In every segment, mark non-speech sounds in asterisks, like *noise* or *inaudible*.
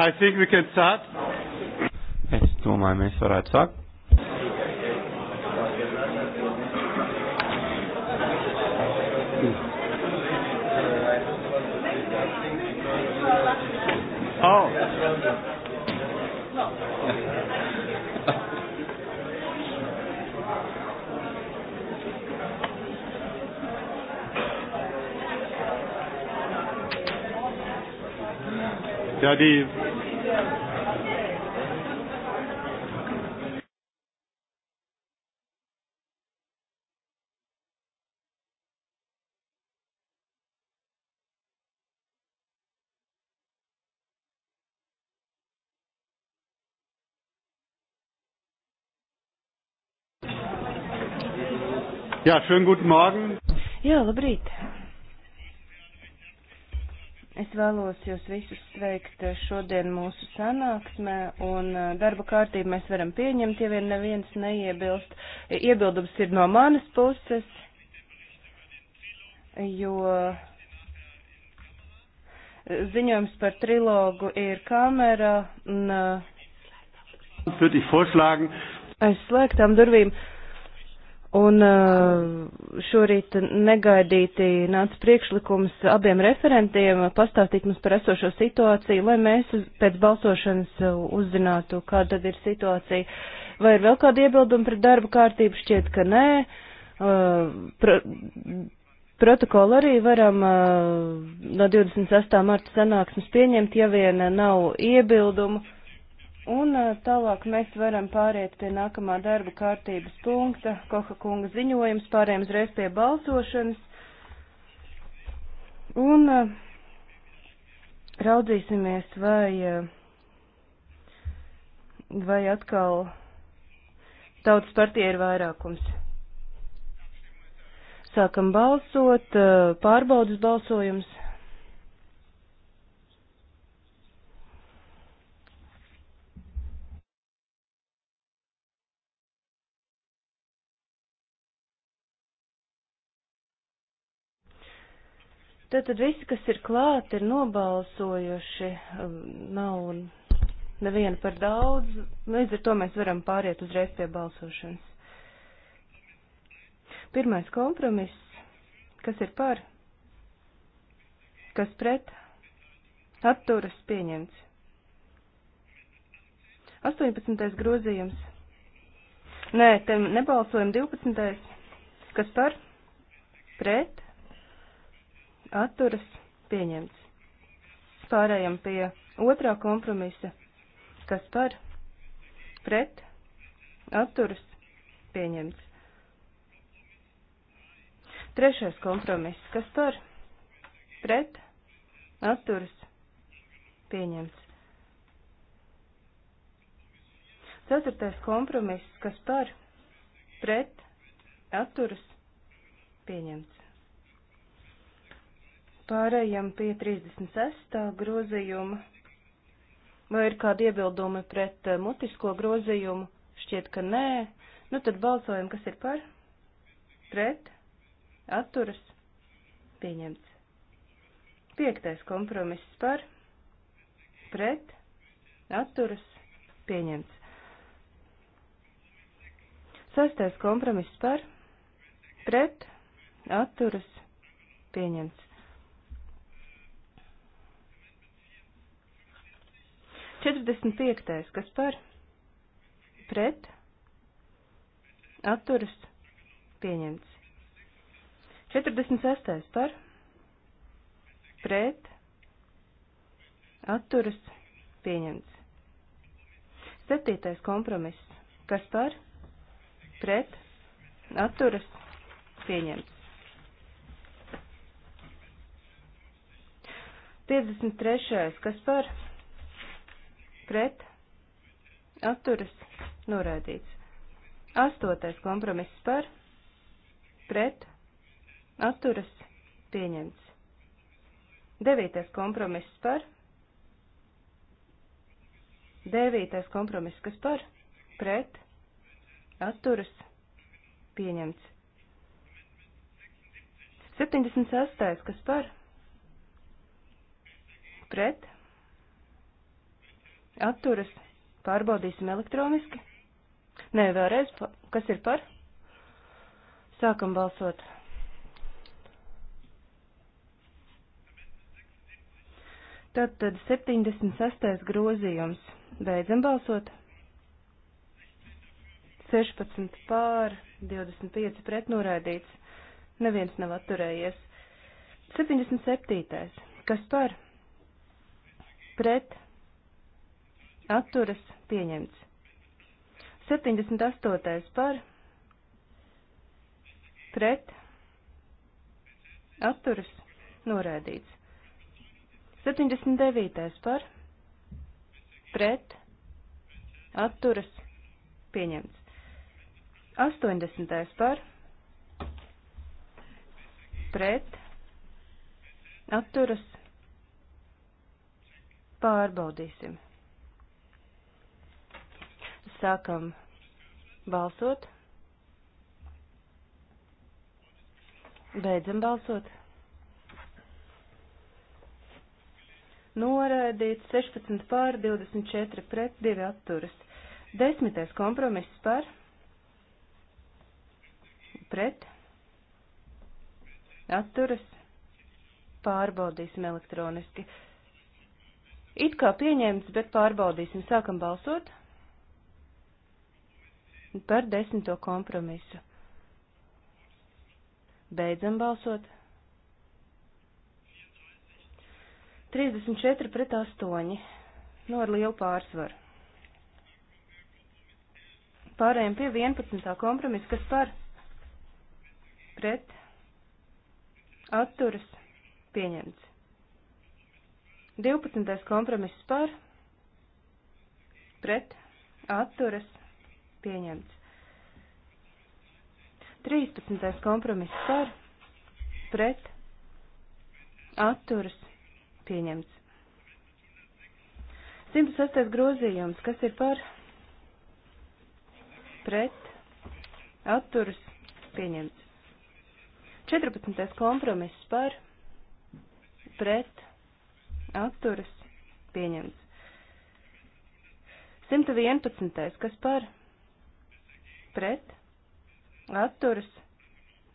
I think we can start. Es domāju, mēs varētu sākt. Oh. Ja, die Jā, šodien guten morgen. Jā, labrīt. Es vēlos jūs visus sveikt šodien mūsu sanāksmē, un darba kārtību mēs varam pieņemt, ja vien neviens neiebilst. Iebildums ir no manas puses, jo ziņojums par trilogu ir kamera. Un, Slēgtām durvīm. Un uh, šorīt negaidīti nāca priekšlikums abiem referentiem pastāstīt mums par esošo situāciju, lai mēs pēc balsošanas uzzinātu, kāda tad ir situācija. Vai ir vēl kāda iebilduma pret darba kārtību? Šķiet, ka nē. Uh, pro, protokolu arī varam uh, no 28. marta sanāksmes pieņemt, ja vien nav iebildumu. Un eh, tālāk mēs varam pāriet pie nākamā darba kārtības punkta, Koha kunga ziņojums, pārējiem uzreiz pie balsošanas. Un eh, raudzīsimies, vai, eh, vai atkal tautas partija ir vairākums. Sākam balsot, pārbaudas balsojums. Tātad visi, kas ir klāt, ir nobalsojuši, um, nav neviena par daudz, līdz ar to mēs varam pāriet uzreiz pie balsošanas. Pirmais kompromiss, kas ir par, kas pret, atturas pieņemts. 18. grozījums. Nē, te nebalsojam 12. kas par, pret, atturas pieņemts. Pārējām pie otrā kompromisa, kas par pret atturas pieņemts. Trešais kompromiss, kas par pret atturas pieņemts. Ceturtais kompromiss, kas par pret atturas pieņemts. Pārējām pie 36. grozījuma. Vai ir kādi iebildumi pret eh, mutisko grozījumu? Šķiet, ka nē. Nu tad balsojam, kas ir par? Pret? Atturas? Pieņemts. Piektais kompromiss par? Pret? Atturas? Pieņemts. Sastais kompromiss par? Pret? Atturas? Pieņemts. 45. kas par pret atturas pieņemts. 46. par pret atturas pieņemts. 7. kompromiss. Kas par pret atturas pieņemts. 53. kas par pret pret, atturas, norādīts. Astotais kompromiss par, pret, atturas, pieņemts. Devītais kompromiss par, devītais kompromiss, kas par, pret, atturas, pieņemts. 76. kas par, pret, atturas, pārbaudīsim elektroniski. Nē, vēlreiz, kas ir par? Sākam balsot. Tātad 76. grozījums. Beidzam balsot. 16 pār, 25 pret noraidīts. Neviens nav atturējies. 77. Kas par? Pret atturas pieņemts. 78. par pret atturas norēdīts. 79. par pret atturas pieņemts. 80. par pret atturas pārbaudīsim. Sākam balsot. Beidzam balsot. Noraidīts 16 pār 24 pret 2 atturas. Desmitais kompromiss par pret atturas. Pārbaudīsim elektroniski. It kā pieņemts, bet pārbaudīsim. Sākam balsot par desmito kompromisu. Beidzam balsot. 34 pret 8. No nu, ar lielu pārsvaru. Pārējiem pie 11. kompromisa, kas par pret atturas pieņemts. 12. kompromiss par pret atturas pieņemts. 13. kompromiss par, pret, atturas, pieņemts. 106. grozījums, kas ir par, pret, atturas, pieņemts. 14. kompromiss par, pret, atturas, pieņemts. 111. kas par, pret, atturas,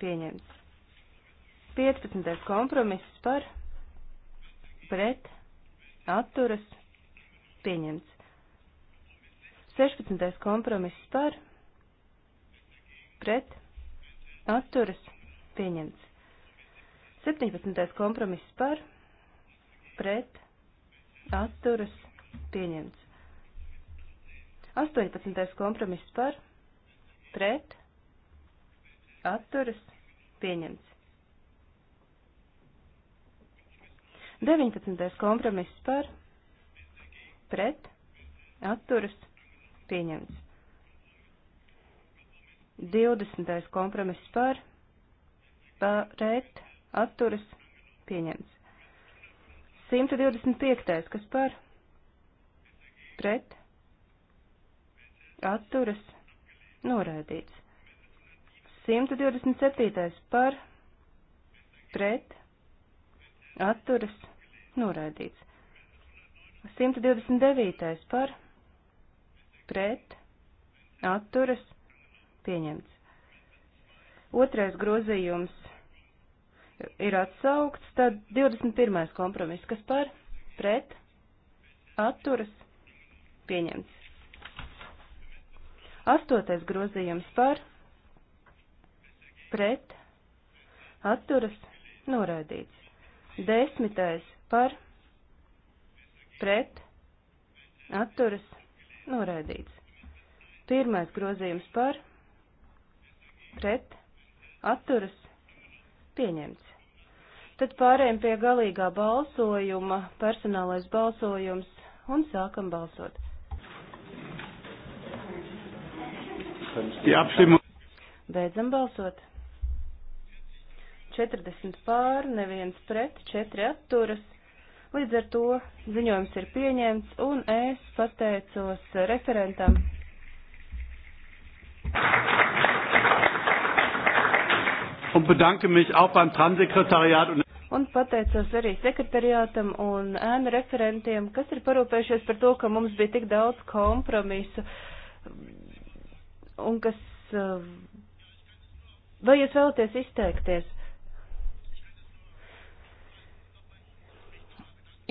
pieņemts. 15. kompromiss par, pret, atturas, pieņemts. 16. kompromiss par, pret, atturas, pieņemts. 17. kompromiss par, pret, atturas, pieņemts. 18. kompromiss par, pret, pret, atturas, pieņemts. 19. kompromiss par, pret, atturas, pieņemts. 20. kompromiss par, pret, atturas, pieņemts. 125. kas par, pret, atturas, pieņemts Noraidīts. 127. par pret atturas noraidīts. 129. par pret atturas pieņemts. Otrais grozījums ir atsaukts, tad 21. kompromiss, kas par pret atturas pieņemts. Astotais grozījums par pret atturas noraidīts. Desmitais par pret atturas noraidīts. Pirmais grozījums par pret atturas pieņemts. Tad pārējiem pie galīgā balsojuma, personālais balsojums un sākam balsot. Die Abstimmung. Beidzam balsot. 40 pār, neviens pret, 4 atturas. Līdz ar to ziņojums ir pieņemts un es pateicos referentam. Un bedanke mich auch beim Transsekretariat. Un... un pateicos arī sekretariātam un ēnu referentiem, kas ir parūpējušies par to, ka mums bija tik daudz kompromisu un kas. Eh, vai jūs vēlaties izteikties?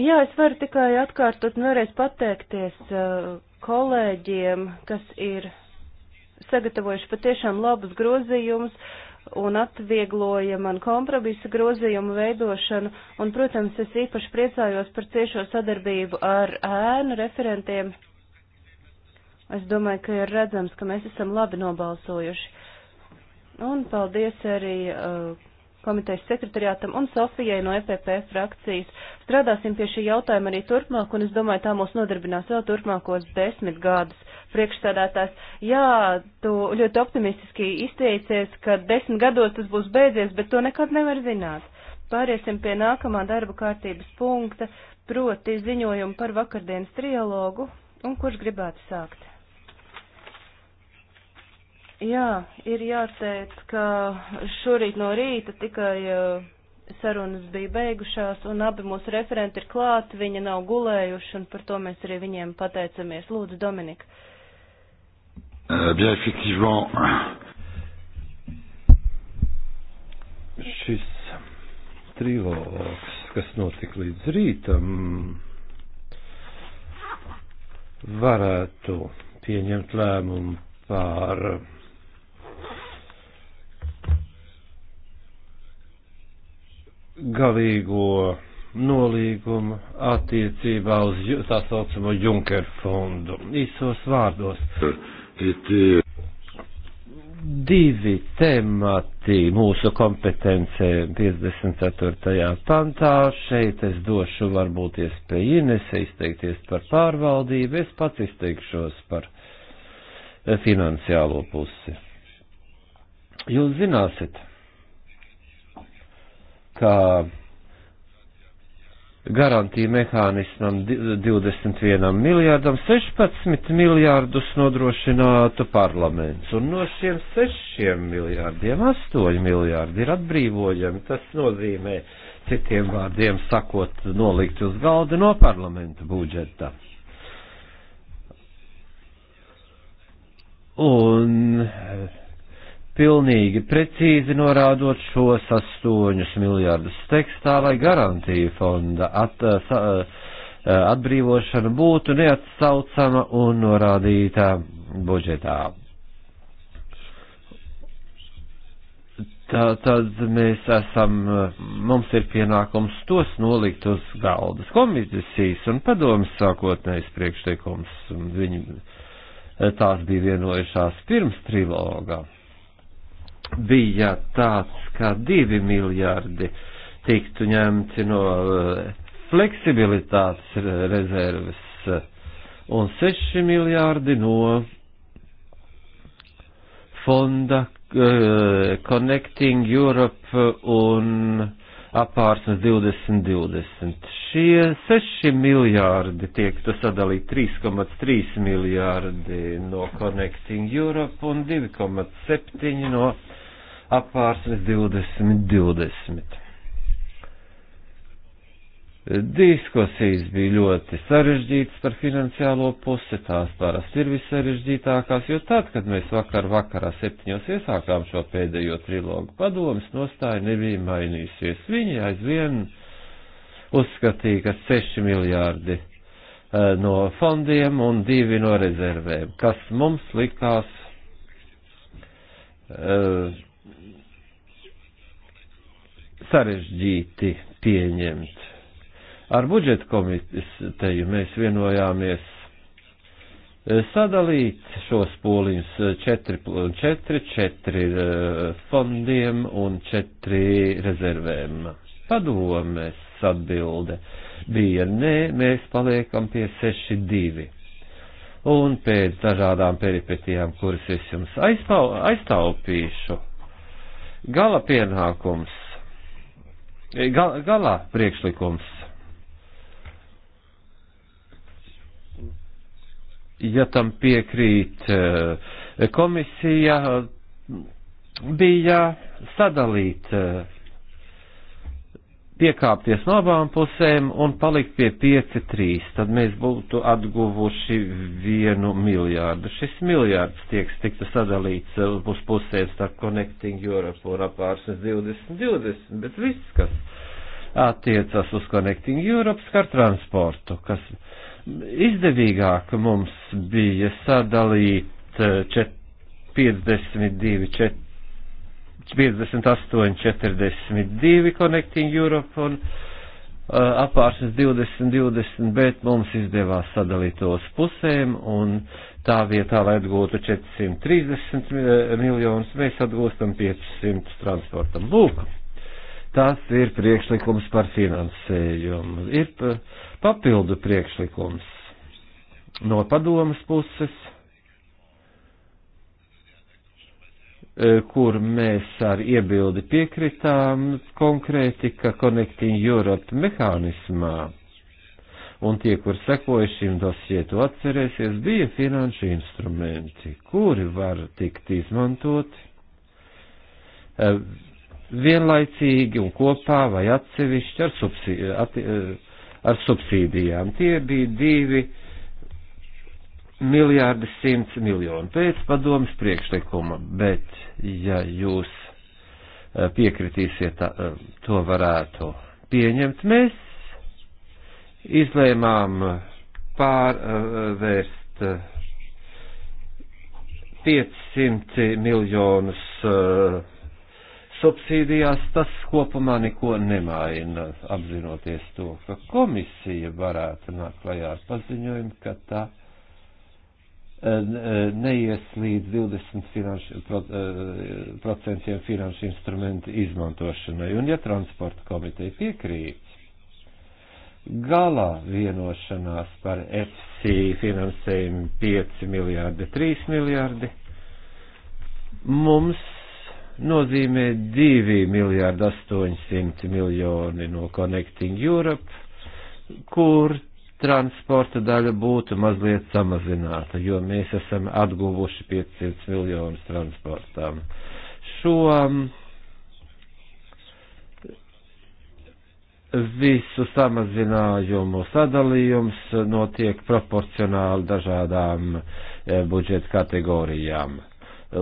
Jā, es varu tikai atkārtot un vēlreiz pateikties eh, kolēģiem, kas ir sagatavojuši patiešām labus grozījumus un atviegloja man kompromisa grozījumu veidošanu, un, protams, es īpaši priecājos par ciešo sadarbību ar ēnu referentiem Es domāju, ka ir redzams, ka mēs esam labi nobalsojuši. Un paldies arī uh, komitejas sekretariātam un Sofijai no EPP frakcijas. Strādāsim pie šī jautājuma arī turpmāk, un es domāju, tā mūs nodarbinās vēl turpmākos desmit gadus. Priekšstādātājs, jā, tu ļoti optimistiski izteicies, ka desmit gados tas būs beidzies, bet to nekad nevar zināt. Pāriesim pie nākamā darba kārtības punkta, proti ziņojumu par vakardienas trialogu, un kurš gribētu sākt? Jā, ir jāteic, ka šorīt no rīta tikai uh, sarunas bija beigušās, un abi mūsu referenti ir klāt, viņi nav gulējuši, un par to mēs arī viņiem pateicamies. Lūdzu, Dominika. Uh, eh, bien, effectivement. Šis trilogs, kas notika līdz rītam, varētu pieņemt lēmumu par galīgo nolīgumu attiecībā uz tā saucamo Junker fondu. Īsos vārdos. It, Divi temati mūsu kompetencē 54. pantā. Šeit es došu varbūt iespēju Inese izteikties par pārvaldību, es pats izteikšos par eh, finansiālo pusi. Jūs zināsiet, kā garantija mehānismam 21 miljārdam 16 miljārdus nodrošinātu parlaments. Un no šiem 6 miljārdiem 8 miljārdi ir atbrīvojami. Tas nozīmē, citiem vārdiem sakot, nolikt uz galda no parlamenta budžeta. Un pilnīgi precīzi norādot šos astoņus miljardus tekstā, lai garantija fonda at, eh, sa, eh, atbrīvošana būtu neatsaucama un norādīta budžetā. Tā, tad mēs esam, mums ir pienākums tos nolikt uz galdas komisijas un padomas sākotnējs priekšteikums, viņi eh, tās bija vienojušās pirms trilogā bija tāds, ka divi miljārdi tiktu ņemti no eh, fleksibilitātes rezerves eh, un seši miljārdi no fonda eh, Connecting Europe un apārsnes 2020. Šie 6 miljārdi tiektu sadalīti 3,3 miljārdi no Connecting Europe un 2,7 no apvārsnes 2020. Diskusijas bija ļoti sarežģītas par finansiālo pusi, tās parasti ir vissarežģītākās, jo tad, kad mēs vakar vakarā septiņos iesākām šo pēdējo trilogu, padomas nostāja nebija mainījusies. Viņi aizvien uzskatīja, ka 6 miljārdi eh, no fondiem un 2 no rezervēm, kas mums likās uh, sarežģīti pieņemt. Ar budžeta komiteju mēs vienojāmies eh, sadalīt šos pūliņus 4 un 4, 4 fondiem un 4 rezervēm. Padomēs atbilde bija nē, mēs paliekam pie 6, 2 un pēc dažādām peripetijām, kuras es jums aiztaupīšu, gala pienākums E, gal, galā priekšlikums. Ja tam piekrīt e, komisija, bija sadalīt e, piekāpties no abām pusēm un palikt pie 5-3, tad mēs būtu atguvuši vienu miljārdu. Šis miljārds tiek tiktu sadalīts uh, uz pusēm starp Connecting Europe un apārsnes 2020, bet viss, kas attiecas uz Connecting Europe, skar transportu, kas izdevīgāk mums bija sadalīt 4, 52, 4. 5842 Connecting Europe un uh, apāršas 2020, bet mums izdevās sadalīt tos pusēm un tā vietā, lai atgūtu 430 uh, miljonus, mēs atgūstam 500 transportam. Lūk, tas ir priekšlikums par finansējumu. Ir uh, papildu priekšlikums no padomas puses E, kur mēs ar iebildi piekritām konkrēti, ka Connecting Europe mehānismā un tie, kur sekoja šim dosietu atcerēsies, bija finanšu instrumenti, kuri var tikt izmantoti e, vienlaicīgi un kopā vai atsevišķi ar, subsidi, at, e, ar subsīdijām. Tie bija divi uh, miljārdi simts miljonu pēc padomas priekšlikuma, bet ja jūs eh, piekritīsiet, eh, to varētu pieņemt. Mēs izlēmām pārvērst 500 eh, miljonus subsīdijās, tas kopumā neko nemaina, apzinoties to, ka komisija varētu nākt klajā ar paziņojumu, ka tā Eh, neies līdz 20% finanšu, eh, procentiem finanšu instrumentu izmantošanai. Un ja transporta komiteja piekrīt galā vienošanās par FC finansējumu 5 miljārdi, 3 miljārdi, mums nozīmē 2 miljārdi 800 miljoni no Connecting Europe, kur transporta daļa būtu mazliet samazināta, jo mēs esam atguvuši 500 miljonus transportām. Šo um, visu samazinājumu sadalījums notiek proporcionāli dažādām eh, budžeta kategorijām.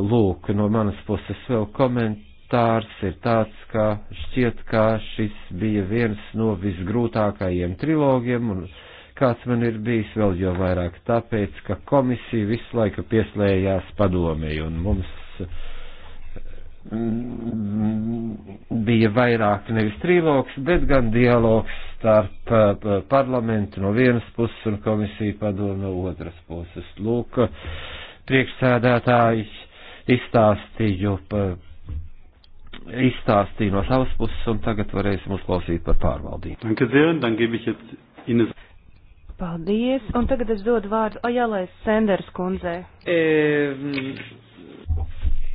Lūk, no manas puses vēl komentārs ir tāds, ka šķiet, ka šis bija viens no visgrūtākajiem trilogiem un uh, kāds man ir bijis vēl jau vairāk, tāpēc, ka komisija visu laiku pieslējās padomē un mums mm, bija vairāk nevis trilogs, bet gan dialogs starp eh, parlamentu no vienas puses un komisiju padomu no otras puses. Lūk, priekšsēdētāji izstāstīju, izstāstīju no savas puses un tagad varēsim uzklausīt par pārvaldību. Danke sehr, dann gebe ich jetzt Ines. Paldies. Un tagad es dodu vārdu Ajalai Senders kundzei. E...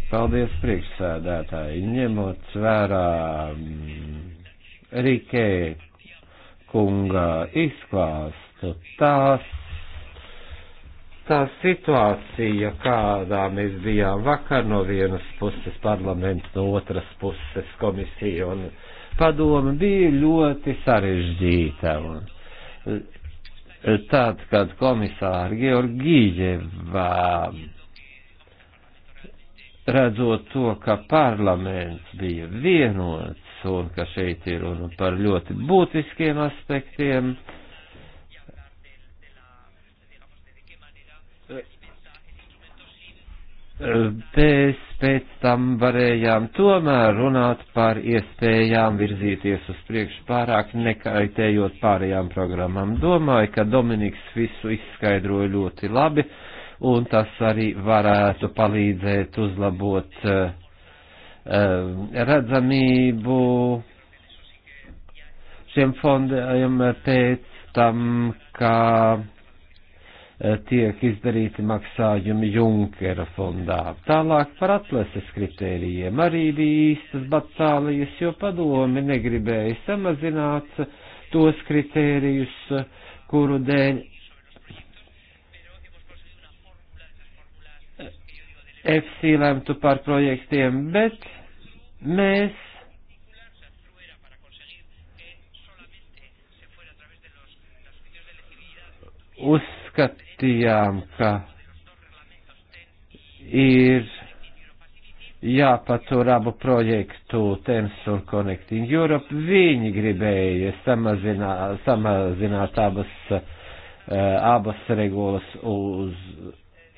Paldies priekšsēdētāji. Ņemot vērā mm, Rikē kunga izklāstu, tās tā situācija, kādā mēs bijām vakar no vienas puses parlaments, no otras puses komisija un padoma, bija ļoti sarežģīta. Un tad, kad komisāri Georgijevā redzot to, ka parlaments bija vienots un ka šeit ir runa par ļoti būtiskiem aspektiem, Pēc, pēc tam varējām tomēr runāt par iespējām virzīties uz priekšu pārāk nekaitējot pārējām programmām. Domāju, ka Dominiks visu izskaidroja ļoti labi, un tas arī varētu palīdzēt uzlabot uh, redzamību šiem fondiem pēc tam, kā Eh, tiek izdarīti maksājumi Junkera fondā. Tālāk par atlases kritērijiem arī bija īstas batālijas, jo padomi negribēja samazināt tos kritērijus, kuru dēļ FC lemtu par projektiem, bet mēs uzskat, uzskatījām, ka ir jāpatur abu projektu TEMS un Connecting Europe. Viņi gribēja samazināt, samazināt abas, uh, abas regulas uz,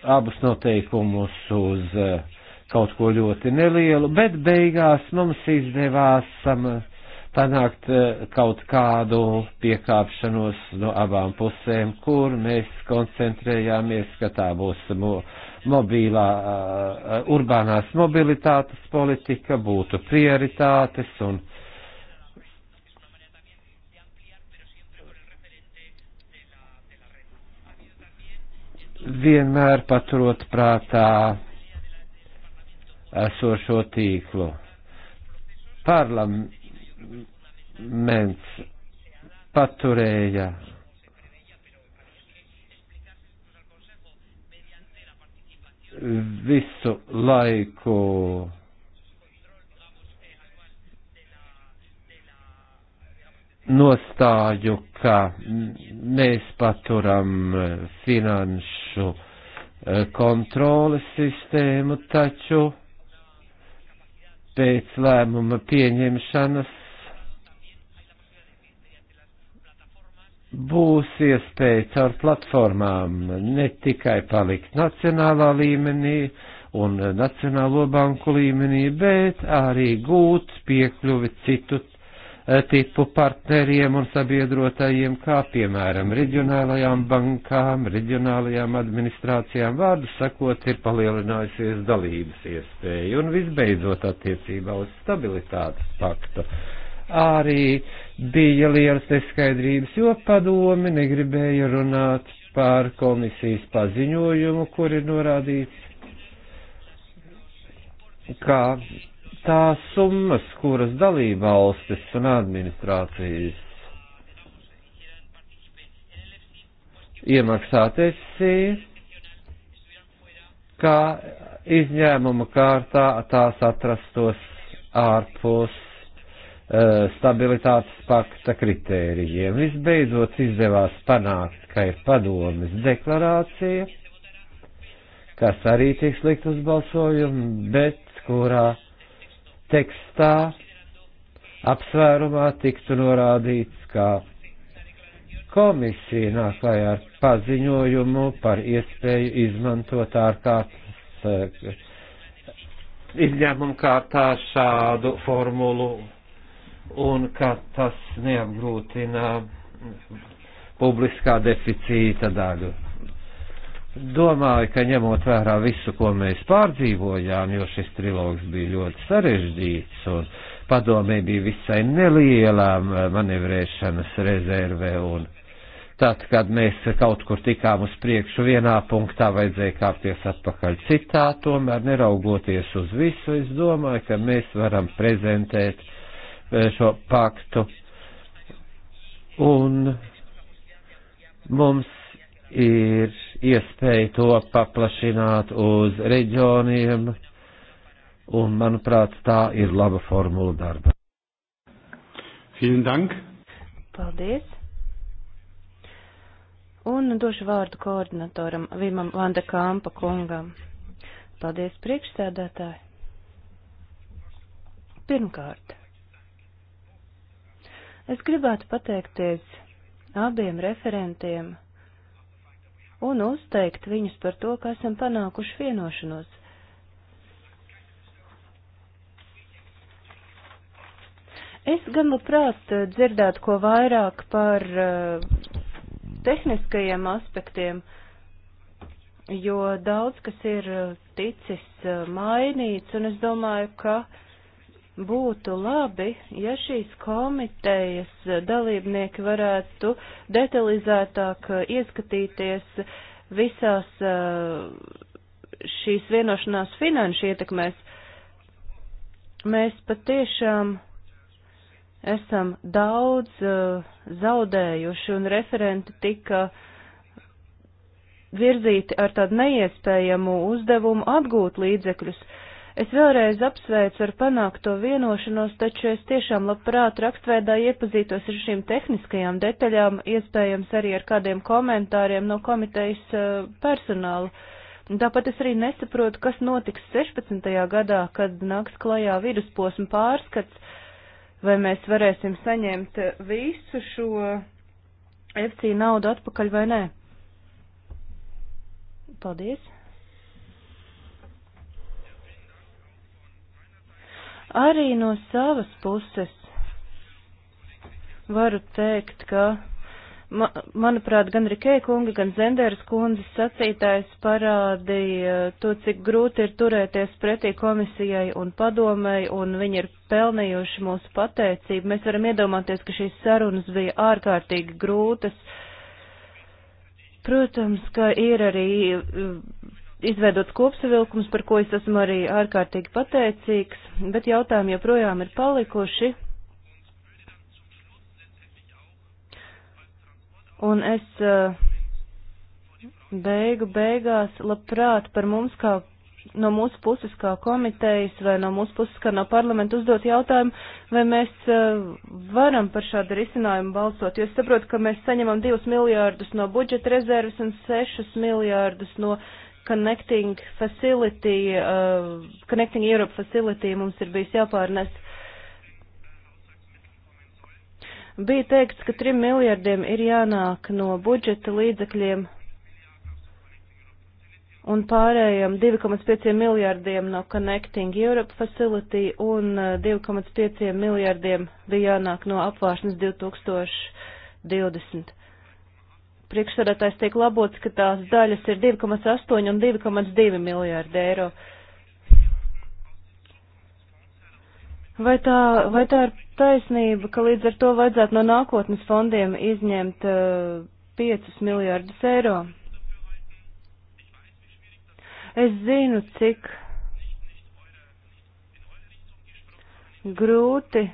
abus noteikumus uz uh, kaut ko ļoti nelielu, bet beigās mums izdevās samazināt panākt eh, kaut kādu piekāpšanos no abām pusēm, kur mēs koncentrējāmies, ka tā būs mo, mobilā, uh, eh, urbānās mobilitātes politika, būtu prioritātes un. Vienmēr paturot prātā esošo tīklu. Parlam, parlaments paturēja visu laiku nostāju, ka mēs paturam finanšu e, kontroles sistēmu, taču pēc lēmuma pieņemšanas būs iespēja caur platformām ne tikai palikt nacionālā līmenī, un Nacionālo banku līmenī, bet arī gūt piekļuvi citu eh, tipu partneriem un sabiedrotajiem, kā piemēram reģionālajām bankām, reģionālajām administrācijām, vārdu sakot, ir palielinājusies dalības iespēja. Un visbeidzot attiecībā uz stabilitātes paktu arī bija lielas neskaidrības, jo padomi negribēja runāt par komisijas paziņojumu, kur ir norādīts, ka tās summas, kuras dalība valstis un administrācijas iemaksāt esi, kā izņēmuma kārtā tās atrastos ārpus Uh, stabilitātes pakta kritērijiem. Visbeidzot izdevās panākt, ka ir padomes deklarācija, kas arī tiks likt uz balsojumu, bet kurā tekstā apsvērumā tiktu norādīts, ka komisija nāk klajā ar paziņojumu par iespēju izmantot ārkārtas uh, izņēmumu kārtā šādu formulu un ka tas neapgrūtina publiskā deficīta daļu. Domāju, ka ņemot vērā visu, ko mēs pārdzīvojām, jo šis trilogs bija ļoti sarežģīts un padomē bija visai nelielā eh, manevrēšanas rezerve un tad, kad mēs kaut kur tikām uz priekšu vienā punktā, vajadzēja kāpties atpakaļ citā, tomēr neraugoties uz visu, es domāju, ka mēs varam prezentēt Eh, šo paktu. Un mums ir iespēja to paplašināt uz reģioniem, un, manuprāt, tā ir laba formula darba. Vielen Dank! Paldies! Un došu vārdu koordinatoram Vimam Vanda Kampa kungam. Paldies priekšsēdētāji! Pirmkārt, Es gribētu pateikties abiem referentiem un uzteikt viņus par to, ka esam panākuši vienošanos. Es gan labprāt eh, dzirdētu ko vairāk par eh, tehniskajiem aspektiem, jo daudz kas ir eh, ticis mainīts, un es domāju, ka uh, būtu labi, ja šīs komitejas dalībnieki varētu detalizētāk uh, ieskatīties visās uh, šīs vienošanās finanšu ietekmēs. Mēs patiešām esam daudz uh, zaudējuši un referenti tika virzīti ar tādu neiespējamu uzdevumu atgūt līdzekļus Es vēlreiz apsveicu ar panākto vienošanos, taču es tiešām labprāt rakstveidā iepazītos ar šīm tehniskajām detaļām, iespējams arī ar kādiem komentāriem no komitejas eh, personāla. Tāpat es arī nesaprotu, kas notiks 16. gadā, kad nāks klajā vidusposma pārskats, vai mēs varēsim saņemt visu šo FC naudu atpakaļ vai nē. Paldies! Arī no savas puses varu teikt, ka, ma, manuprāt, gan Rikē kunga, gan Zenderas kundzes sacītājs parādīja to, cik grūti ir turēties pretī komisijai un padomēji, un viņi ir pelnījuši mūsu pateicību. Mēs varam iedomāties, ka šīs sarunas bija ārkārtīgi grūtas. Protams, ka ir arī izveidots kopsavilkums, par ko es esmu arī ārkārtīgi pateicīgs, bet jautājumi joprojām ir palikuši. Un es eh, beigu beigās labprāt par mums kā no mūsu puses kā komitejas vai no mūsu puses kā no parlamenta uzdot jautājumu, vai mēs eh, varam par šādu risinājumu balsot. Jo es saprotu, ka mēs saņemam 2 miljārdus no budžeta rezerves un 6 miljārdus no uh, Connecting Facility, uh, Connecting Europe Facility mums ir bijis jāpārnes. Bija teikts, ka trim miljardiem ir jānāk no budžeta līdzekļiem un pārējiem 2,5 miljardiem no Connecting Europe Facility un 2,5 uh, miljardiem bija jānāk no apvāršanas 2020 priekšsēdētājs tiek labots, ka tās daļas ir 2,8 un 2,2 miljārdi eiro. Vai tā, vai tā ir taisnība, ka līdz ar to vajadzētu no nākotnes fondiem izņemt uh, eh, 5 miljārdus eiro? Es zinu, cik grūti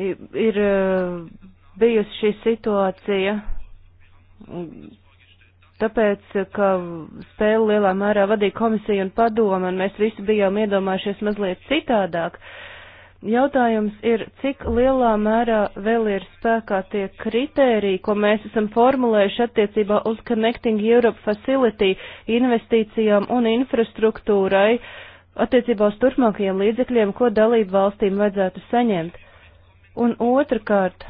ir. ir uh, eh, bijusi šī situācija, tāpēc, ka spēli lielā mērā vadīja komisija un padoma, un mēs visi bijām iedomājušies mazliet citādāk. Jautājums ir, cik lielā mērā vēl ir spēkā tie kritēriji, ko mēs esam formulējuši attiecībā uz Connecting Europe Facility investīcijām un infrastruktūrai, attiecībā uz turpmākajiem līdzekļiem, ko dalību valstīm vajadzētu saņemt. Un otrkārt,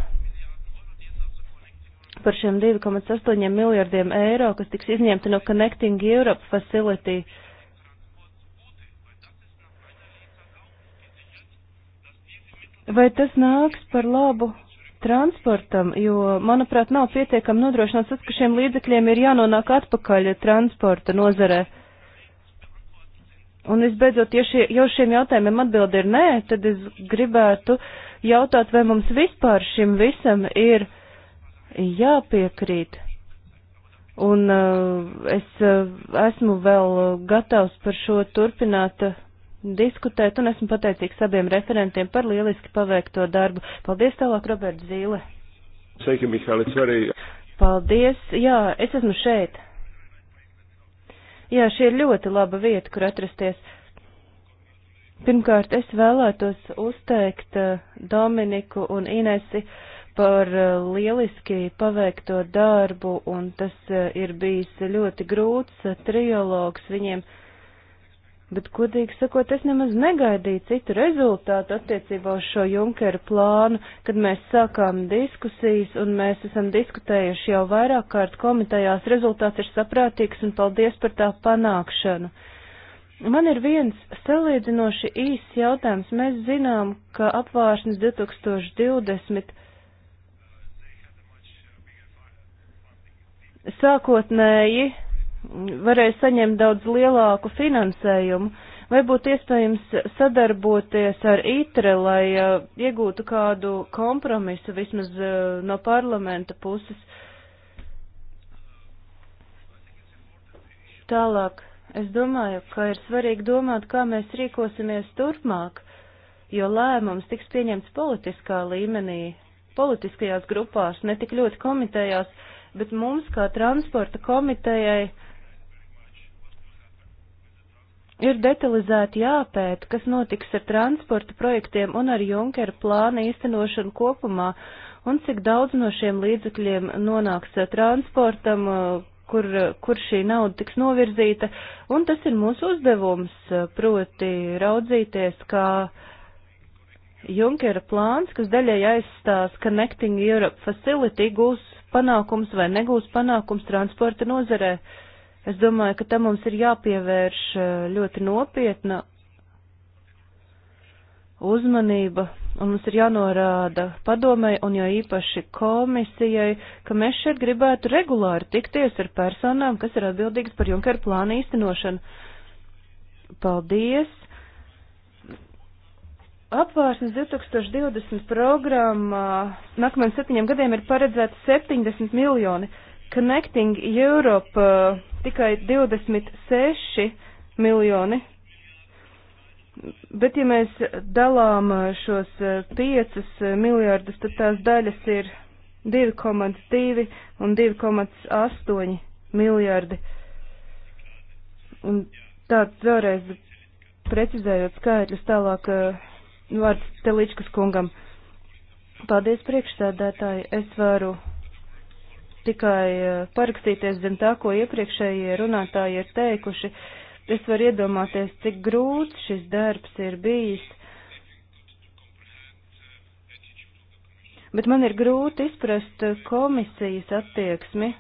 par šiem 2,8 miljardiem eiro, kas tiks izņemti no Connecting Europe Facility. Vai tas nāks par labu transportam, jo, manuprāt, nav pietiekami nodrošināts tas, ka šiem līdzekļiem ir jānonāk atpakaļ transporta nozarē. Un visbeidzot, ja šie, jau šiem jautājumiem atbildi ir nē, tad es gribētu jautāt, vai mums vispār šim visam ir jāpiekrīt. Un eh, es eh, esmu vēl eh, gatavs par šo turpināt diskutēt, un esmu pateicīgs abiem referentiem par lieliski paveikto darbu. Paldies tālāk, Roberts Zīle. Sveiki, Mihālis, arī. Paldies, jā, es esmu šeit. Jā, šī ir ļoti laba vieta, kur atrasties. Pirmkārt, es vēlētos uzteikt Dominiku un Inesi par eh, lieliski paveikto darbu, un tas eh, ir bijis ļoti grūts eh, trialogs viņiem, bet, godīgi sakot, es nemaz negaidīju citu rezultātu attiecībā uz šo Junkera plānu, kad mēs sākām diskusijas, un mēs esam diskutējuši jau vairāk kārt komitejās, rezultāts ir saprātīgs, un paldies par tā panākšanu. Man ir viens salīdzinoši īsts jautājums. Mēs zinām, ka apvāršanas 2020 sākotnēji varēja saņemt daudz lielāku finansējumu, vai būtu iespējams sadarboties ar ITRE, lai uh, iegūtu kādu kompromisu vismaz uh, no parlamenta puses? Tālāk, es domāju, ka ir svarīgi domāt, kā mēs rīkosimies turpmāk, jo lēmums tiks pieņemts politiskā līmenī, politiskajās grupās, ne tik ļoti komitejās bet mums kā transporta komitejai ir detalizēti jāpēta, kas notiks ar transporta projektiem un ar Junkera plāna īstenošanu kopumā, un cik daudz no šiem līdzekļiem nonāks eh, transportam, eh, kur, eh, kur šī nauda tiks novirzīta, un tas ir mūsu uzdevums, proti raudzīties, kā Junkera plāns, kas daļai aizstās Connecting Europe Facility, gūs panākums vai negūs panākums transporta nozarē. Es domāju, ka tam mums ir jāpievērš e, ļoti nopietna uzmanība, un mums ir jānorāda padomai un jau īpaši komisijai, ka mēs šeit gribētu regulāri tikties ar personām, kas ir atbildīgas par Junkera plānu īstenošanu. Paldies! Apvārsnes 2020 programmā nākamajiem septiņiem gadiem ir paredzēts 70 miljoni. Connecting Europe tikai 26 miljoni. Bet ja mēs dalām šos 5 miljārdus, tad tās daļas ir 2,2 un 2,8 miljārdi. Un tāds vēlreiz precizējot skaitļus tālāk. Uh, vārds Teličkas kungam. Paldies priekšsēdētāji. Es varu tikai eh, parakstīties zem tā, ko iepriekšējie runātāji ir teikuši. Es varu iedomāties, cik grūts šis darbs ir bijis. Bet man ir grūti izprast eh, komisijas attieksmi.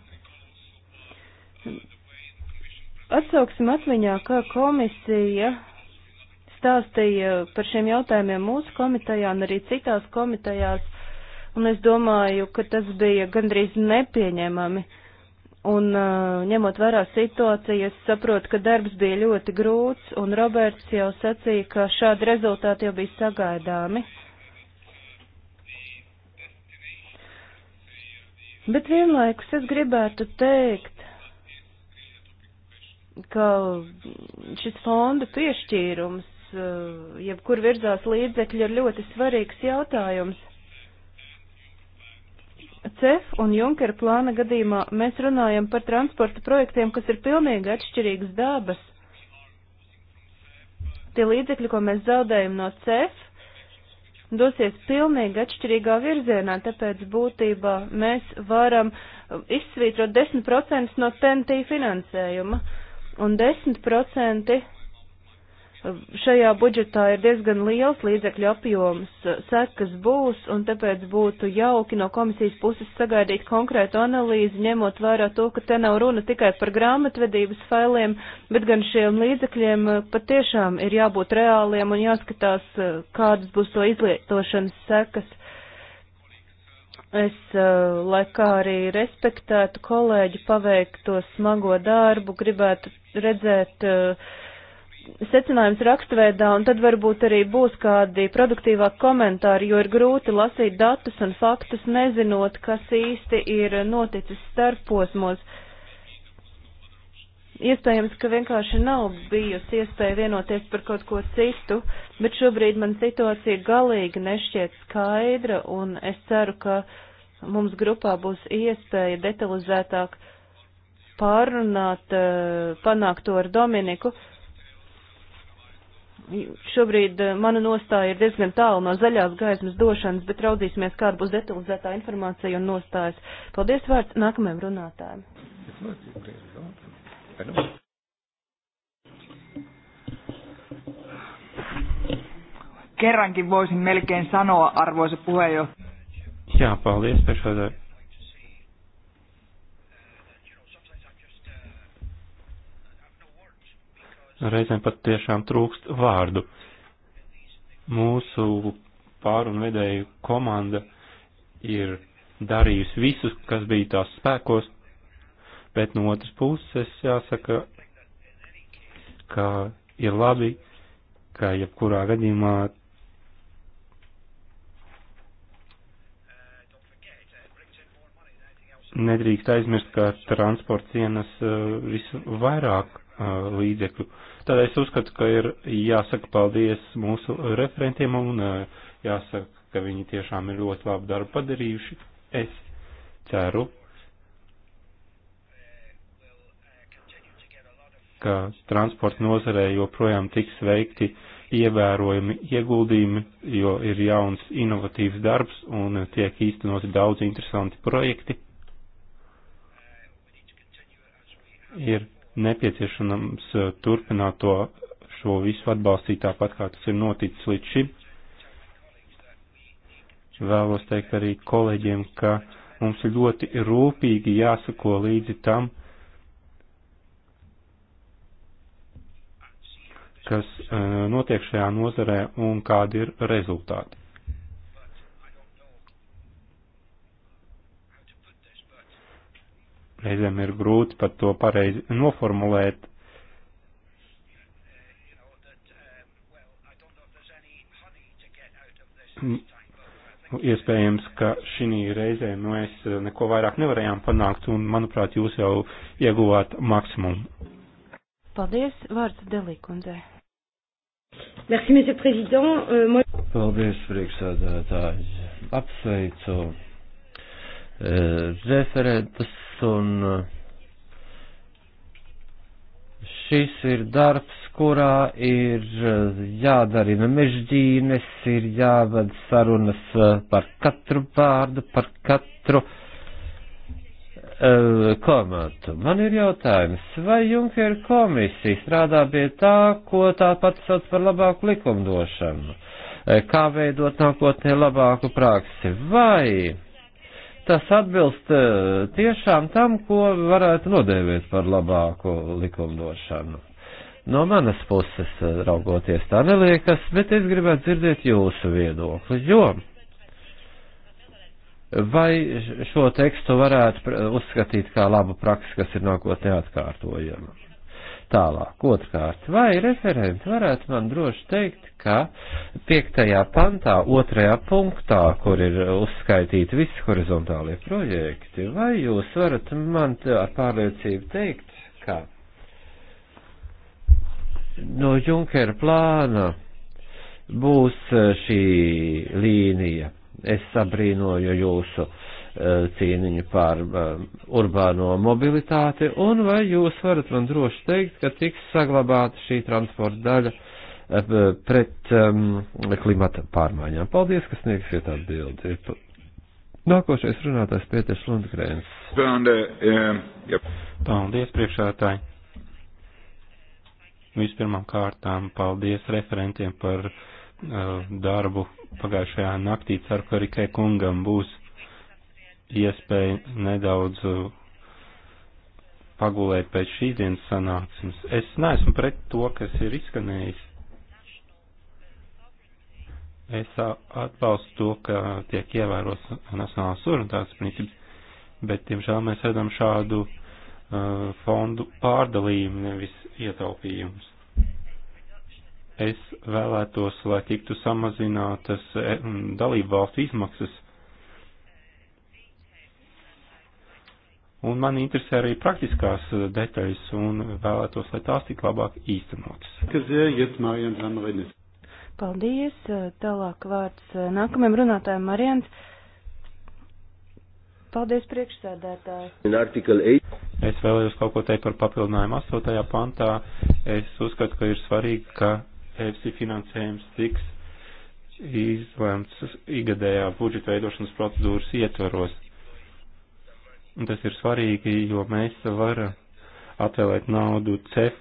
Atsauksim atmiņā, kā komisija stāstīja par šiem jautājumiem mūsu komitejā un arī citās komitejās, un es domāju, ka tas bija gandrīz nepieņemami. Un uh, ņemot vērā situāciju, es saprotu, ka darbs bija ļoti grūts, un Roberts jau sacīja, ka šādi rezultāti jau bija sagaidāmi. Bet vienlaikus es gribētu teikt, ka šis fonda piešķīrums Eh, jebkur virzās līdzekļi ir ļoti svarīgs jautājums. CEF un Junkera plāna gadījumā mēs runājam par transporta projektiem, kas ir pilnīgi atšķirīgas dabas. Tie līdzekļi, ko mēs zaudējam no CEF, dosies pilnīgi atšķirīgā virzienā, tāpēc būtībā mēs varam izsvītrot 10% no TNT finansējuma un 10% Šajā budžetā ir diezgan liels līdzekļu apjoms, eh, sekas būs, un tāpēc būtu jauki no komisijas puses sagaidīt konkrētu analīzi, ņemot vērā to, ka te nav runa tikai par grāmatvedības failiem, bet gan šiem līdzekļiem eh, patiešām ir jābūt reāliem un jāskatās, eh, kādas būs to izlietošanas sekas. Es, lai kā arī respektētu kolēģi paveikto smago darbu, gribētu redzēt uh, secinājums rakstveidā, un tad varbūt arī būs kādi produktīvāki komentāri, jo ir grūti lasīt datus un faktus, nezinot, kas īsti ir noticis starposmos. Iespējams, ka vienkārši nav bijusi iespēja vienoties par kaut ko citu, bet šobrīd man situācija galīgi nešķiet skaidra, un es ceru, ka mums grupā būs iespēja detalizētāk pārrunāt, eh, panākt to ar Dominiku. Uh, šobrīd eh, mana nostāja ir diezgan tālu no zaļās gaismas došanas, bet raudzīsimies, kāda būs detalizētā informācija un nostājas. Paldies vārds nākamajam runātājam. Kerrankin voisin melkein sanoa, arvoisa puheenjohtaja. Jā, paldies, priekšsēdētāji. reizēm pat tiešām trūkst vārdu. Mūsu pārunvedēju komanda ir darījusi visus, kas bija tās spēkos, bet no otras puses jāsaka, ka ir labi, ka jebkurā gadījumā nedrīkst aizmirst, ka transporta cienas eh, visvairāk līdzekļu. Tādēļ es uzskatu, ka ir jāsaka paldies mūsu referentiem un jāsaka, ka viņi tiešām ir ļoti labu darbu padarījuši. Es ceru, ka transporta nozarē joprojām tiks veikti ievērojami ieguldījumi, jo ir jauns inovatīvs darbs un tiek īstenoti daudz interesanti projekti. Ir nepieciešams eh, turpināt to šo visu atbalstīt tāpat, kā tas ir noticis līdz šim. Vēlos teikt arī kolēģiem, ka mums ļoti rūpīgi jāsako līdzi tam, kas eh, notiek šajā nozarē un kādi ir rezultāti. reizēm ir grūti pat to pareizi noformulēt. Mm. Iespējams, ka šī reizē mēs nu, neko vairāk nevarējām panākt, un, manuprāt, jūs jau ieguvāt maksimumu. Paldies, vārds Delīkundzei. Merci, monsieur président. Euh, Paldies, priekšsādātāji. Apsveicu Eh, referentus un eh, šis ir darbs, kurā ir eh, jādarina mežģīnes, ir jāved sarunas par katru vārdu, par katru uh, komatu. Man ir jautājums, vai Junker komisija strādā pie tā, ko tā pati sauc par labāku likumdošanu? Kā veidot nākotnē labāku praksi? Vai tas atbilst e, tiešām tam, ko varētu nodēvēt par labāko likumdošanu. No manas puses, e, raugoties, tā neliekas, bet es gribētu dzirdēt jūsu viedokli, jo vai šo tekstu varētu uzskatīt kā labu praksi, kas ir nākotnē atkārtojama? tālāk. Otrkārt, vai referenti varētu man droši teikt, ka piektajā pantā, otrajā punktā, kur ir uzskaitīti visi horizontālie projekti, vai jūs varat man ar pārliecību teikt, ka no Junkera plāna būs eh, šī līnija? Es sabrīnoju jūsu Eh, cīniņu pār eh, urbāno mobilitāti, un vai jūs varat man droši teikt, ka tiks saglabāta šī transporta daļa eh, pret um, klimata pārmaiņām. Paldies, kas sniegsiet atbildi. Nākošais runātājs Pēters Lundgrēns. Paldies, priekšētāji. Vispirmām kārtām paldies referentiem par uh, darbu pagājušajā naktī. Ceru, ka Rikai kungam būs iespēju nedaudz uh, pagulēt pēc šīs dienas sanāksmes. Es neesmu pret to, kas ir izskanējis. Es atbalstu to, ka tiek ievēros nacionālās suverenitātes princips, bet, diemžēl, mēs redzam šādu uh, fondu pārdalījumu, nevis ietaupījumus. Es vēlētos, lai tiktu samazinātas e, dalību valstu izmaksas un man interesē arī praktiskās eh, detaļas un vēlētos, lai tās tik labāk īstenotas. Paldies, tālāk vārds eh, nākamajam runātājam Marijans. Paldies, priekšsēdētāji. Es vēlējos kaut ko teikt par papildinājumu 8. pantā. Es uzskatu, ka ir svarīgi, ka EFSI finansējums tiks izlēmts igadējā budžeta veidošanas procedūras ietvaros Un tas ir svarīgi, jo mēs varam atvēlēt naudu CEF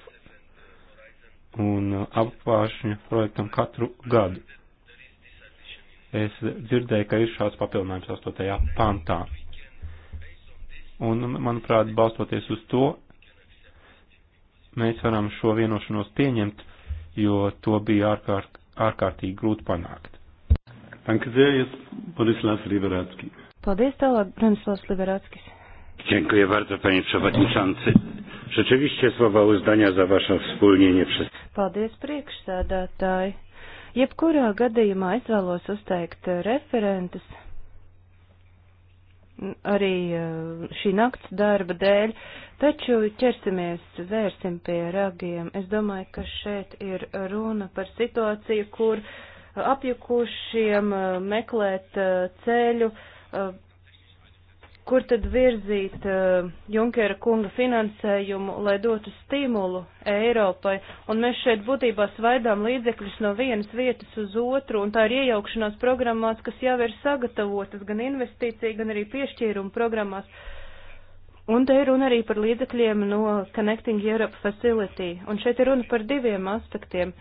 un apvāršņu projektam katru gadu. Es dzirdēju, ka ir šāds papildinājums 8. pantā. Un, manuprāt, balstoties uz to, mēs varam šo vienošanos pieņemt, jo to bija ārkārt, ārkārtīgi grūti panākt. Danke sehr, jetzt Borislavs Liberatskis. Paldies, tālāk Branislavs Liberatskis. Dziękuję bardzo, panie przewodniczący. Rzeczywiście słowa uzdania za waszą wspólnie nie przez... Paldies, priekšsēdētāji. Jebkurā gadījumā es vēlos uzteikt eh, referentus arī eh, šī nakts darba dēļ, taču ķersimies, vērsim pie ragiem. Es domāju, ka šeit ir runa par situāciju, kur eh, apjukušiem meklēt ceļu kur tad virzīt uh, Junkera kunga finansējumu, lai dotu stimulu Eiropai, un mēs šeit būtībā svaidām līdzekļus no vienas vietas uz otru, un tā ir iejaukšanās programmās, kas jau ir sagatavotas gan investīcija, gan arī piešķīruma programmās. Un te ir runa arī par līdzekļiem no Connecting Europe Facility, un šeit ir runa par diviem aspektiem.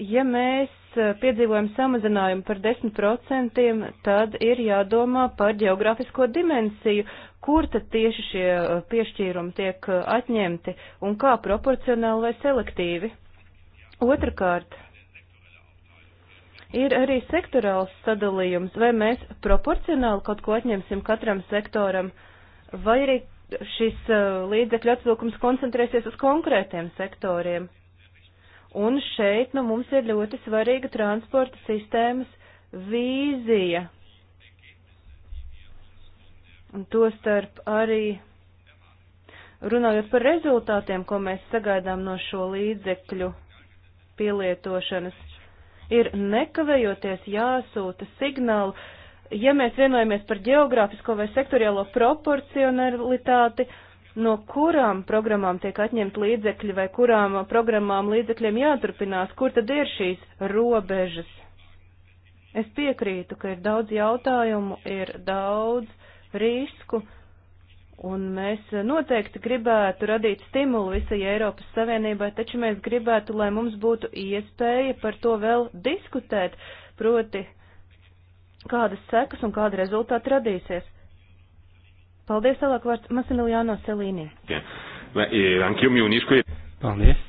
Ja mēs Eh, piedzīvojam samazinājumu par 10%, tad ir jādomā par geogrāfisko dimensiju, kur tad tieši šie eh, piešķīrumi tiek eh, atņemti un kā proporcionāli vai selektīvi. Otrakārt, ir arī sektorāls sadalījums, vai mēs proporcionāli kaut ko atņemsim katram sektoram, vai arī šis līdzekļu atvilkums koncentrēsies uz konkrētiem sektoriem. Un šeit nu, mums ir ļoti svarīga transporta sistēmas vīzija. Un to starp arī runājot par rezultātiem, ko mēs sagaidām no šo līdzekļu pielietošanas, ir nekavējoties jāsūta signālu, ja mēs vienojamies par geogrāfisko vai sektoriālo proporcionalitāti, uh, no kurām programmām tiek atņemt līdzekļi vai kurām programmām līdzekļiem jāturpinās, kur tad ir šīs robežas. Es piekrītu, ka ir daudz jautājumu, ir daudz risku, un mēs noteikti gribētu radīt stimulu visai Eiropas Savienībai, taču mēs gribētu, lai mums būtu iespēja par to vēl diskutēt, proti, kādas sekas un kāda rezultāta radīsies. Paldies, tālāk vārds Massimiliano Selīni. E, paldies.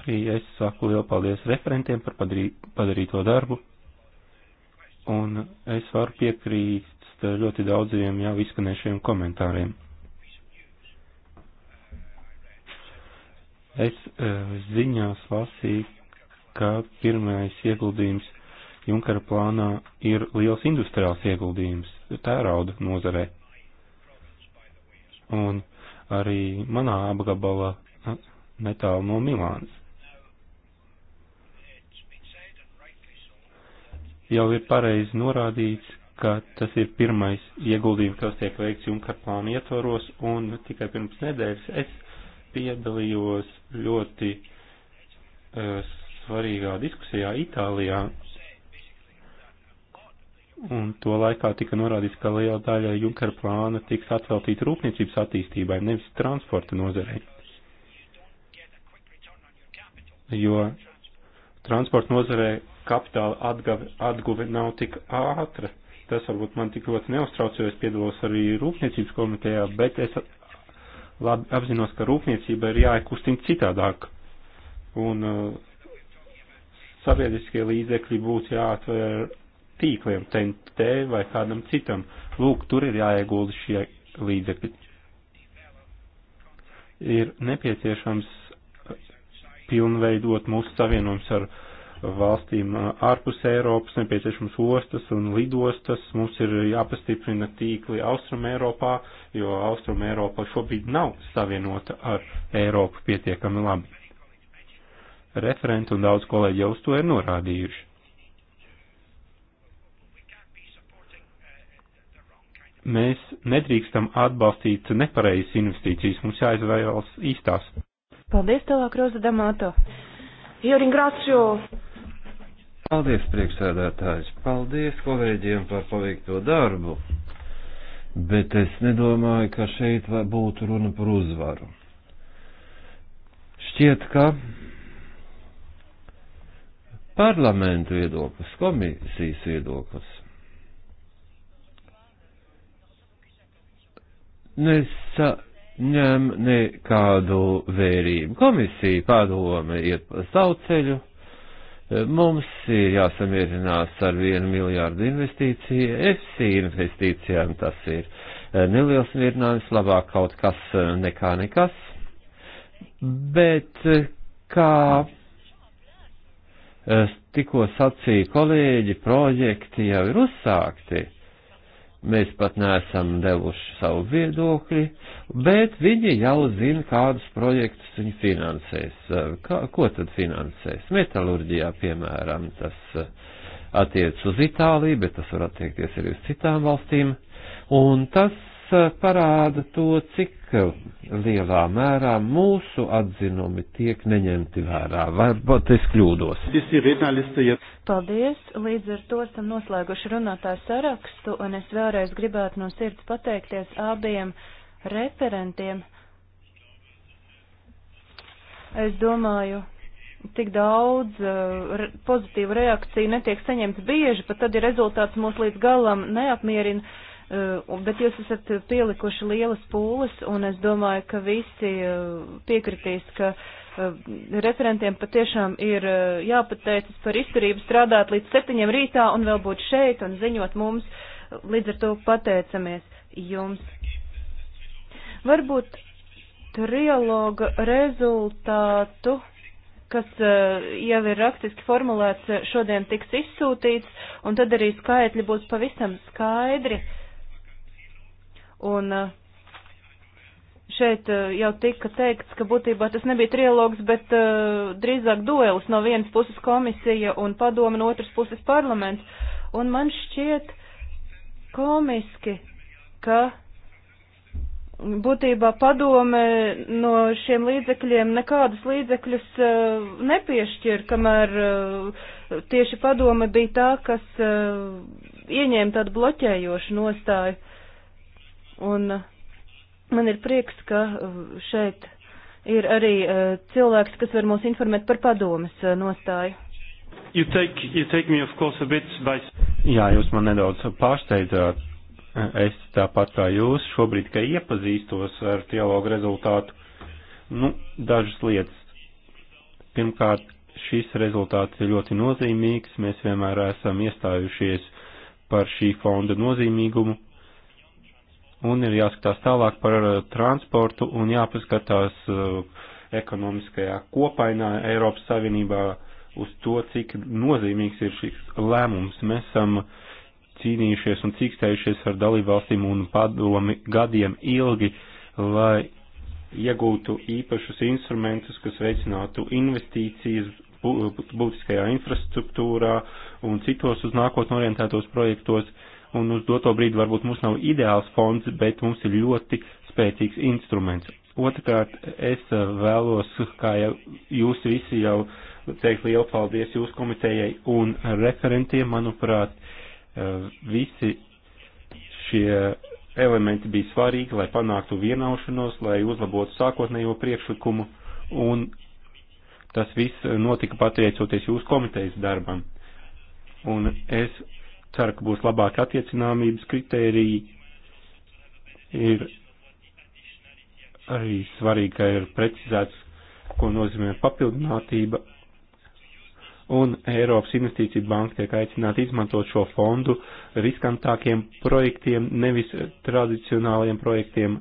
Arī es saku lielu paldies referentiem par padarī, padarīto darbu. Un es varu piekrīst ļoti daudziem jau izskanējušiem komentāriem. Es e, ziņās lasīju, ka pirmais ieguldījums Junkara plānā ir liels industriāls ieguldījums tērauda nozarē. Un arī manā apgabala netālu no Milānas. Jau ir pareizi norādīts, ka tas ir pirmais ieguldījums, kas tiek veikts Junkara plāna ietvaros, un tikai pirms nedēļas es piedalījos ļoti uh, svarīgā diskusijā Itālijā un to laikā tika norādīts, ka liela daļa Junkera plāna tiks atveltīta rūpniecības attīstībai, nevis transporta nozarei. Jo transporta nozarē kapitāla atgave, atguve nav tik ātra. Tas varbūt man tik ļoti neuztrauc, jo es piedalos arī rūpniecības komitejā, bet es labi apzinos, ka rūpniecība ir jāiekustina citādāk. Un uh, sabiedriskie līdzekļi būtu jāatver tīkliem, TNT vai kādam citam. Lūk, tur ir jāiegulda šie līdzekļi. Ir nepieciešams pilnveidot mūsu savienojums ar valstīm ārpus Eiropas, nepieciešams ostas un lidostas. Mums ir jāpastiprina tīkli Austrum Eiropā, jo Austrum Eiropa šobrīd nav savienota ar Eiropu pietiekami labi. Referenti un daudz kolēģi jau uz to ir norādījuši. Mēs nedrīkstam atbalstīt nepareizas investīcijas, mums jāizvēlas īstās. Paldies, tālāk, Roza Damato. Jūrin Grācio. Paldies, priekšsēdētājs. Paldies kolēģiem par paveikto darbu. Bet es nedomāju, ka šeit būtu runa par uzvaru. Šķiet, ka parlamentu viedoklis, komisijas viedoklis nesaņem nekādu vērību. Komisija padome iet pa savu ceļu. Mums ir jāsamierinās ar vienu miljārdu investīciju. FC investīcijām tas ir neliels mierinājums, labāk kaut kas nekā nekas. Bet kā tikko sacīja kolēģi, projekti jau ir uzsākti mēs pat neesam devuši savu viedokli, bet viņi jau zina, kādus projektus viņi finansēs. Kā, ko tad finansēs? Metalurģijā, piemēram, tas eh, attiec uz Itāliju, bet tas var attiekties arī uz citām valstīm, un tas eh, parāda to, cik cik lielā mērā mūsu atzinumi tiek neņemti vērā. Varbūt es kļūdos. Paldies! Līdz ar to esam noslēguši runātāju sarakstu, un es vēlreiz gribētu no sirds pateikties abiem referentiem. Es domāju, tik daudz uh, re, pozitīvu reakciju netiek saņemts bieži, pat tad, ja rezultāts mūs līdz galam neapmierina Uh, bet jūs esat pielikuši lielas pūles, un es domāju, ka visi uh, piekritīs, ka uh, referentiem patiešām ir jāpateicas par izturību strādāt līdz septiņiem rītā un vēl būt šeit un ziņot mums. Līdz ar to pateicamies jums. Varbūt trialoga rezultātu kas jau ir rakstiski formulēts, šodien tiks izsūtīts, un tad arī skaitļi būs pavisam skaidri. Uh, Un eh, šeit eh, jau tika teikts, ka būtībā tas nebija trialogs, bet uh, drīzāk duels no vienas puses komisija un padoma no otras puses parlaments. Un man šķiet komiski, ka būtībā padome no šiem līdzekļiem nekādus līdzekļus uh, nepiešķir, kamēr uh, tieši padome bija tā, kas uh, ieņēma tādu bloķējošu nostāju. Uh, Un man ir prieks, ka šeit ir arī e, cilvēks, kas var mūs informēt par padomas e, nostāju. You take, you take me, course, by... Jā, jūs man nedaudz pārsteidzāt. Es tāpat kā jūs šobrīd tikai iepazīstos ar dialogu rezultātu. Nu, dažas lietas. Pirmkārt, šis rezultāts ir ļoti nozīmīgs. Mēs vienmēr esam iestājušies par šī fonda nozīmīgumu un ir jāskatās tālāk par eh, transportu un jāpaskatās eh, ekonomiskajā kopainā Eiropas Savienībā uz to, cik nozīmīgs ir šis lēmums. Mēs esam cīnījušies un cīkstējušies ar dalībvalstīm un padomi gadiem ilgi, lai iegūtu īpašus instrumentus, kas veicinātu investīcijas būtiskajā infrastruktūrā un citos uz nākotnē orientētos projektos un uz doto brīdi varbūt mums nav ideāls fonds, bet mums ir ļoti spēcīgs instruments. Otrakārt, es eh, vēlos, kā jau jūs visi jau teikt lielu paldies jūsu komitejai un referentiem, manuprāt, eh, visi šie elementi bija svarīgi, lai panāktu vienaušanos, lai uzlabotu sākotnējo priekšlikumu, un tas viss notika pateicoties jūsu komitejas darbam. Un es Ceru, ka būs labāka attiecināmības kritērija. Ir arī svarīgi, ka ir precizēts, ko nozīmē papildinātība. Un Eiropas Investīcija Banka tiek aicināta izmantot šo fondu riskantākiem projektiem, nevis tradicionālajiem projektiem.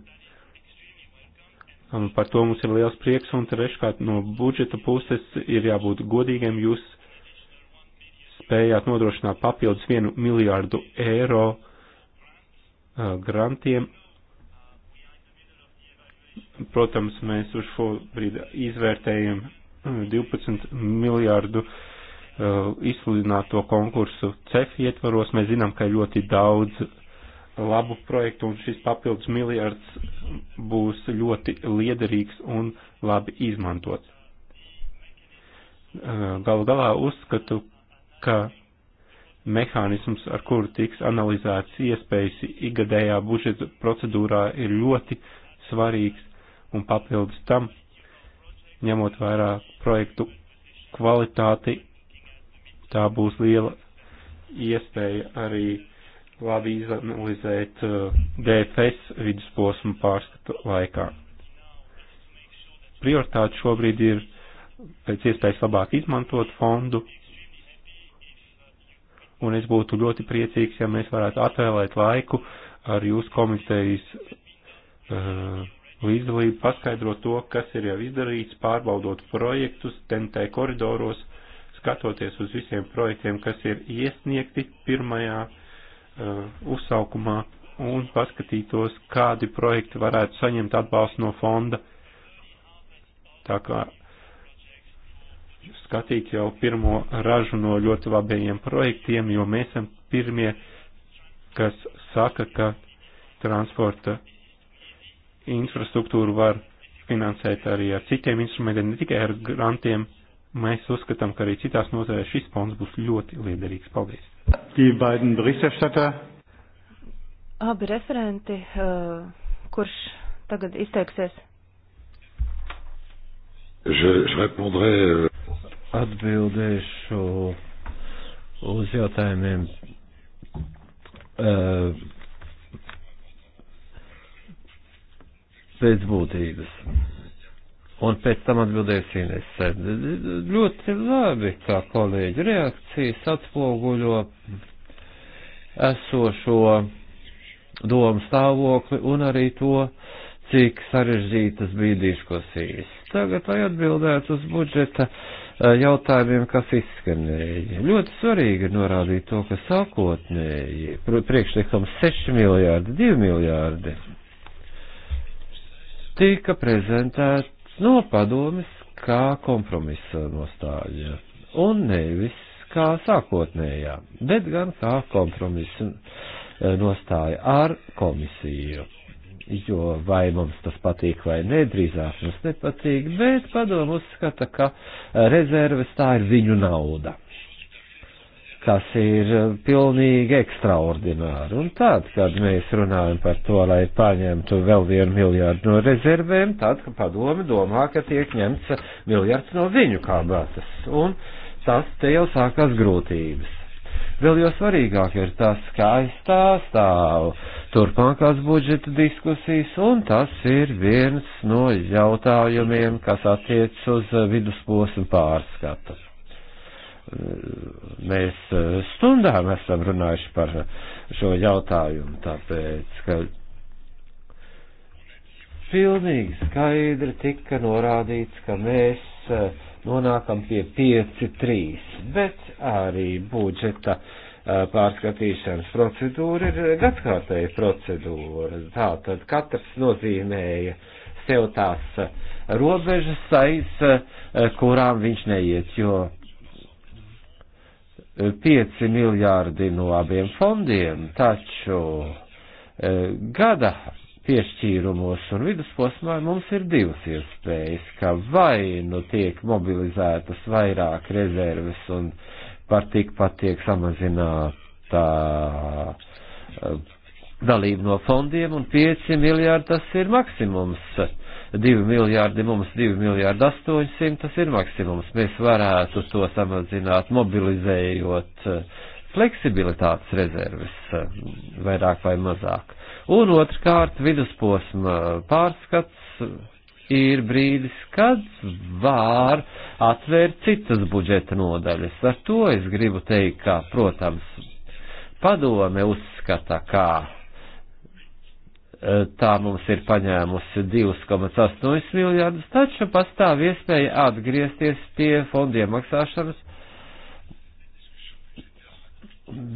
Par to mums ir liels prieks, un treškārt no budžeta puses ir jābūt godīgiem. Jūs spējāt nodrošināt papildus vienu miljārdu eiro grantiem. Protams, mēs uz šo brīdi izvērtējam 12 miljārdu izsludināto konkursu CEF ietvaros. Mēs zinām, ka ļoti daudz labu projektu un šis papildus miljards būs ļoti liederīgs un labi izmantots. Galu galā uzskatu, ka mehānisms, ar kuru tiks analizēts iespējas igadējā budžeta procedūrā, ir ļoti svarīgs un papildus tam, ņemot vērā projektu kvalitāti, tā būs liela iespēja arī labi izanalizēt uh, DFS vidusposmu pārskatu laikā. Prioritāte šobrīd ir pēc iespējas labāk izmantot fondu, un es būtu ļoti priecīgs, ja mēs varētu atvēlēt laiku ar jūsu komitejas uh, līdzdalību paskaidrot to, kas ir jau izdarīts, pārbaudot projektus, tentē koridoros, skatoties uz visiem projektiem, kas ir iesniegti pirmajā uh, uzsaukumā un paskatītos, kādi projekti varētu saņemt atbalstu no fonda. Tā kā skatīt jau pirmo ražu no ļoti labējiem projektiem, jo mēs esam pirmie, kas saka, ka transporta infrastruktūru var finansēt arī ar citiem instrumentiem, ne tikai ar grantiem. Mēs uzskatām, ka arī citās nozarēs šis fonds būs ļoti liederīgs. Paldies! Abi referenti, eh, kurš tagad izteiksies? Je, je répondrai. Euh, Atbildēšu uz jautājumiem. Uh, pēc būtības. Un pēc tam atbildēsim es. Ļoti labi, kā kolēģi, reakcijas atspoguļo esošo domu stāvokli un arī to, cik sarežģītas bija diskusijas. Tagad, lai atbildētu uz budžeta E, jautājumiem, kas izskanēja. Ļoti svarīgi ir norādīt to, ka sākotnēji priekšlikums 6 miljārdi, 2 miljārdi tika prezentēts no padomis kā kompromisa nostāja un nevis kā sākotnējā, bet gan kā kompromisa e, nostāja ar komisiju jo vai mums tas patīk vai nē, drīzāk mums nepatīk, bet padomu uzskata, ka eh, rezerves tā ir viņu nauda, kas ir eh, pilnīgi ekstraordināri. Un tad, kad mēs runājam par to, lai paņemtu vēl vienu miljārdu no rezervēm, tad, ka padomi domā, ka tiek ņemts miljards no viņu kābātas. Un tas te jau sākās grūtības. Vēl jau svarīgāk ir tas, kā aizstāstāv turpmākās budžeta diskusijas, un tas ir viens no jautājumiem, kas attiec uz vidusposmu pārskatu mēs stundām esam runājuši par šo jautājumu, tāpēc, ka pilnīgi skaidri tika norādīts, ka mēs nonākam pie 5-3, bet arī budžeta pārskatīšanas procedūra ir gadskārtēja procedūra. Tā tad katrs nozīmēja sev tās robežas, aiz kurām viņš neiet, jo 5 miljārdi no abiem fondiem, taču gada piešķīrumos un vidusposmā mums ir divas iespējas, ka vai nu tiek mobilizētas vairāk rezerves un par tikpat tiek samazināta eh, dalība no fondiem un 5 miljārdi tas ir maksimums. 2 miljārdi mums, 2 miljārdi 800 tas ir maksimums. Mēs varētu to samazināt mobilizējot eh, fleksibilitātes rezerves eh, vairāk vai mazāk. Un otrkārt, vidusposma pārskats ir brīdis, kad var atvērt citas budžeta nodaļas. Ar to es gribu teikt, ka, protams, padome uzskata, kā eh, tā mums ir paņēmusi 2,8 miljardus, taču pastāv iespēja atgriezties pie fondiem maksāšanas,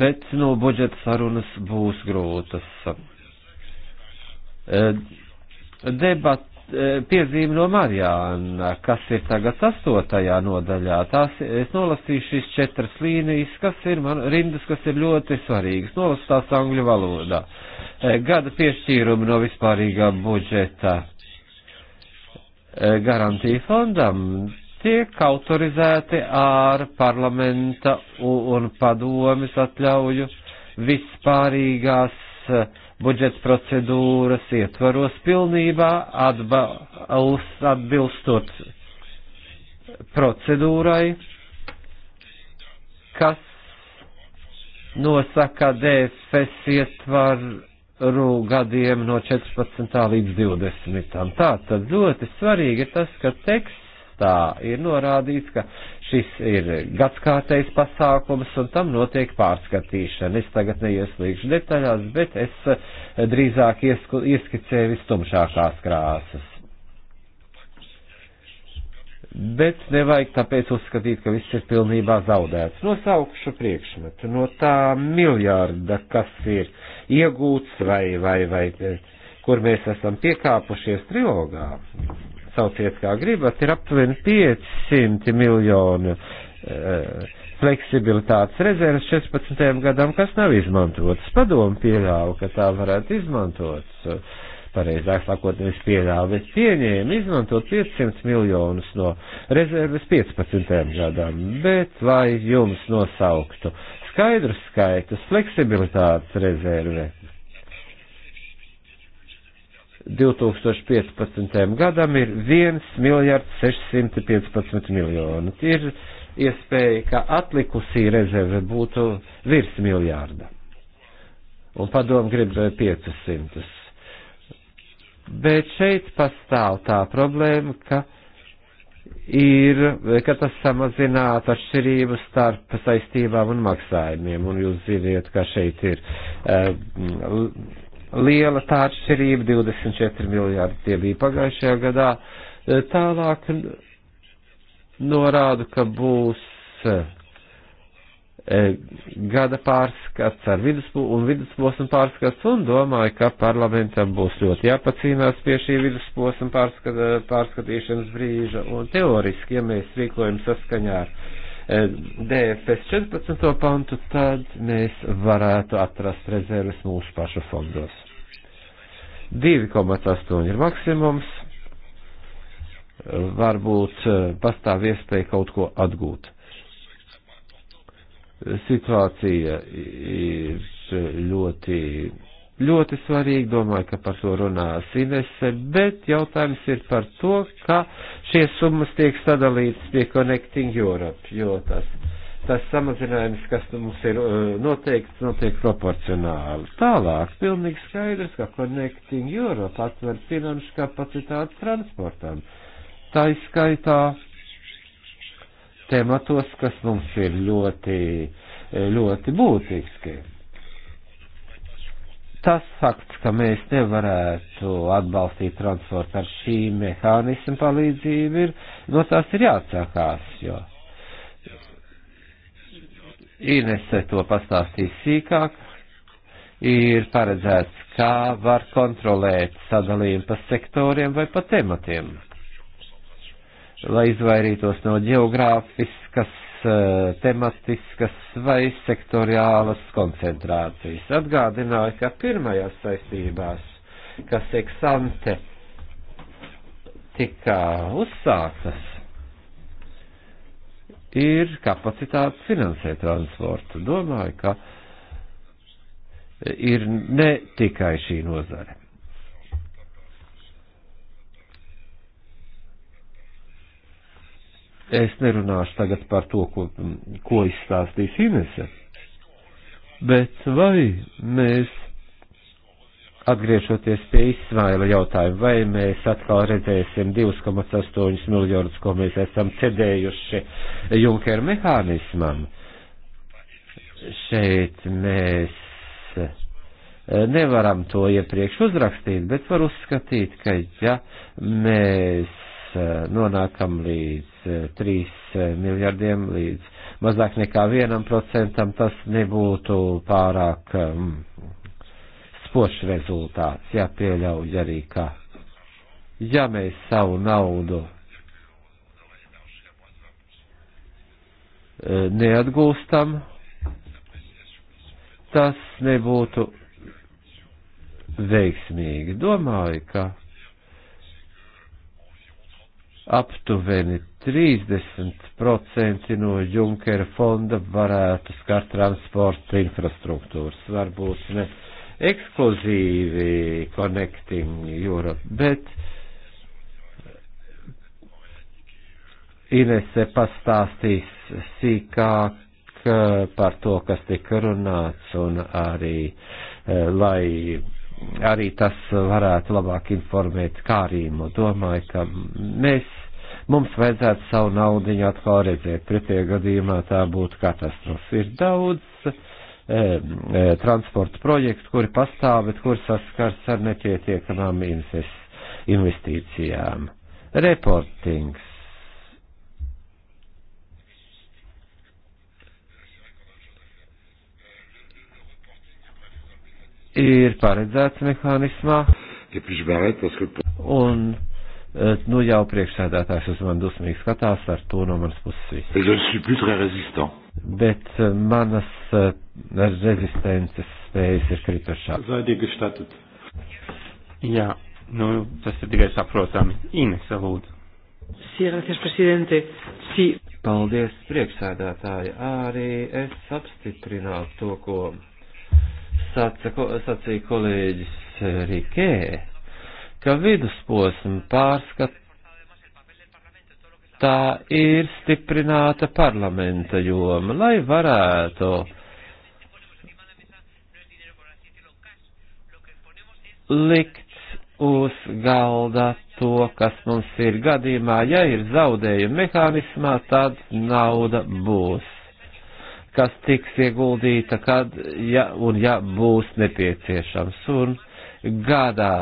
bet no budžeta sarunas būs grūtas. Eh, debat, eh, piezīme no Marijāna, kas ir tagad astotajā nodaļā. Tās es nolasīšu šīs četras līnijas, kas ir man, rindas, kas ir ļoti svarīgas. Nolasu tās angļu valodā. Eh, gada piešķīrumi no vispārīgā budžeta garantija fondam tiek autorizēti ar parlamenta un padomis atļauju vispārīgās uh, budžets procedūras ietvaros pilnībā atbalst, atbilstot procedūrai, kas nosaka DFS ietvaru gadiem no 14. līdz 20. Tātad ļoti svarīgi ir tas, ka teksts tekstā ir norādīts, ka šis ir gadskārtais pasākums un tam notiek pārskatīšana. Es tagad neieslīgšu detaļās, bet es eh, drīzāk ieskicēju vistumšākās krāsas. Bet nevajag tāpēc uzskatīt, ka viss ir pilnībā zaudēts. Nosaukšu priekšmetu no tā miljārda, kas ir iegūts vai, vai, vai eh, kur mēs esam piekāpušies trilogā sauciet kā gribat, ir aptuveni 500 miljonu eh, fleksibilitātes rezerves 14. gadam, kas nav izmantotas. Padomu pieļāva, ka tā varētu izmantot, pareizāk sakot, nevis pieļāva, bet pieņēma izmantot 500 miljonus no rezerves 15. gadam. Bet lai jums nosauktu skaidrus skaitus, fleksibilitātes rezerve 2015. gadam ir 1 miljards 615 miljoni. Ir iespēja, ka atlikusī rezerve būtu virs miljārda. Un padomu grib 500. Eh, Bet šeit pastāv tā problēma, ka ir, ka tas samazinātu atšķirību starp saistībām un maksājumiem. Un jūs ziniet, ka šeit ir. Uh, liela tā atšķirība, 24 miljārdi tie bija pagājušajā gadā. Eh, tālāk norādu, ka būs eh, eh, gada pārskats ar viduspo, un vidusposmu pārskats, un domāju, ka parlamentam būs ļoti jāpacīnās pie šī vidusposmu pārskat, pārskatīšanas brīža, un teoriski, ja mēs rīkojam saskaņā ar Eh, DFS 14. pantu, tad mēs varētu atrast rezerves mūsu pašu fondos. 2,8 ir maksimums. Varbūt eh, pastāv iespēja kaut ko atgūt. Situācija ir ļoti ļoti svarīgi, domāju, ka par to runās Inese, bet jautājums ir par to, ka šie summas tiek sadalītas pie Connecting Europe, jo tas, tas samazinājums, kas nu mums ir eh, noteikts, notiek proporcionāli. Tālāk, pilnīgi skaidrs, ka Connecting Europe atver finanšu kapacitāti transportam. Tā izskaitā tematos, kas mums ir ļoti, ļoti būtiski Tas fakts, ka mēs nevarētu atbalstīt transportu ar šī mehānismu palīdzību, ir, no tās ir jāatsakās, jo Inese to pastāstīs sīkāk, ir paredzēts, kā var kontrolēt sadalījumu pa sektoriem vai pa tematiem, lai izvairītos no geogrāfiskas Eh, temastiskas vai sektoriālas koncentrācijas. Atgādināju, ka pirmajās saistībās, kas eksante tika uzsāktas, ir kapacitāte finansēt transportu. Domāju, ka ir ne tikai šī nozare. Es nerunāšu tagad par to, ko, ko izstāstīs Inese, bet vai mēs, atgriežoties pie Ismaila jautājuma, vai mēs atkal redzēsim 2,8 miljardus, ko mēs esam cedējuši Junker mehānismam? Šeit mēs nevaram to iepriekš uzrakstīt, bet var uzskatīt, ka ja mēs Eh, nonākam līdz 3 eh, eh, miljardiem, līdz mazāk nekā 1%, tas nebūtu pārāk um, spošs rezultāts, ja pieļauj arī, ka ja mēs savu naudu neatgūstam, tas nebūtu veiksmīgi. Domāju, ka aptuveni 30% no Junkera fonda varētu skart transporta infrastruktūras. Varbūt ne ekskluzīvi Connecting Europe, bet Inese pastāstīs sīkāk eh, par to, kas tika runāts un arī, eh, lai arī tas varētu labāk informēt Kārīmu. Domāju, ka mēs mums vajadzētu savu naudiņu atkal redzēt. Pretējā gadījumā tā būtu katastrofa. Ir daudz e, e, transporta projektu, kuri pastāv, bet kuri saskars ar nepietiekamām investīcijām. Reportings. Ir paredzēts mehānismā. Un Eh, nu jau priekšsēdētājs uz mani dusmīgi skatās, ar to no manas puses viss. Bet eh, manas eh, rezistences spējas ir kritušās. Jā, nu tas ir tikai saprotami. Inesa lūdzu. Sí, gracias, presidente. Sí. Paldies, priekšsēdētāji. Arī es apstiprinātu to, ko saca, ko, sacīja kolēģis Rikē ka vidusposma pārskatā ir stiprināta parlamenta joma, lai varētu likt uz galda to, kas mums ir gadījumā, ja ir zaudējumi mehānismā, tad nauda būs kas tiks ieguldīta, kad ja, un ja būs nepieciešams. Un gadā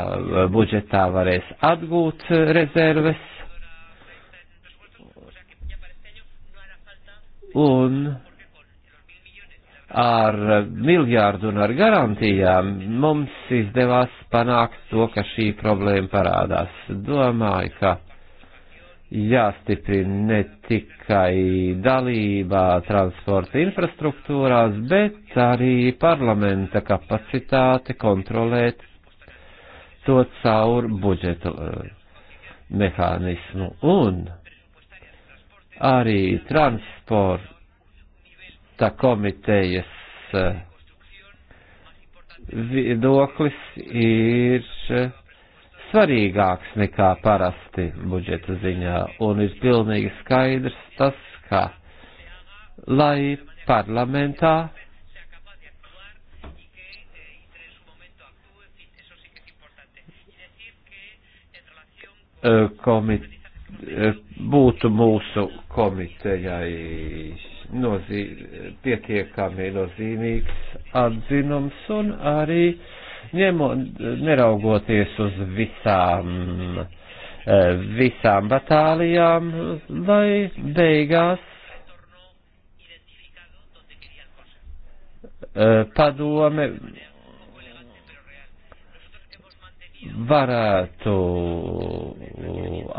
eh, budžetā varēs atgūt eh, rezerves. Un ar miljārdu un ar garantijām mums izdevās panākt to, ka šī problēma parādās. Domāju, ka jāstiprina ne tikai dalībā transporta infrastruktūrās, bet arī parlamenta kapacitāte kontrolēt to caur budžeta eh, mehānismu un arī transporta komitejas eh, viedoklis ir eh, svarīgāks nekā parasti budžeta ziņā, un ir pilnīgi skaidrs tas, ka, lai parlamentā Eh, komit, eh, būtu mūsu komitejai nozī, pietiekami nozīmīgs atzinums un arī ņemo, neraugoties uz visām, eh, visām batālijām, lai beigās padome varētu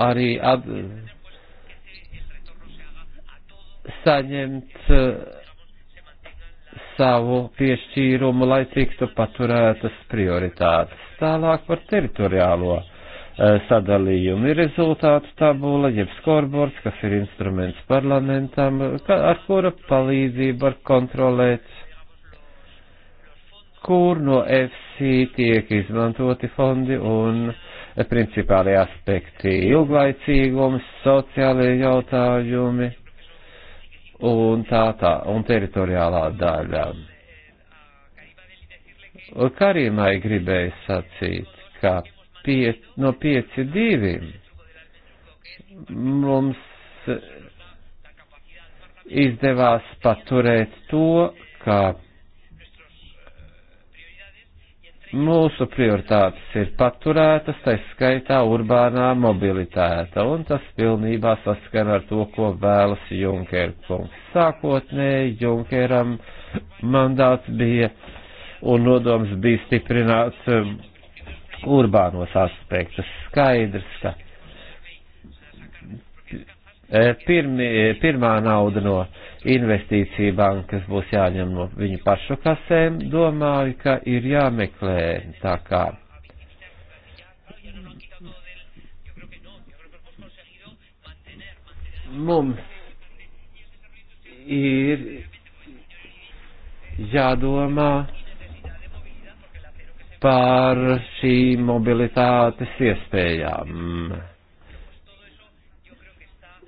arī at, saņemt uh, savu piešķīrumu, lai tiktu paturētas prioritātes. Tālāk par teritoriālo uh, sadalījumu ir rezultātu tabula, jeb skorbords, kas ir instruments parlamentam, ar kura palīdzību var kontrolēt kur no FC tiek izmantoti fondi un principālie aspekti - ilglaicīgums, sociālie jautājumi un tā tā, un teritoriālā daļā. Karimai gribēja sacīt, ka pie, no 5-2 mums izdevās paturēt to, ka mūsu prioritātes ir paturētas, tā skaitā urbānā mobilitāte, un tas pilnībā saskana ar to, ko vēlas Junker kungs. Sākotnēji Junkeram mandāts bija un nodoms bija stiprināt um, urbānos aspektus. Skaidrs, ka Pirmi, pirmā nauda no investīcija bankas būs jāņem no viņu pašu kasēm. Domāju, ka ir jāmeklē tā kā mums ir jādomā par šīm mobilitātes iespējām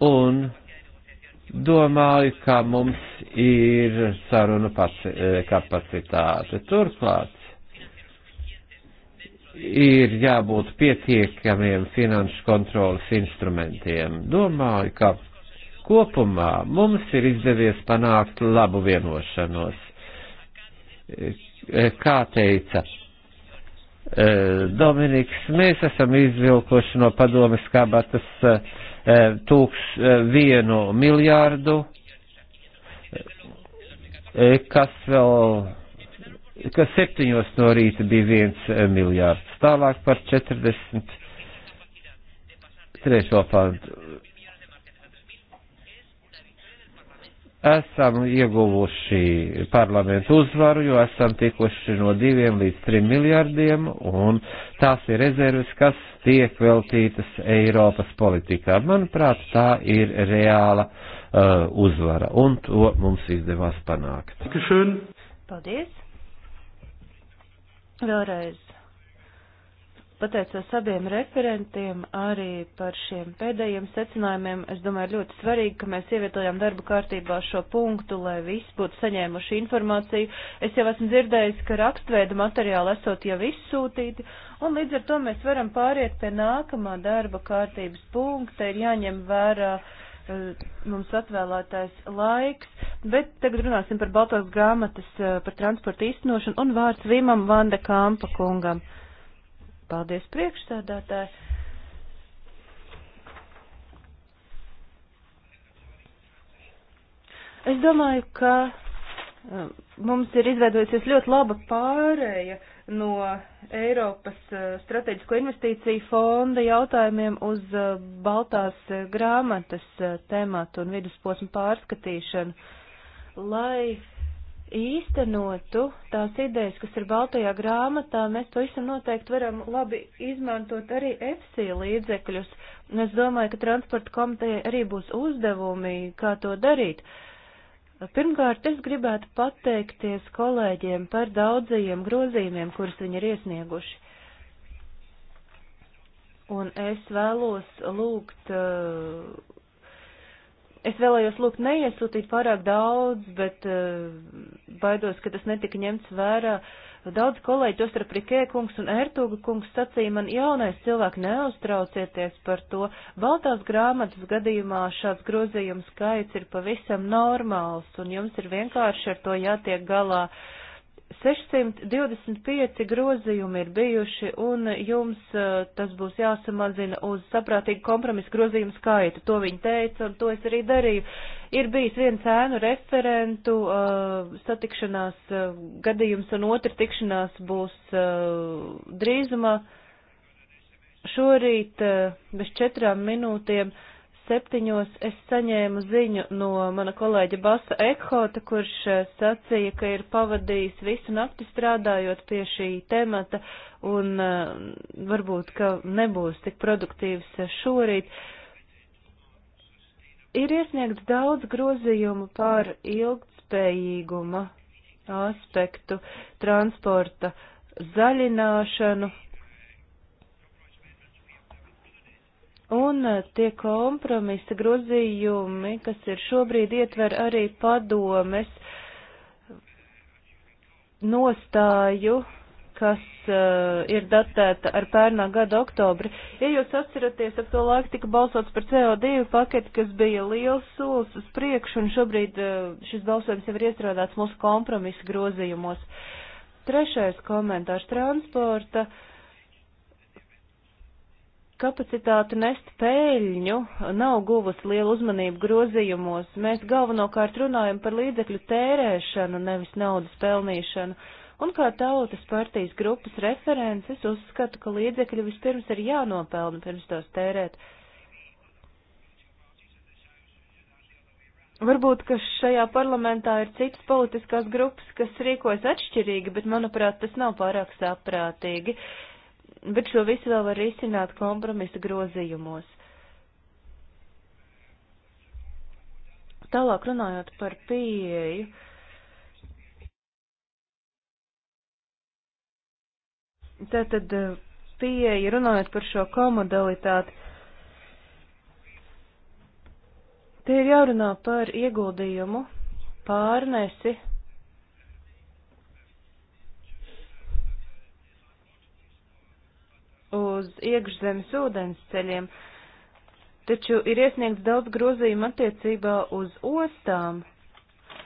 un domāju, ka mums ir sarunu e, kapacitāte. Turklāt ir jābūt pietiekamiem finanšu kontrolas instrumentiem. Domāju, ka kopumā mums ir izdevies panākt labu vienošanos. E, kā teica e, Dominiks, mēs esam izvilkoši no padomes kabatas uh, tūks eh, vienu miljārdu, eh, kas vēl, kas septiņos no rīta bija viens eh, miljārds. Tālāk par 40 trešo pantu esam ieguvuši parlamentu uzvaru, jo esam tikuši no diviem līdz trim miljardiem, un tās ir rezerves, kas tiek veltītas Eiropas politikā. Manuprāt, tā ir reāla uh, uzvara, un to mums izdevās panākt. Paldies! Vēlreiz pateicos abiem referentiem arī par šiem pēdējiem secinājumiem. Es domāju, ļoti svarīgi, ka mēs ievietojām darba kārtībā šo punktu, lai visi būtu saņēmuši informāciju. Es jau esmu dzirdējis, ka rakstveida materiāli esot jau izsūtīti, un līdz ar to mēs varam pāriet pie nākamā darba kārtības punkta. Ir jāņem vērā eh, mums atvēlētais laiks, bet tagad runāsim par Baltās grāmatas eh, par transportu īstenošanu un vārds Vimam Vanda Kampa kungam. Paldies priekšsēdētāji. Es domāju, ka um, mums ir izveidojusies ļoti laba pārēja no Eiropas uh, strateģisko investīciju fonda jautājumiem uz uh, Baltās uh, grāmatas tematu un vidusposmu pārskatīšanu, lai īstenotu tās idejas, kas ir Baltajā grāmatā, mēs pavisam noteikti varam labi izmantot arī EFSI līdzekļus. Un es domāju, ka transporta komiteja arī būs uzdevumi, kā to darīt. Pirmkārt, es gribētu pateikties kolēģiem par daudzajiem grozījumiem, kurus viņi ir iesnieguši. Un es vēlos lūgt uh, Es vēlējos lūgt neiesūtīt pārāk daudz, bet uh, baidos, ka tas netika ņemts vērā. Daudz kolēģi, tos ar Prikē kungs un Ertūga kungs sacīja man, jaunais cilvēki neuztraucieties par to. Baltās grāmatas gadījumā šāds grozījums skaits ir pavisam normāls, un jums ir vienkārši ar to jātiek galā. Uh, 625 grozījumi ir bijuši, un jums eh, tas būs jāsamazina uz saprātīgu kompromisu grozījumu skaitu. To viņi teica, un to es arī darīju. Ir bijis viens ēnu referentu uh, satikšanās uh, gadījums, un otra tikšanās būs uh, drīzumā. Šorīt bez četrām minūtēm uh, septiņos es saņēmu ziņu no mana kolēģa Basa Ekhota, kurš e, sacīja, ka ir pavadījis visu nakti strādājot pie šī temata un e, varbūt, ka nebūs tik produktīvs e, šorīt. Ir iesniegts daudz grozījumu par ilgtspējīguma aspektu, transporta zaļināšanu, Un eh, tie kompromisa grozījumi, kas ir šobrīd ietver arī padomes nostāju, kas uh, ir datēta ar pērnā gada oktobri. Ja jūs atceraties, ap to laiku tika balsots par CO2 paketi, kas bija liels solis uz priekšu, un šobrīd uh, šis balsojums jau ir iestrādāts mūsu kompromisa grozījumos. Trešais komentārs - transporta. Uh, kapacitāte nest pēļņu nav guvusi lielu uzmanību grozījumos. Mēs galvenokārt runājam par līdzekļu tērēšanu, nevis naudas pelnīšanu. Un kā tautas partijas grupas referents, es uzskatu, ka līdzekļi vispirms ir jānopelna, pirms tos tērēt. Varbūt, ka šajā parlamentā ir citas politiskās grupas, kas rīkojas atšķirīgi, bet, manuprāt, tas nav pārāk saprātīgi. Uh, bet šo visu vēl var risināt kompromisa grozījumos. Tālāk runājot par pieeju. Tātad eh, pieeja runājot par šo komodalitāti. Te ir jārunā par ieguldījumu pārnesi uz iekšzemes ūdens ceļiem, taču ir iesniegts daudz grozījumu attiecībā uz ostām,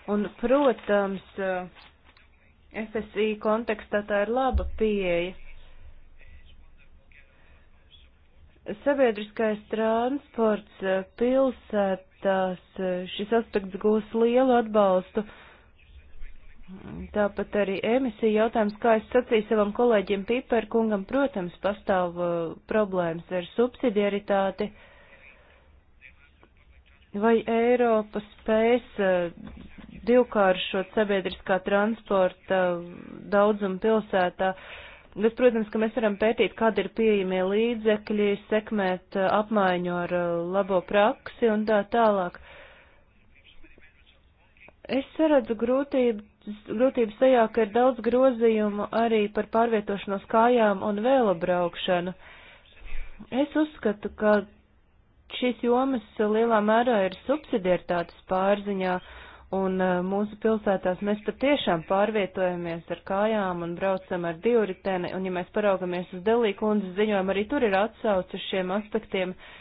un, protams, eh, FSI kontekstā tā ir laba pieeja. Sabiedriskais transports eh, pilsētās eh, šis aspekts gūs lielu atbalstu. Uh, Tāpat arī emisija jautājums, kā es sacīju savam kolēģim Piperkungam, protams, pastāv uh, problēmas ar subsidiaritāti. Vai Eiropa spēs uh, divkāršot sabiedriskā transporta daudzumu pilsētā? Bet, protams, ka mēs varam pētīt, kāda ir pieejamie līdzekļi, sekmēt uh, apmaiņu ar uh, labo praksi un tā tālāk. Es redzu grūtību grūtības tajā, ka ir daudz grozījumu arī par pārvietošanos kājām un vēla braukšanu. Es uzskatu, ka šīs jomas lielā mērā ir subsidiertātes pārziņā, un eh, mūsu pilsētās mēs patiešām pārvietojamies ar kājām un braucam ar divriteni, un ja mēs paraugamies uz Delī kundzes ziņojumu, arī tur ir atsauce uz šiem aspektiem. Uh,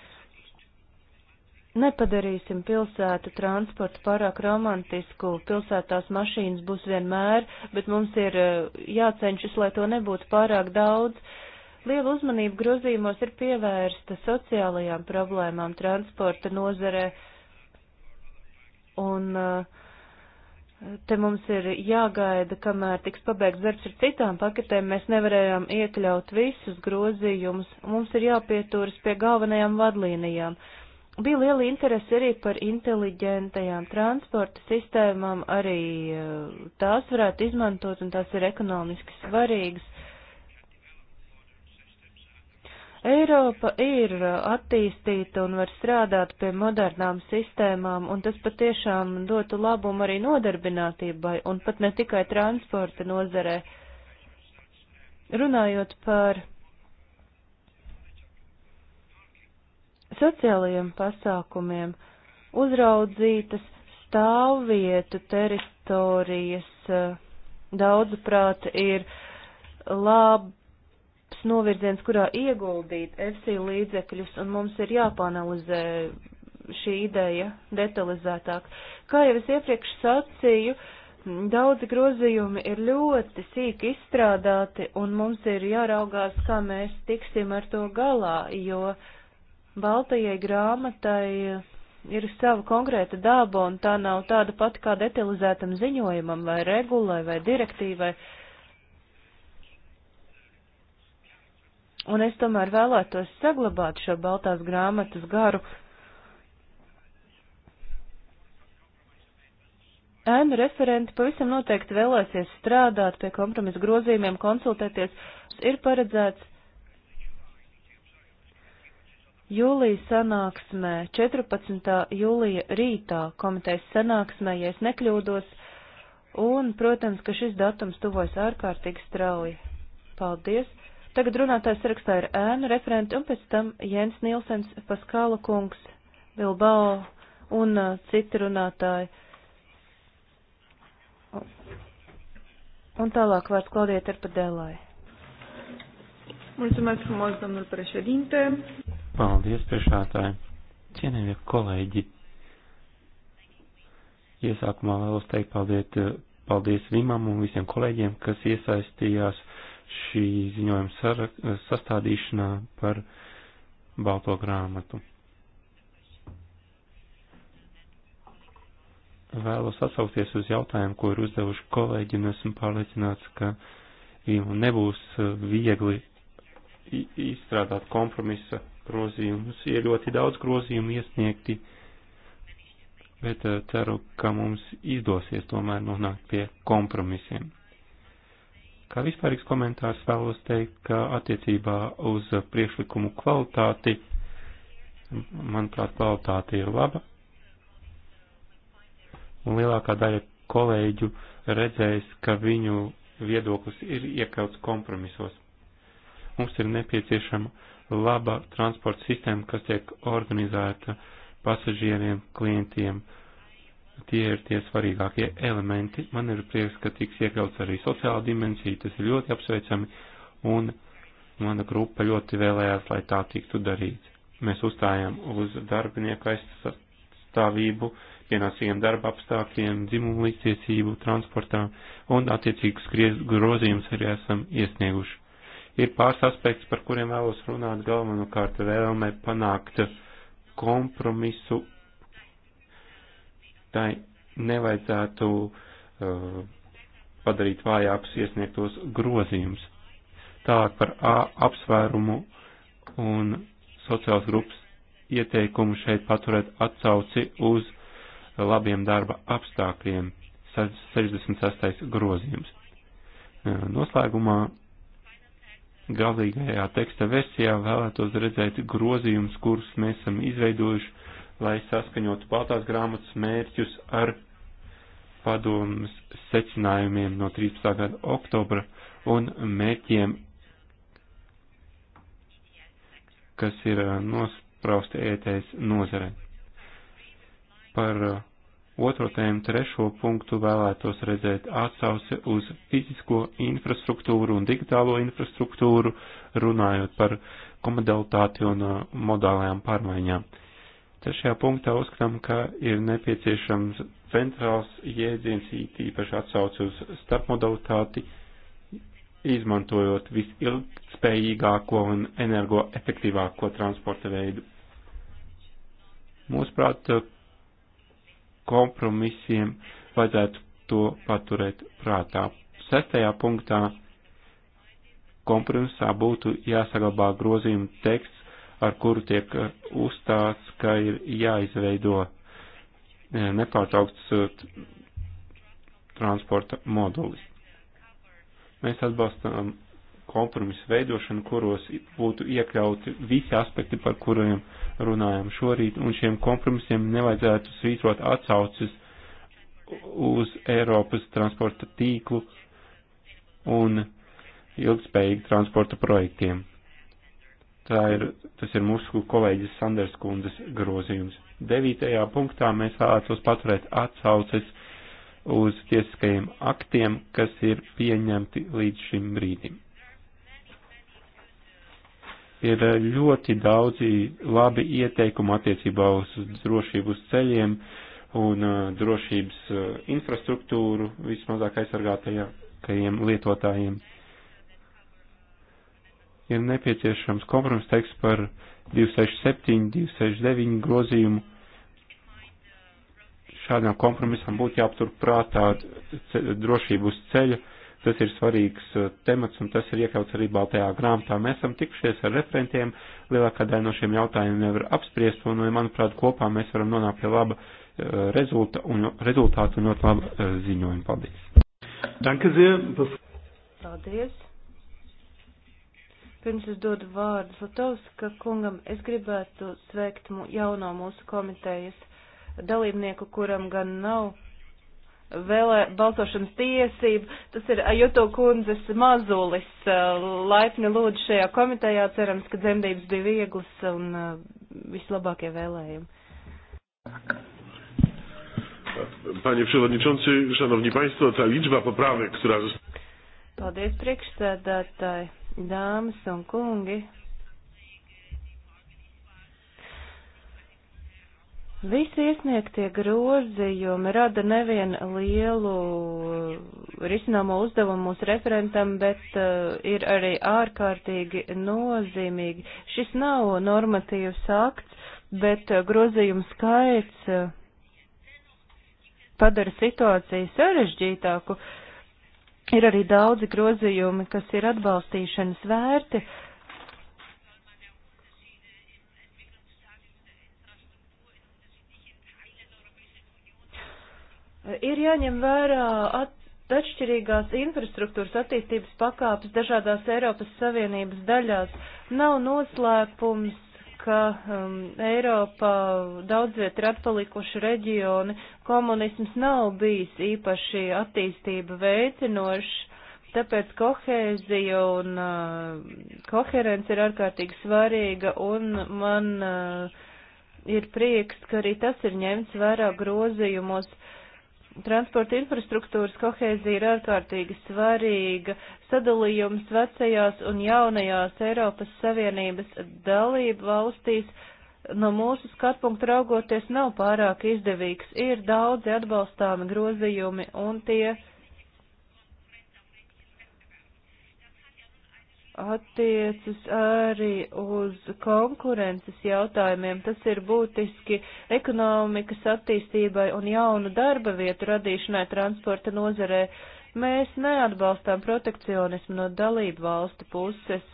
Nepadarīsim pilsētu transportu pārāk romantisku, pilsētās mašīnas būs vienmēr, bet mums ir eh, jācenšas, lai to nebūtu pārāk daudz. Liela uzmanība grozījumos ir pievērsta sociālajām problēmām transporta nozarē, un eh, te mums ir jāgaida, kamēr tiks pabeigts darbs ar citām paketēm, mēs nevarējām iekļaut visus grozījumus, mums ir jāpieturas pie galvenajām vadlīnijām Bija liela interese arī par inteliģentajām transporta sistēmām, arī eh, tās varētu izmantot un tās ir ekonomiski svarīgas. Eiropa ir eh, attīstīta un var strādāt pie modernām sistēmām, un tas patiešām dotu labumu arī nodarbinātībai, un pat ne tikai transporta nozarē. Runājot par sociālajiem pasākumiem, uzraudzītas stāvvietu teritorijas eh, daudzuprāt ir labs novirziens, kurā ieguldīt FC līdzekļus, un mums ir jāpanalizē šī ideja detalizētāk. Kā jau es iepriekš sacīju, daudzi grozījumi ir ļoti sīki izstrādāti, un mums ir jāraugās, kā mēs tiksim ar to galā, jo uh, Baltajai grāmatai eh, ir sava konkrēta daba, un tā nav tāda pati kā detalizētam ziņojumam vai regulai vai direktīvai. Un es tomēr vēlētos saglabāt šo baltās grāmatas garu. Ēnu referenti pavisam noteikti vēlēsies strādāt pie kompromisa grozījumiem, konsultēties. Ir paredzēts Jūlijas sanāksmē, 14. jūlija rītā komitejas sanāksmē, ja es nekļūdos, un, protams, ka šis datums tuvojas ārkārtīgi strauji. Paldies! Tagad runātājs rakstā ir ēnu referenti, un pēc tam Jens Nilsens, Paskāla kungs, Bilbao un uh, citi runātāji. Un tālāk vārds Klaudija Terpadēlai. Mulțumesc frumos, domnul președinte. Paldies, priekšētāji. Cienījamie kolēģi. Iesākumā vēlos teikt paldies, paldies Vimam un visiem kolēģiem, kas iesaistījās šī ziņojuma sastādīšanā par balto grāmatu. Vēlos atsaukties uz jautājumu, ko ir uzdevuši kolēģi, un esmu pārliecināts, ka viņam nebūs viegli izstrādāt kompromisa grozījumus. Ir ļoti daudz grozījumu iesniegti, bet eh, ceru, ka mums izdosies tomēr nonākt pie kompromisiem. Kā vispārīgs komentārs vēlos teikt, ka attiecībā uz priekšlikumu kvalitāti, manuprāt, kvalitāte ir laba. Un lielākā daļa kolēģu redzējis, ka viņu viedoklis ir iekauts kompromisos. Mums ir nepieciešama laba transporta sistēma, kas tiek organizēta pasažieriem, klientiem. Tie ir tie svarīgākie elementi. Man ir prieks, ka tiks iekļauts arī sociāla dimensija, tas ir ļoti apsveicami, un mana grupa ļoti vēlējās, lai tā tiktu darīts. Mēs uzstājām uz darbinieku aizstāvību, pienācīgiem darba apstākļiem, dzimumu līdztiesību, transportā, un attiecīgus grozījumus arī esam iesnieguši. Ir pāris aspekts, par kuriem vēlos runāt galvenokārt vēlmē panākt kompromisu. Tai nevajadzētu uh, padarīt vājākus iesniegtos grozījumus. Tālāk par A apsvērumu un sociāls grupas ieteikumu šeit paturēt atsauci uz labiem darba apstākļiem 66. grozījums. Uh, noslēgumā galīgajā teksta versijā vēlētos redzēt grozījumus, kurus mēs esam izveidojuši, lai saskaņotu Baltās grāmatas mērķus ar padomus secinājumiem no 13. gada oktobra un mērķiem, kas ir eh, nosprausti ETS nozare. Par eh, otro tēmu, trešo punktu vēlētos redzēt atsauce uz fizisko infrastruktūru un digitālo infrastruktūru, runājot par komodalitāti un uh, modālajām pārmaiņām. Trešajā punktā uzskatām, ka ir nepieciešams centrāls jēdziens īpaši atsauce uz starpmodalitāti, izmantojot visilgspējīgāko un energoefektīvāko transporta veidu. Mūsuprāt, kompromisiem vajadzētu to paturēt prātā. Sestajā punktā kompromisā būtu jāsaglabā grozījuma teksts, ar kuru tiek uzstāts, ka ir jāizveido e, nepārtraukts e, transporta modulis. Mēs atbalstam kompromisu veidošanu, kuros būtu iekļauti visi aspekti, par kuriem runājam šorīt, un šiem kompromisiem nevajadzētu svītrot atsaucis uz Eiropas transporta tīklu un ilgspējīgu transporta projektiem. Tā ir, tas ir mūsu kolēģis Sanders kundzes grozījums. Devītajā punktā mēs vēlētos paturēt atsauces uz tiesiskajiem aktiem, kas ir pieņemti līdz šim brīdim ir ļoti daudzi labi ieteikumi attiecībā uz drošību uz ceļiem un uh, drošības uh, infrastruktūru vismazāk aizsargātajiem lietotājiem. Ir nepieciešams kompromis teiks par 267, 269 grozījumu. Šādām kompromisām būtu jāaptur prātā drošību uz ceļa Tas ir svarīgs uh, temats un tas ir iekļauts arī Baltajā grāmatā. Mēs esam tikušies ar referentiem, lielākā daļa no šiem jautājumiem nevar apspriest un, manuprāt, kopā mēs varam nonākt pie laba uh, rezulta un, rezultātu un ļoti laba uh, ziņojuma. Paldies! Danke sehr! Paldies! Pirms es dodu vārdu Zlatovska kungam, es gribētu sveikt jauno mūsu komitejas dalībnieku, kuram gan nav vēl balsošanas tiesību. Tas ir Ajuto kundzes mazulis. Uh, laipni lūdzu šajā komitejā. Cerams, ka dzemdības bija vieglas un uh, vislabākie vēlējumi. Panie Przewodniczący, Szanowni Państwo, ta liczba poprawek, która została. Paldies priekšsēdētāji, dāmas un kungi. Visi iesniegtie grozījumi rada nevienu lielu risināmo uzdevumu mūsu referentam, bet uh, ir arī ārkārtīgi nozīmīgi. Šis nav normatīvs akts, bet uh, grozījumu skaits uh, padara situāciju sarežģītāku. Ir arī daudzi grozījumi, kas ir atbalstīšanas vērti. Uh, Ir jāņem vērā at, atšķirīgās infrastruktūras attīstības pakāpes dažādās Eiropas Savienības daļās. Nav noslēpums, ka um, Eiropā daudzviet ir atpalikuši reģioni, komunisms nav bijis īpaši attīstība veicinošs, tāpēc kohēzija un uh, koherence ir ārkārtīgi svarīga un man uh, ir prieks, ka arī tas ir ņemts vērā grozījumos. Uh, Transporta infrastruktūras kohēzija ir ārkārtīgi svarīga. Sadalījums vecajās un jaunajās Eiropas Savienības dalību valstīs no mūsu skatpunkta raugoties nav pārāk izdevīgs. Ir daudzi atbalstāmi grozījumi un tie attiecas arī uz konkurences jautājumiem. Tas ir būtiski ekonomikas attīstībai un jaunu darba vietu radīšanai transporta nozarē. Mēs neatbalstām protekcionismu no dalību valstu puses,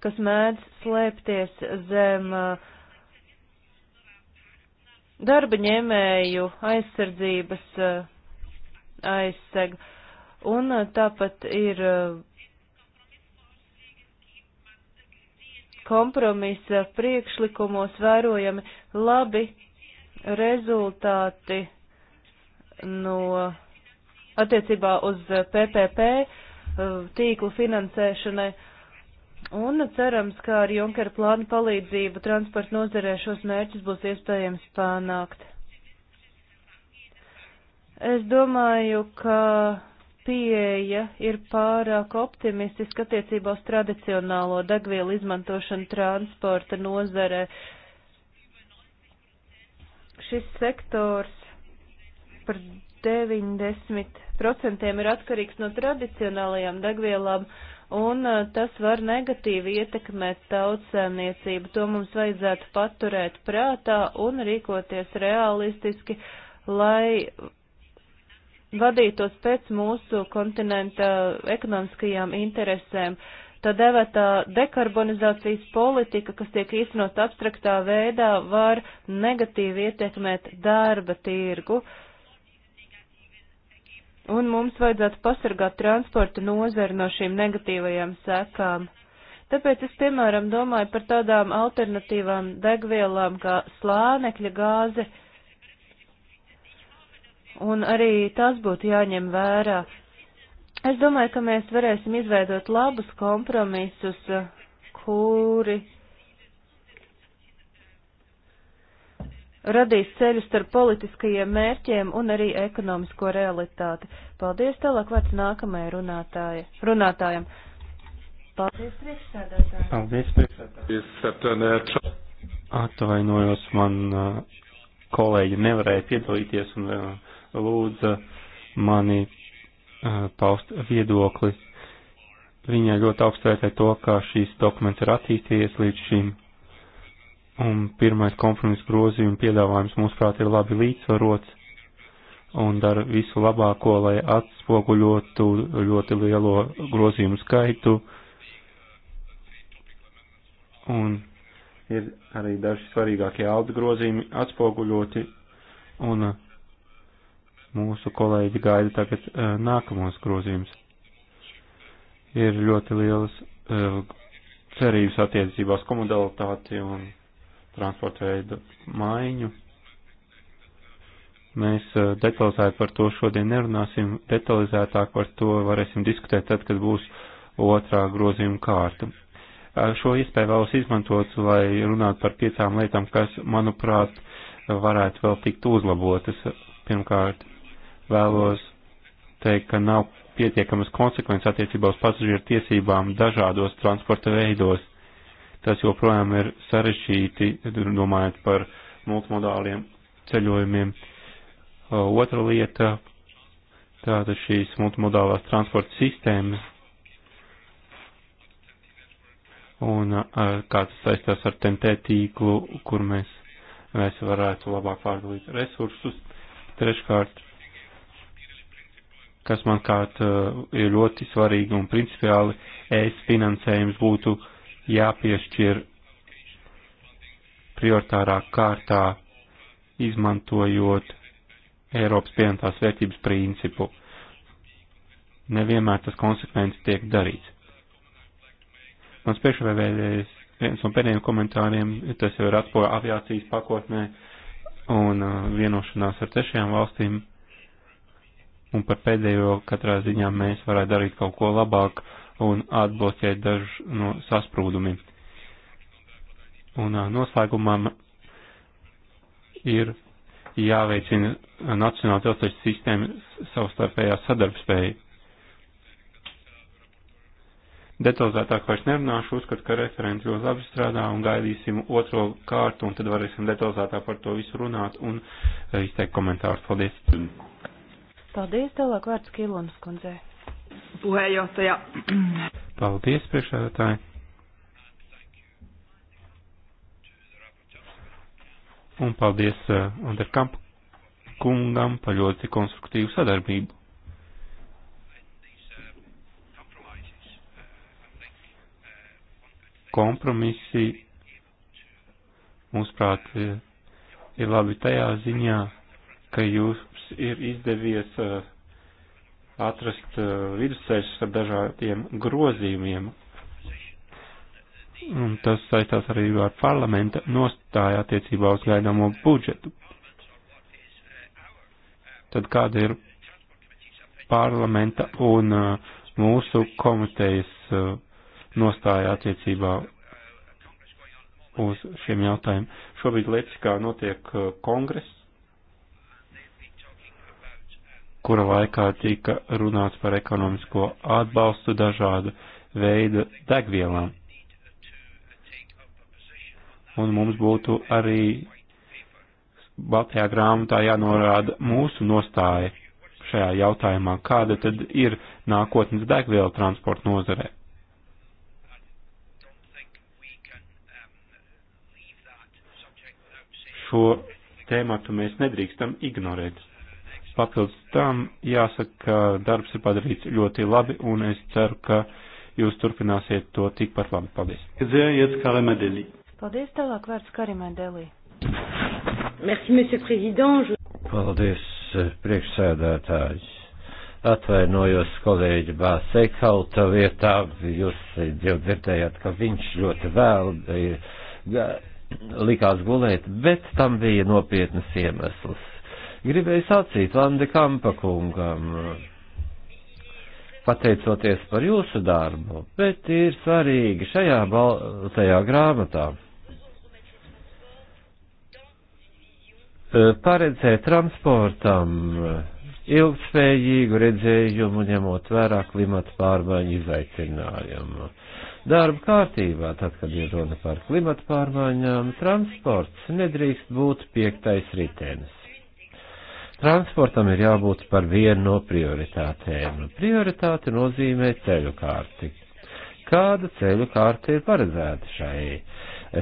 kas mēdz slēpties zem uh, darba ņēmēju aizsardzības uh, aizsega Un uh, tāpat ir uh, kompromisa priekšlikumos vērojami labi rezultāti no attiecībā uz PPP uh, tīklu finansēšanai. Un cerams, ka ar Junkera plānu palīdzību transporta nozarē šos mērķus būs iespējams panākt. Es domāju, ka pieeja ir pārāk optimistiska attiecībā uz tradicionālo degvielu izmantošanu transporta nozarē. Šis sektors par 90% ir atkarīgs no tradicionālajām degvielām, un uh, tas var negatīvi ietekmēt tautsēmniecību. To mums vajadzētu paturēt prātā un rīkoties realistiski, lai vadītos pēc mūsu kontinenta ekonomiskajām interesēm. Tā devētā dekarbonizācijas politika, kas tiek īstenot abstraktā veidā, var negatīvi ietekmēt darba tirgu. Un mums vajadzētu pasargāt transporta nozari no šīm negatīvajām sekām. Tāpēc es, piemēram, domāju par tādām alternatīvām degvielām kā slānekļa gāze, uh, un arī tas būtu jāņem vērā. Es domāju, ka mēs varēsim izveidot labus kompromisus, kuri radīs ceļu starp politiskajiem mērķiem un arī ekonomisko realitāti. Paldies, tālāk vārds nākamajai runātāja, runātājam. Paldies, priekšsēdētāji. Paldies, priekšsēdētāji. Atvainojos, man uh, kolēģi nevarēja piedalīties un uh, lūdza mani uh, paust viedokli. Viņa ļoti augstvērtē to, kā šīs dokuments ir attīstījies līdz šim. Un pirmais kompromiss grozījuma piedāvājums, mūsuprāt, ir labi līdzsvarots un dara visu labāko, lai atspoguļotu ļoti lielo grozījumu skaitu. Un ir arī daži svarīgākie alda grozījumi atspoguļoti, un uh, mūsu kolēģi gaida tagad uh, nākamos grozījumus. Ir ļoti lielas uh, cerības attiecībās komodalitāti un transporta veidu maiņu. Mēs uh, detalizēti par to šodien nerunāsim, detalizētāk par to varēsim diskutēt tad, kad būs otrā grozījuma kārta. Šo iespēju vēlos izmantot, lai runātu par piecām lietām, kas, manuprāt, varētu vēl tikt uzlabotas. Pirmkārt, vēlos teikt, ka nav pietiekamas konsekvences attiecībā uz pasažieru tiesībām dažādos transporta veidos. Tas joprojām ir sarežģīti, domājot par multimodāliem ceļojumiem. Otra lieta - tāda šīs multimodālās transporta sistēmas un kā tas saistās ar TNT tīklu, kur mēs, mēs varētu labāk pārdalīt resursus. Treškārt, kas, manuprāt, eh, ir ļoti svarīgi un principiāli ēst finansējums būtu jāpiešķir prioritārā kārtā, izmantojot Eiropas pienotās vērtības principu. Nevienmēr tas konsekvenci tiek darīts. Mans priekšvēlējais viens no pēdējiem komentāriem, tas jau ir atpoja aviācijas pakotnē un eh, vienošanās ar trešajām valstīm un par pēdējo katrā ziņā mēs varētu darīt kaut ko labāk un atbloķēt dažus no sasprūdumiem. Un noslēgumā ir jāveicina nacionāla tiltašu sistēma savstarpējā sadarbspēja. Detalizētāk vairs nerunāšu, uzskatu, ka referents ļoti labi strādā un gaidīsim otro kārtu un tad varēsim detalizētāk par to visu runāt un izteikt komentārus. Paldies! Paldies, tālāk vārds Kilonas kundzei. Puheenjohtaja. Paldies, priekšsēdētāji. Un paldies uh, eh, Anderkamp kungam par ļoti konstruktīvu sadarbību. Kompromisi, mūsuprāt, eh, ir labi tajā ziņā, ka jūs ir izdevies eh, atrast eh, vidusceļus ar dažādiem grozījumiem. Un tas saistās arī ar parlamenta nostāju attiecībā uz gaidāmo budžetu. Tad kāda ir parlamenta un eh, mūsu komitejas nostāja attiecībā uz šiem jautājumiem? Šobrīd Leipzigā notiek kongress kura laikā tika runāts par ekonomisko atbalstu dažādu veidu degvielām. Un mums būtu arī Baltajā grāmatā jānorāda mūsu nostāja šajā jautājumā, kāda tad ir nākotnes degviela transporta nozarē. Šo tēmatu mēs nedrīkstam ignorēt. Papildus tam jāsaka, ka darbs ir padarīts ļoti labi, un es ceru, ka jūs turpināsiet to tikpat labi. Paldies! Paldies, tālāk vārds Karimēdelī. Merci, monsieur président. Paldies, priekšsēdētājs. Atvainojos kolēģi Bāseikauta vietā, jūs jau dzirdējāt, ka viņš ļoti vēl ir, likās gulēt, bet tam bija nopietnas iemesls. Gribēju sacīt Vande Kampa kungam, pateicoties par jūsu darbu, bet ir svarīgi šajā baltajā grāmatā paredzēt transportam ilgspējīgu redzējumu, ņemot vērā klimata pārmaiņu izaicinājumu. Darba kārtībā, tad, kad ir runa par klimata pārmaiņām, transports nedrīkst būt piektais ritenis. Transportam ir jābūt par vienu no prioritātēm. Prioritāte nozīmē ceļu kārti. Kāda ceļu kārta ir paredzēta šai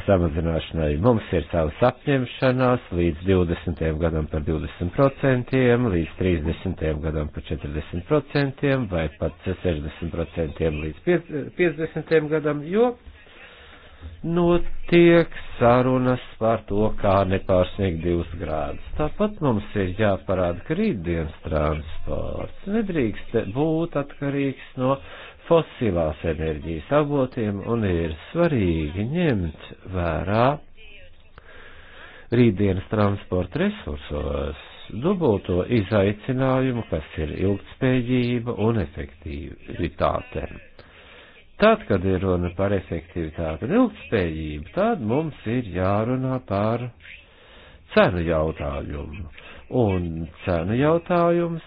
samazināšanai? Mums ir savas apņemšanās līdz 20. gadam par 20%, līdz 30. gadam par 40% vai pat 60% līdz 50. gadam, jo notiek sarunas par to, kā nepārsniegt divus grādus. Tāpat mums ir jāparāda, ka rītdienas transports nedrīkst būt atkarīgs no fosilās enerģijas avotiem un ir svarīgi ņemt vērā rītdienas transporta resursos dubulto izaicinājumu, kas ir ilgtspējība un efektivitāte. Tad, kad ir runa par efektivitāti un ilgspējību, tad mums ir jārunā par cenu jautājumu. Un cenu jautājums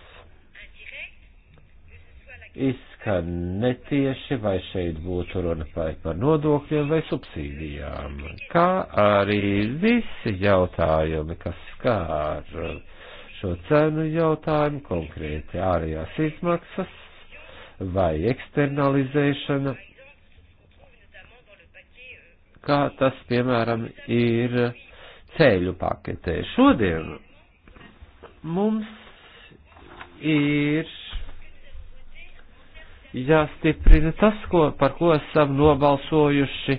izskan netieši, vai šeit būtu runa par, par nodokļiem vai subsīdijām, kā arī visi jautājumi, kas skār šo cenu jautājumu, konkrēti ārējās izmaksas vai eksternalizēšana, kā tas, piemēram, ir ceļu paketē. Šodien mums ir jāstiprina tas, ko, par ko esam nobalsojuši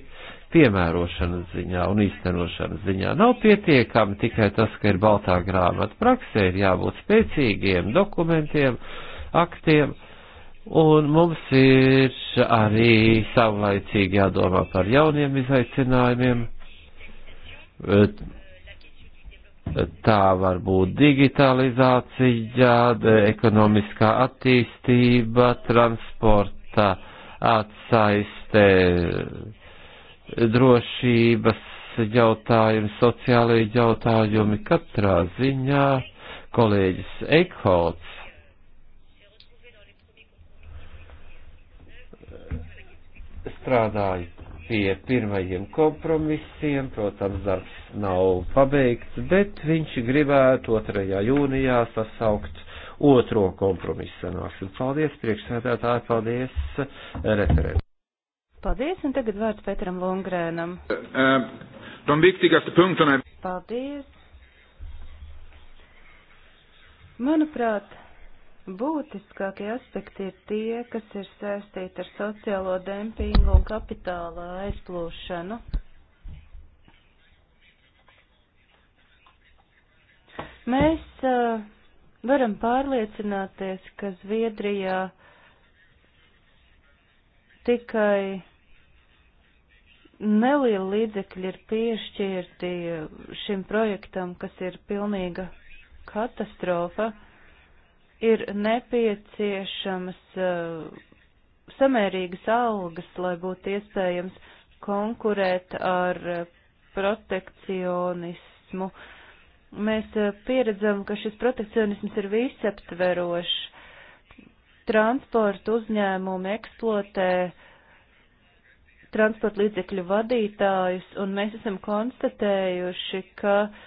piemērošanas ziņā un īstenošanas ziņā. Nav pietiekami tikai tas, ka ir baltā grāmata praksē, ir jābūt spēcīgiem dokumentiem, aktiem, uh, Un mums ir arī savlaicīgi jādomā par jauniem izaicinājumiem. Tā var būt digitalizācija, ekonomiskā attīstība, transporta atsaiste, drošības jautājumi, sociālajie jautājumi katrā ziņā. Kolēģis Eikholts strādāju pie pirmajiem kompromisiem, protams, darbs nav pabeigts, bet viņš gribētu 2. jūnijā sasaukt otro kompromisu sanāksim. Paldies, priekšsēdētāji, paldies, eh, referenti. Paldies, un tagad vārds Petram Lungrēnam. Eh, paldies. Manuprāt, Būtiskākie aspekti ir tie, kas ir saistīti ar sociālo dempingu un kapitāla aizplūšanu. Mēs uh, varam pārliecināties, ka Zviedrijā tikai neliela līdzekļa ir piešķirti šim projektam, kas ir pilnīga katastrofa. Uh, ir nepieciešamas uh, samērīgas algas, lai būtu iespējams konkurēt ar uh, protekcionismu. Mēs uh, pieredzam, ka šis protekcionisms ir visaptverošs. Transporta uzņēmumi eksploatē transporta līdzekļu vadītājus, un mēs esam konstatējuši, ka uh,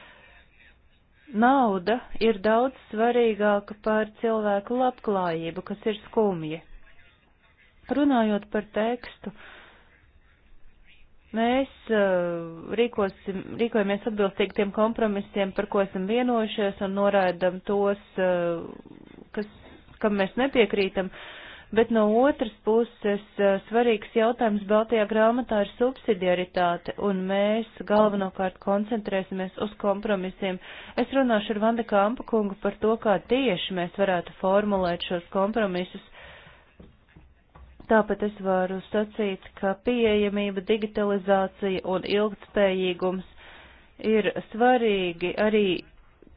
Nauda ir daudz svarīgāka par cilvēku labklājību, kas ir skumji. Runājot par tekstu, mēs uh, rīkosim, rīkojamies atbilstīgi tiem kompromisiem, par ko esam vienojušies, un noraidam tos, uh, kas, kam mēs nepiekrītam. Uh, bet no otras puses eh, svarīgs jautājums Baltijā grāmatā ir subsidiaritāte, un mēs galvenokārt koncentrēsimies uz kompromisiem. Es runāšu ar Vanda Kampa kungu par to, kā tieši mēs varētu formulēt šos kompromisus. Tāpat es varu sacīt, ka pieejamība, digitalizācija un ilgtspējīgums ir svarīgi arī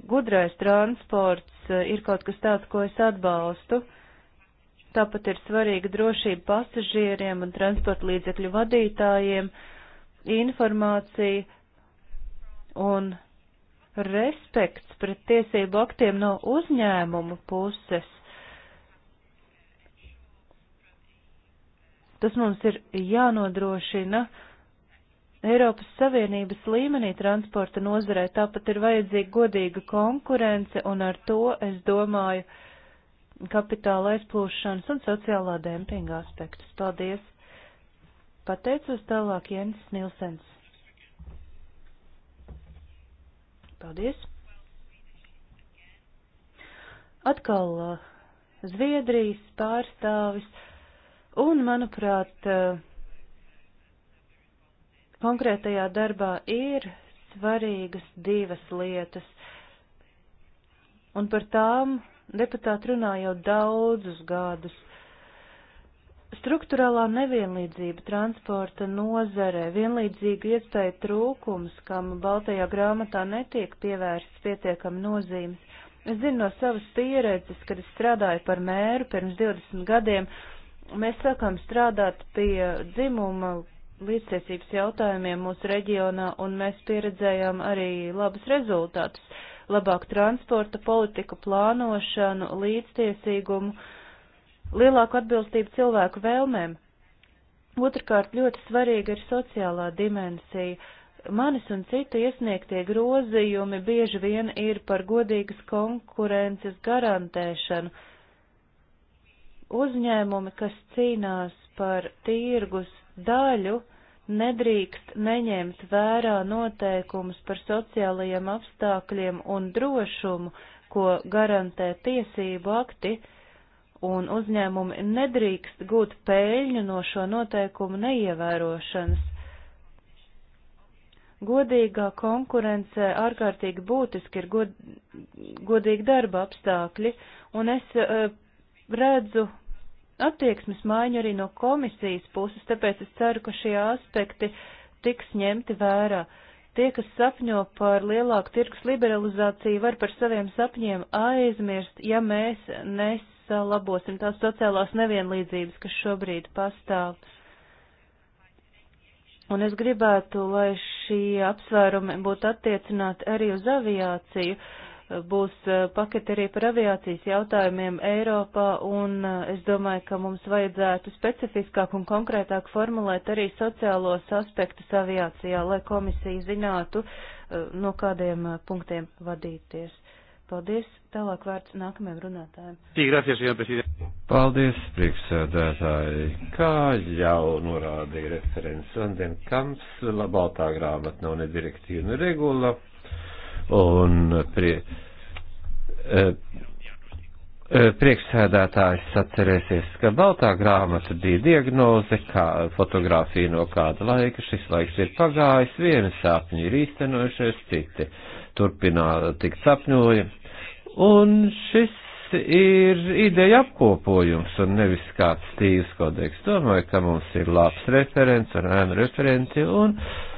gudrais transports eh, ir kaut kas tāds, ko es atbalstu. Tāpat ir svarīga drošība pasažieriem un transporta līdzekļu vadītājiem, informācija un respekts pret tiesību aktiem no uzņēmumu puses. Tas mums ir jānodrošina Eiropas Savienības līmenī transporta nozarē, tāpat ir vajadzīga godīga konkurence, un ar to, es domāju, uh, kapitāla aizplūšanas un sociālā dempinga aspektus. Paldies! Pateicos tālāk Jens Nilsens. Paldies! Atkal uh, Zviedrijas pārstāvis un, manuprāt, uh, konkrētajā darbā ir svarīgas divas lietas, un par tām Deputāti runā jau daudzus gadus. Struktūrālā nevienlīdzība transporta nozarē, vienlīdzīga iespēja trūkums, kam Baltajā grāmatā netiek pievērsts pietiekami nozīmes. Es zinu no savas pieredzes, kad es strādāju par mēru pirms 20 gadiem, mēs sākām strādāt pie dzimuma līdztiesības jautājumiem mūsu reģionā, un mēs pieredzējām arī labus rezultātus labāku transporta politiku, plānošanu, līdztiesīgumu, lielāku atbilstību cilvēku vēlmēm. Otrakārt, ļoti svarīga ir sociālā dimensija. Manis un citu iesniegtie grozījumi bieži vien ir par godīgas konkurences garantēšanu. Uzņēmumi, kas cīnās par tirgus daļu, nedrīkst neņemt vērā noteikumus par sociālajiem apstākļiem un drošumu, ko garantē tiesību akti, un uzņēmumi nedrīkst gūt pēļņu no šo noteikumu neievērošanas. Godīgā konkurence ārkārtīgi būtiski ir god, godīgi darba apstākļi, un es uh, redzu attieksmes maiņu arī no komisijas puses, tāpēc es ceru, ka šie aspekti tiks ņemti vērā. Tie, kas sapņo par lielāku tirgus liberalizāciju, var par saviem sapņiem aizmirst, ja mēs nesalabosim tās sociālās nevienlīdzības, kas šobrīd pastāv. Un es gribētu, lai šie apsvērumi būtu attiecināti arī uz aviāciju. Uh, būs eh, paketi arī par aviācijas jautājumiem Eiropā, un eh, es domāju, ka mums vajadzētu specifiskāk un konkrētāk formulēt arī sociālos aspektus aviācijā, lai komisija zinātu, eh, no kādiem punktiem vadīties. Paldies. Tālāk vārds nākamajam runātājiem. Paldies, priekšsēdētāji. Kā jau norādīja referents Vandenkamps, labātā grāmata nav ne direktīva, ne regula un prie, e, e, priekšsēdētājs atcerēsies, ka baltā grāmata bija diagnoze, kā fotografija no kāda laika, šis laiks ir pagājis, viena sāpņi ir īstenojušies, citi turpinā tikt sapņoja. Un šis ir ideja apkopojums un nevis kāds stīvs kodeks. Domāju, ka mums ir labs referents un ēnu referenti un. Uh,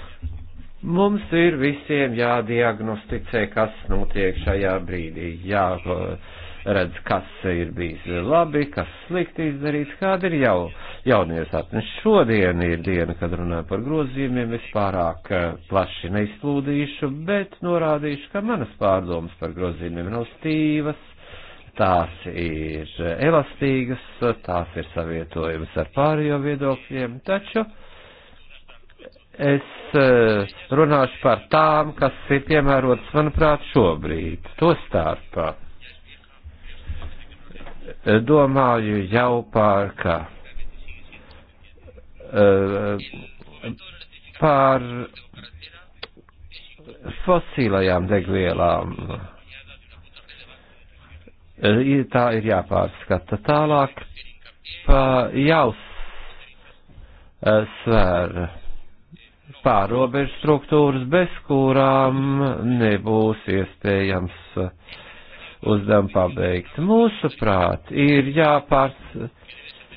Mums ir visiem jādiagnosticē, kas notiek šajā brīdī, jāredz, kas ir bijis labi, kas slikti izdarīts, kāda ir jau jauniesatne. Šodien ir diena, kad runāju par grozījumiem, es pārāk eh, plaši neizplūdīšu, bet norādīšu, ka manas pārdomas par grozījumiem nav stīvas, tās ir elastīgas, tās ir savietojamas ar pārējo viedokļiem, taču. Es eh, runāšu par tām, kas ir piemērotas, manuprāt, šobrīd. To starpā eh, domāju jau par, ka, eh, par fosilajām degvielām. Tā ir jāpārskata tālāk, pa, jāuzsver. Uh, pārobežu struktūras, bez kurām nebūs iespējams uzdevumu pabeigt. Mūsuprāt, ir jāpārs,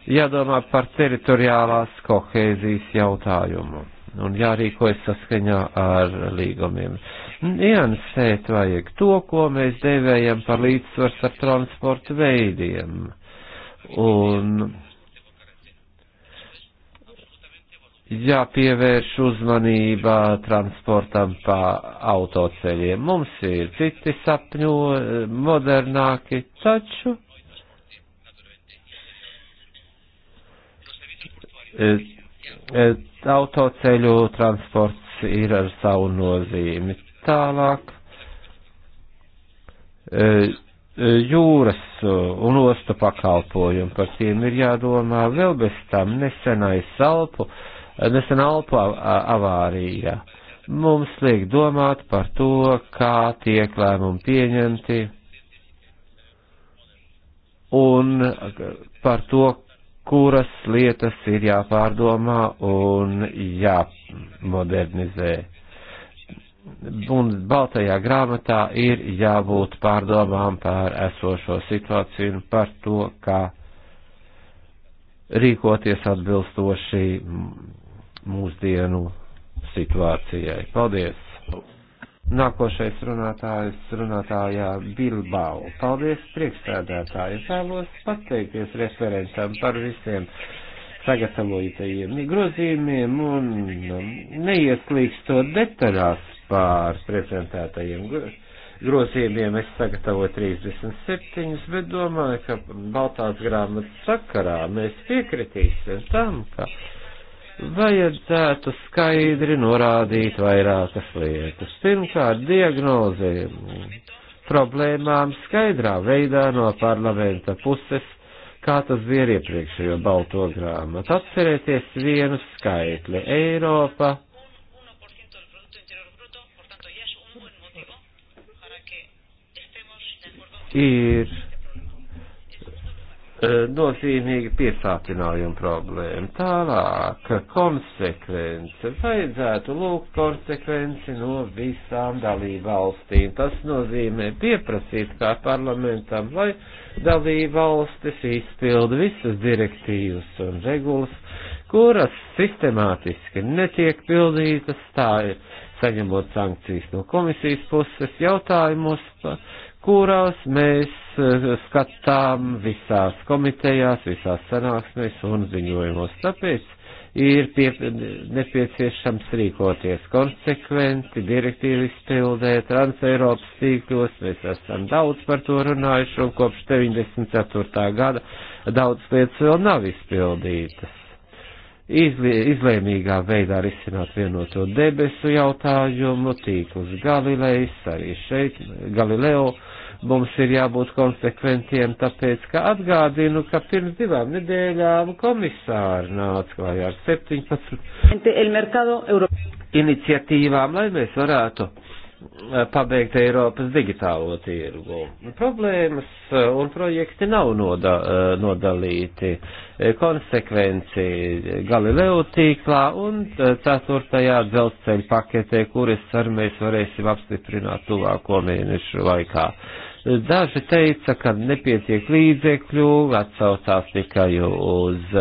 jādomā par teritoriālās kohēzijas jautājumu un jārīkojas saskaņā ar līgumiem. Niansēt vajag to, ko mēs devējam par līdzsvars ar transporta veidiem. Un jāpievērš uzmanība transportam pa autoceļiem. Mums ir citi sapņu, modernāki, taču e, e, autoceļu transports ir ar savu nozīmi. Tālāk e, jūras un ostu pakalpojumi, par tiem ir jādomā vēl bez tam nesenais salpu nesen Alpa avārija. Mums liek domāt par to, kā tiek lēmumi pieņemti un par to, kuras lietas ir jāpārdomā un jāmodernizē. Un Baltajā grāmatā ir jābūt pārdomām par esošo situāciju un par to, kā rīkoties atbilstoši mūsdienu situācijai. Paldies! Nākošais runātājs runātājā Bilbao. Paldies priekšsēdētāji. Vēlos pateikties referentam par visiem sagatavotajiem grozījumiem un neieslīkstot detaļās pār prezentētajiem grozījumiem. Es sagatavoju 37, bet domāju, ka Baltās grāmatas sakarā mēs piekritīsim tam, ka vajadzētu skaidri norādīt vairākas lietas. Pirmkārt, diagnozē problēmām skaidrā veidā no parlamenta puses, kā tas bija ar iepriekšējo balto grāmatu. Atcerieties vienu skaitli - Eiropa. Ir Eh, nozīmīga piesātinājuma problēma. Tālāk, konsekvence. Vajadzētu lūgt konsekvenci no visām dalību valstīm. Tas nozīmē pieprasīt kā parlamentam, lai dalību valstis izpilda visas direktīvas un regulas, kuras sistemātiski netiek pildītas, tā ir saņemot sankcijas no komisijas puses jautājumos, kurās mēs eh, skatām visās komitejās, visās sanāksmēs un ziņojumos. Tāpēc ir pie, nepieciešams rīkoties konsekventi, direktīvi izpildē, transeiropas tīklos, mēs esam daudz par to runājuši un kopš 94. gada daudz lietas vēl nav izpildītas. Izlie, izlēmīgā veidā risināt vienoto debesu jautājumu, tīklus Galilejs, arī šeit Galileo Mums ir jābūt konsekventiem, tāpēc, ka atgādinu, ka pirms divām nedēļām komisāri nāca klājā ar 17 iniciatīvām, lai mēs varētu eh, pabeigt Eiropas digitālo tirgu. Problēmas eh, un projekti nav noda, eh, nodalīti. Konsekvenci Galileo tīklā un ceturtajā dzelzceļa paketē, kuras ar mēs varēsim apstiprināt tuvāko mēnešu laikā. Daži teica, ka nepietiek līdzekļu, atsaucās tikai uz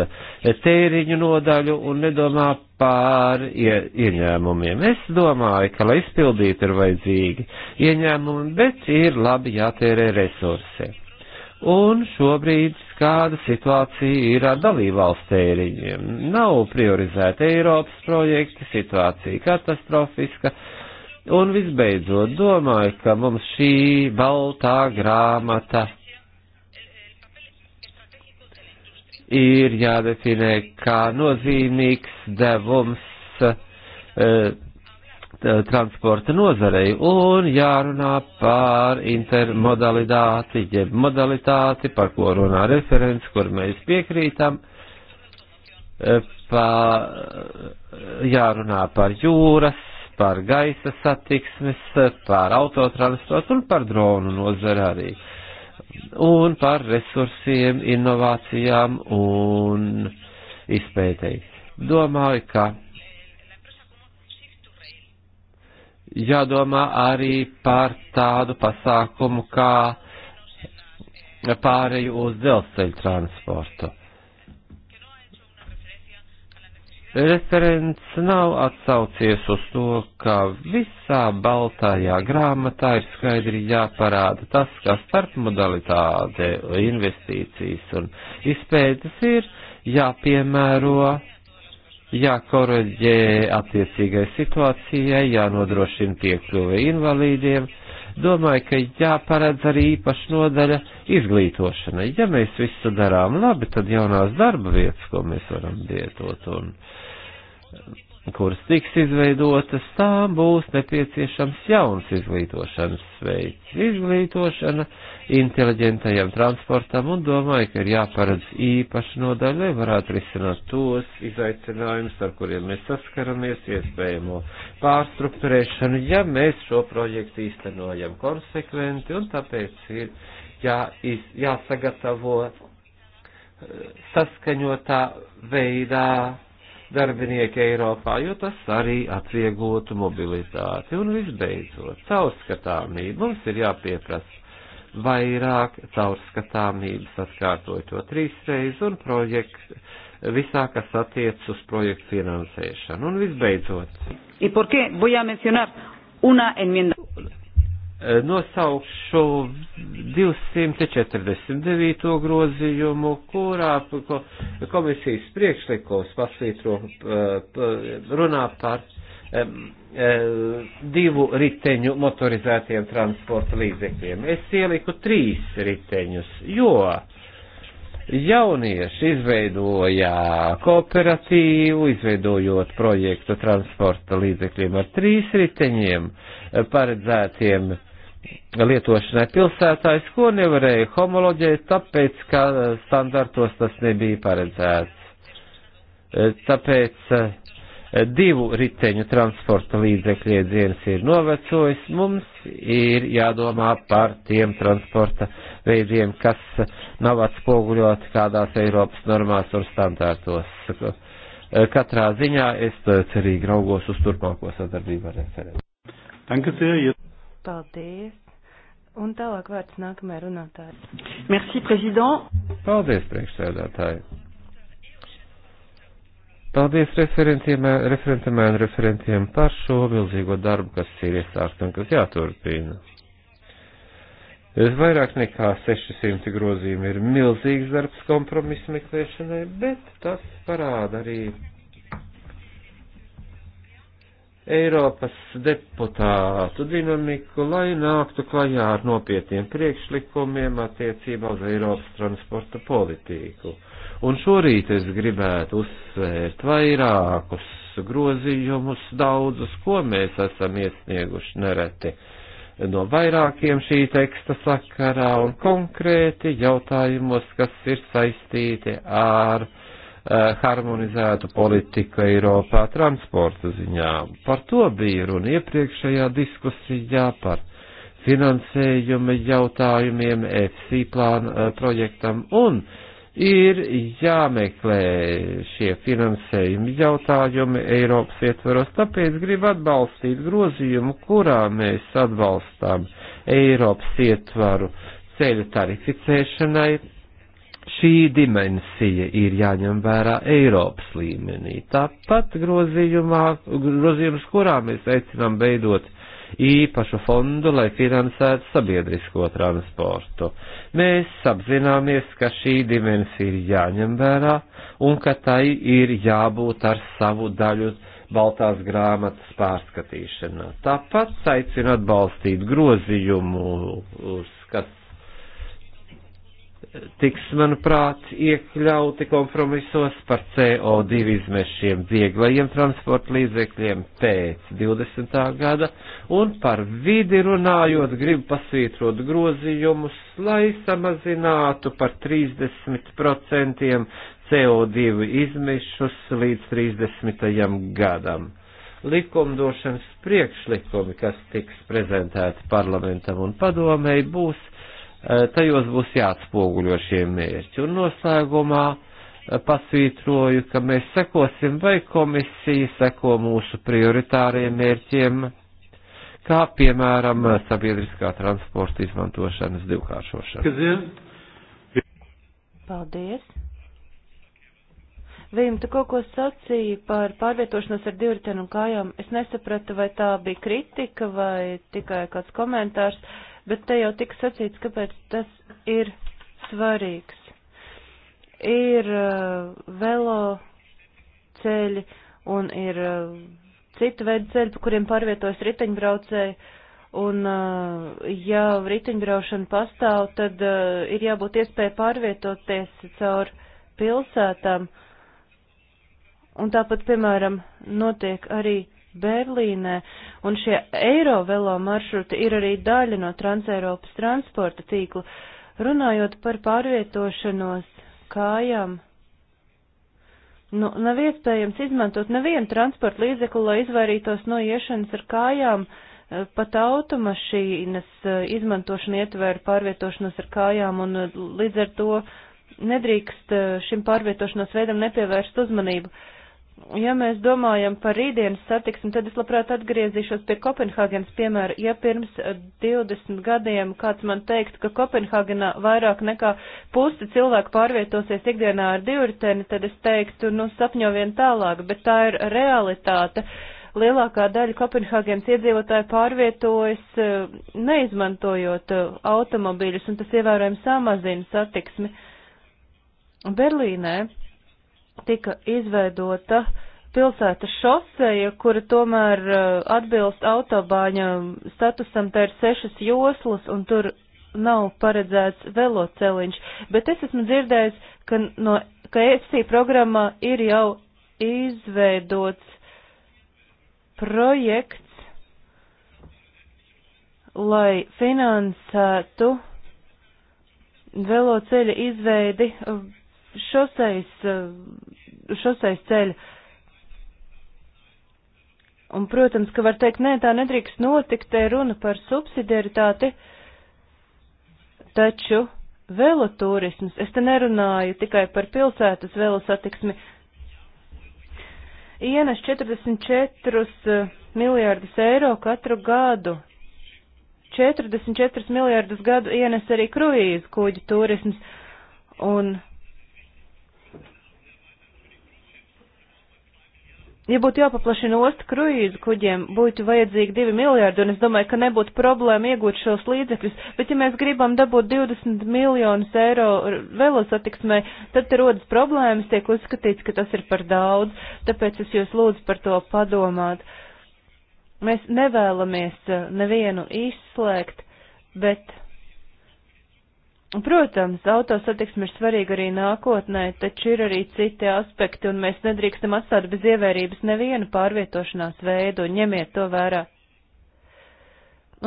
tēriņu nodaļu un nedomā par ie, ieņēmumiem. Es domāju, ka, lai izpildītu, ir vajadzīgi ieņēmumi, bet ir labi jātērē resursi. Un šobrīd kāda situācija ir ar dalībvalstu tēriņiem. Nav priorizēta Eiropas projekti, situācija katastrofiska Un visbeidzot, domāju, ka mums šī baltā grāmata ir jādefinē kā nozīmīgs devums e, transporta nozarei un jārunā par intermodalitāti, jeb modalitāti, par ko runā referents, kur mēs piekrītam, e, pa, jārunā par jūras par gaisa satiksmes, par autotransportu un par dronu nozari arī. Un par resursiem, inovācijām un izpētēji. Domāju, ka jādomā arī par tādu pasākumu kā pāreju uz dzelzceļu transportu referents nav atsaucies uz to, ka visā baltajā grāmatā ir skaidri jāparāda tas, ka starpmodalitāte, investīcijas un izpētes ir jāpiemēro, jākoroģē attiecīgai situācijai, jānodrošina piekļuve invalīdiem, Domāju, ka jāparedz arī īpaša nodaļa izglītošanai. Ja mēs visu darām labi, tad jaunās darba vietas, ko mēs varam dietot. Un, kuras tiks izveidotas, tām būs nepieciešams jauns izglītošanas veids. Izglītošana inteliģentajam transportam un domāju, ka ir jāparedz īpaša nodaļa, lai varētu risināt tos izaicinājumus, ar kuriem mēs saskaramies, iespējamo pārstruktūrēšanu, ja mēs šo projektu īstenojam konsekventi un tāpēc ir jā, iz, jāsagatavo eh, saskaņotā veidā darbinieki Eiropā, jo tas arī atvieglotu mobilitāti. Un visbeidzot, caurskatāmība. Mums ir jāpieprasa vairāk caurskatāmības, atkārtoju to trīsreiz, un projekts visā, kas attiec uz projektu finansēšanu. Un visbeidzot. Eh, nosaukšu 249. grozījumu, kurā komisijas priekšlikums pasvītro eh, runā par eh, divu riteņu motorizētiem transporta līdzekļiem. Es ieliku trīs riteņus, jo jaunieši izveidoja kooperatīvu, izveidojot projektu transporta līdzekļiem ar trīs riteņiem paredzētiem lietošanai pilsētājs, ko nevarēja homoloģēt, tāpēc, ka standartos tas nebija paredzēts. E, tāpēc e, divu riteņu transporta līdzekļu iedziens ir novecojis, mums ir jādomā par tiem transporta veidiem, kas nav atspoguļoti kādās Eiropas normās un standārtos. E, katrā ziņā es cerīgi raugos uz turpmāko sadarbību ar referentu. Paldies! Un tālāk vārds nākamajai runātājai. Merci, prezident. Paldies, priekšsēdētāji. Paldies referentiem, referentiem un referentiem par šo milzīgo darbu, kas ir iesākts un kas jāturpina. Vairāk nekā 600 grozījumi ir milzīgs darbs kompromisu meklēšanai, bet tas parāda arī Eiropas deputātu dinamiku, lai nāktu klajā ar nopietniem priekšlikumiem attiecībā uz Eiropas transporta politiku. Un šorīt es gribētu uzsvērt vairākus grozījumus, daudzus, ko mēs esam iesnieguši nereti no vairākiem šī teksta sakarā un konkrēti jautājumos, kas ir saistīti ar Eh, harmonizētu politiku Eiropā transporta ziņā. Par to bija runa iepriekšējā diskusijā par finansējuma jautājumiem FC plāna eh, projektam un ir jāmeklē šie finansējumi jautājumi Eiropas ietveros, tāpēc gribu atbalstīt grozījumu, kurā mēs atbalstām Eiropas ietvaru ceļu tarificēšanai šī dimensija ir jāņem vērā Eiropas līmenī. Tāpat grozījumā, grozījums, kurā mēs aicinām veidot īpašu fondu, lai finansētu sabiedrisko transportu. Mēs apzināmies, ka šī dimensija ir jāņem vērā un ka tai ir jābūt ar savu daļu Baltās grāmatas pārskatīšanā. Tāpat aicinu atbalstīt grozījumus, kas tiks, manuprāt, iekļauti kompromisos par CO2 izmešiem vieglajiem transporta līdzekļiem pēc 20. gada, un par vidi runājot gribu pasvītrot grozījumus, lai samazinātu par 30% CO2 izmešus līdz 30. gadam. Likumdošanas priekšlikumi, kas tiks prezentēti parlamentam un padomēji, būs Eh, tajos būs jāatspoguļo šie mērķi. Un noslēgumā eh, pasvītroju, ka mēs sekosim vai komisija seko mūsu prioritāriem mērķiem, kā piemēram sabiedriskā transporta izmantošanas divkāršošana. Paldies! Vim, tu kaut ko sacīji par pārvietošanos ar divritenu un kājām. Es nesapratu, vai tā bija kritika vai tikai kāds komentārs. Uh, bet te jau tika sacīts, kāpēc tas ir svarīgs. Ir uh, velo ceļi un ir uh, citu veidu ceļi, pa kuriem pārvietojas riteņbraucēji. Un, uh, ja riteņbraušana pastāv, tad uh, ir jābūt iespēja pārvietoties caur pilsētām. Un tāpat, piemēram, notiek arī uh, Berlīnē, un šie Eirovelo maršruti ir arī daļa no Transeiropas transporta tīkla. Runājot par pārvietošanos kājām, nu, nav iespējams izmantot nevienu transporta līdzekli, lai izvairītos no iešanas ar kājām. Eh, pat automašīnas eh, izmantošana ietver pārvietošanos ar kājām, un eh, līdz ar to nedrīkst šim pārvietošanās veidam nepievērst uzmanību. Uh, ja mēs domājam par rītdienas satiksmi, tad es labprāt atgriezīšos pie Kopenhāgenes piemēra. Ja pirms 20 eh, gadiem kāds man teiktu, ka Kopenhāgenā vairāk nekā pusi cilvēku pārvietosies ikdienā ar divriteni, tad es teiktu, nu, sapņo vien tālāk, bet tā ir realitāte. Lielākā daļa Kopenhāgenes iedzīvotāju pārvietojas eh, neizmantojot eh, automobīļus, un tas ievērojami samazina satiksmi. Berlīnē tika izveidota pilsētas šoseja, kura tomēr uh, atbilst autobāņa statusam, tā ir sešas joslas un tur nav paredzēts veloceliņš, bet es esmu dzirdējis, ka, no, ka EFC programmā ir jau izveidots projekts, lai finansētu veloceļa izveidi šoseis uh, šoseis ceļu. Un, protams, ka var teikt, nē, tā nedrīkst notikt, te runa par subsidiaritāti, taču veloturisms, es te nerunāju tikai par pilsētas velosatiksmi, ienes 44 e, miljārdus eiro katru gadu. 44 miljārdus gadu ienes arī kruīzu kuģu turisms. Un Ja būtu jāpaplašina ostu kruīzu kuģiem, būtu vajadzīgi 2 miljārdi, un es domāju, ka nebūtu problēma iegūt šos līdzekļus, bet ja mēs gribam dabūt 20 miljonus eiro velosatiksmē, tad te rodas problēmas, tiek uzskatīts, ka tas ir par daudz, tāpēc es jūs lūdzu par to padomāt. Mēs nevēlamies eh, nevienu izslēgt, bet Protams, autosatiksme ir svarīga arī nākotnē, taču ir arī citi aspekti, un mēs nedrīkstam atstāt bez ievērības nevienu pārvietošanās veidu, ņemiet to vērā.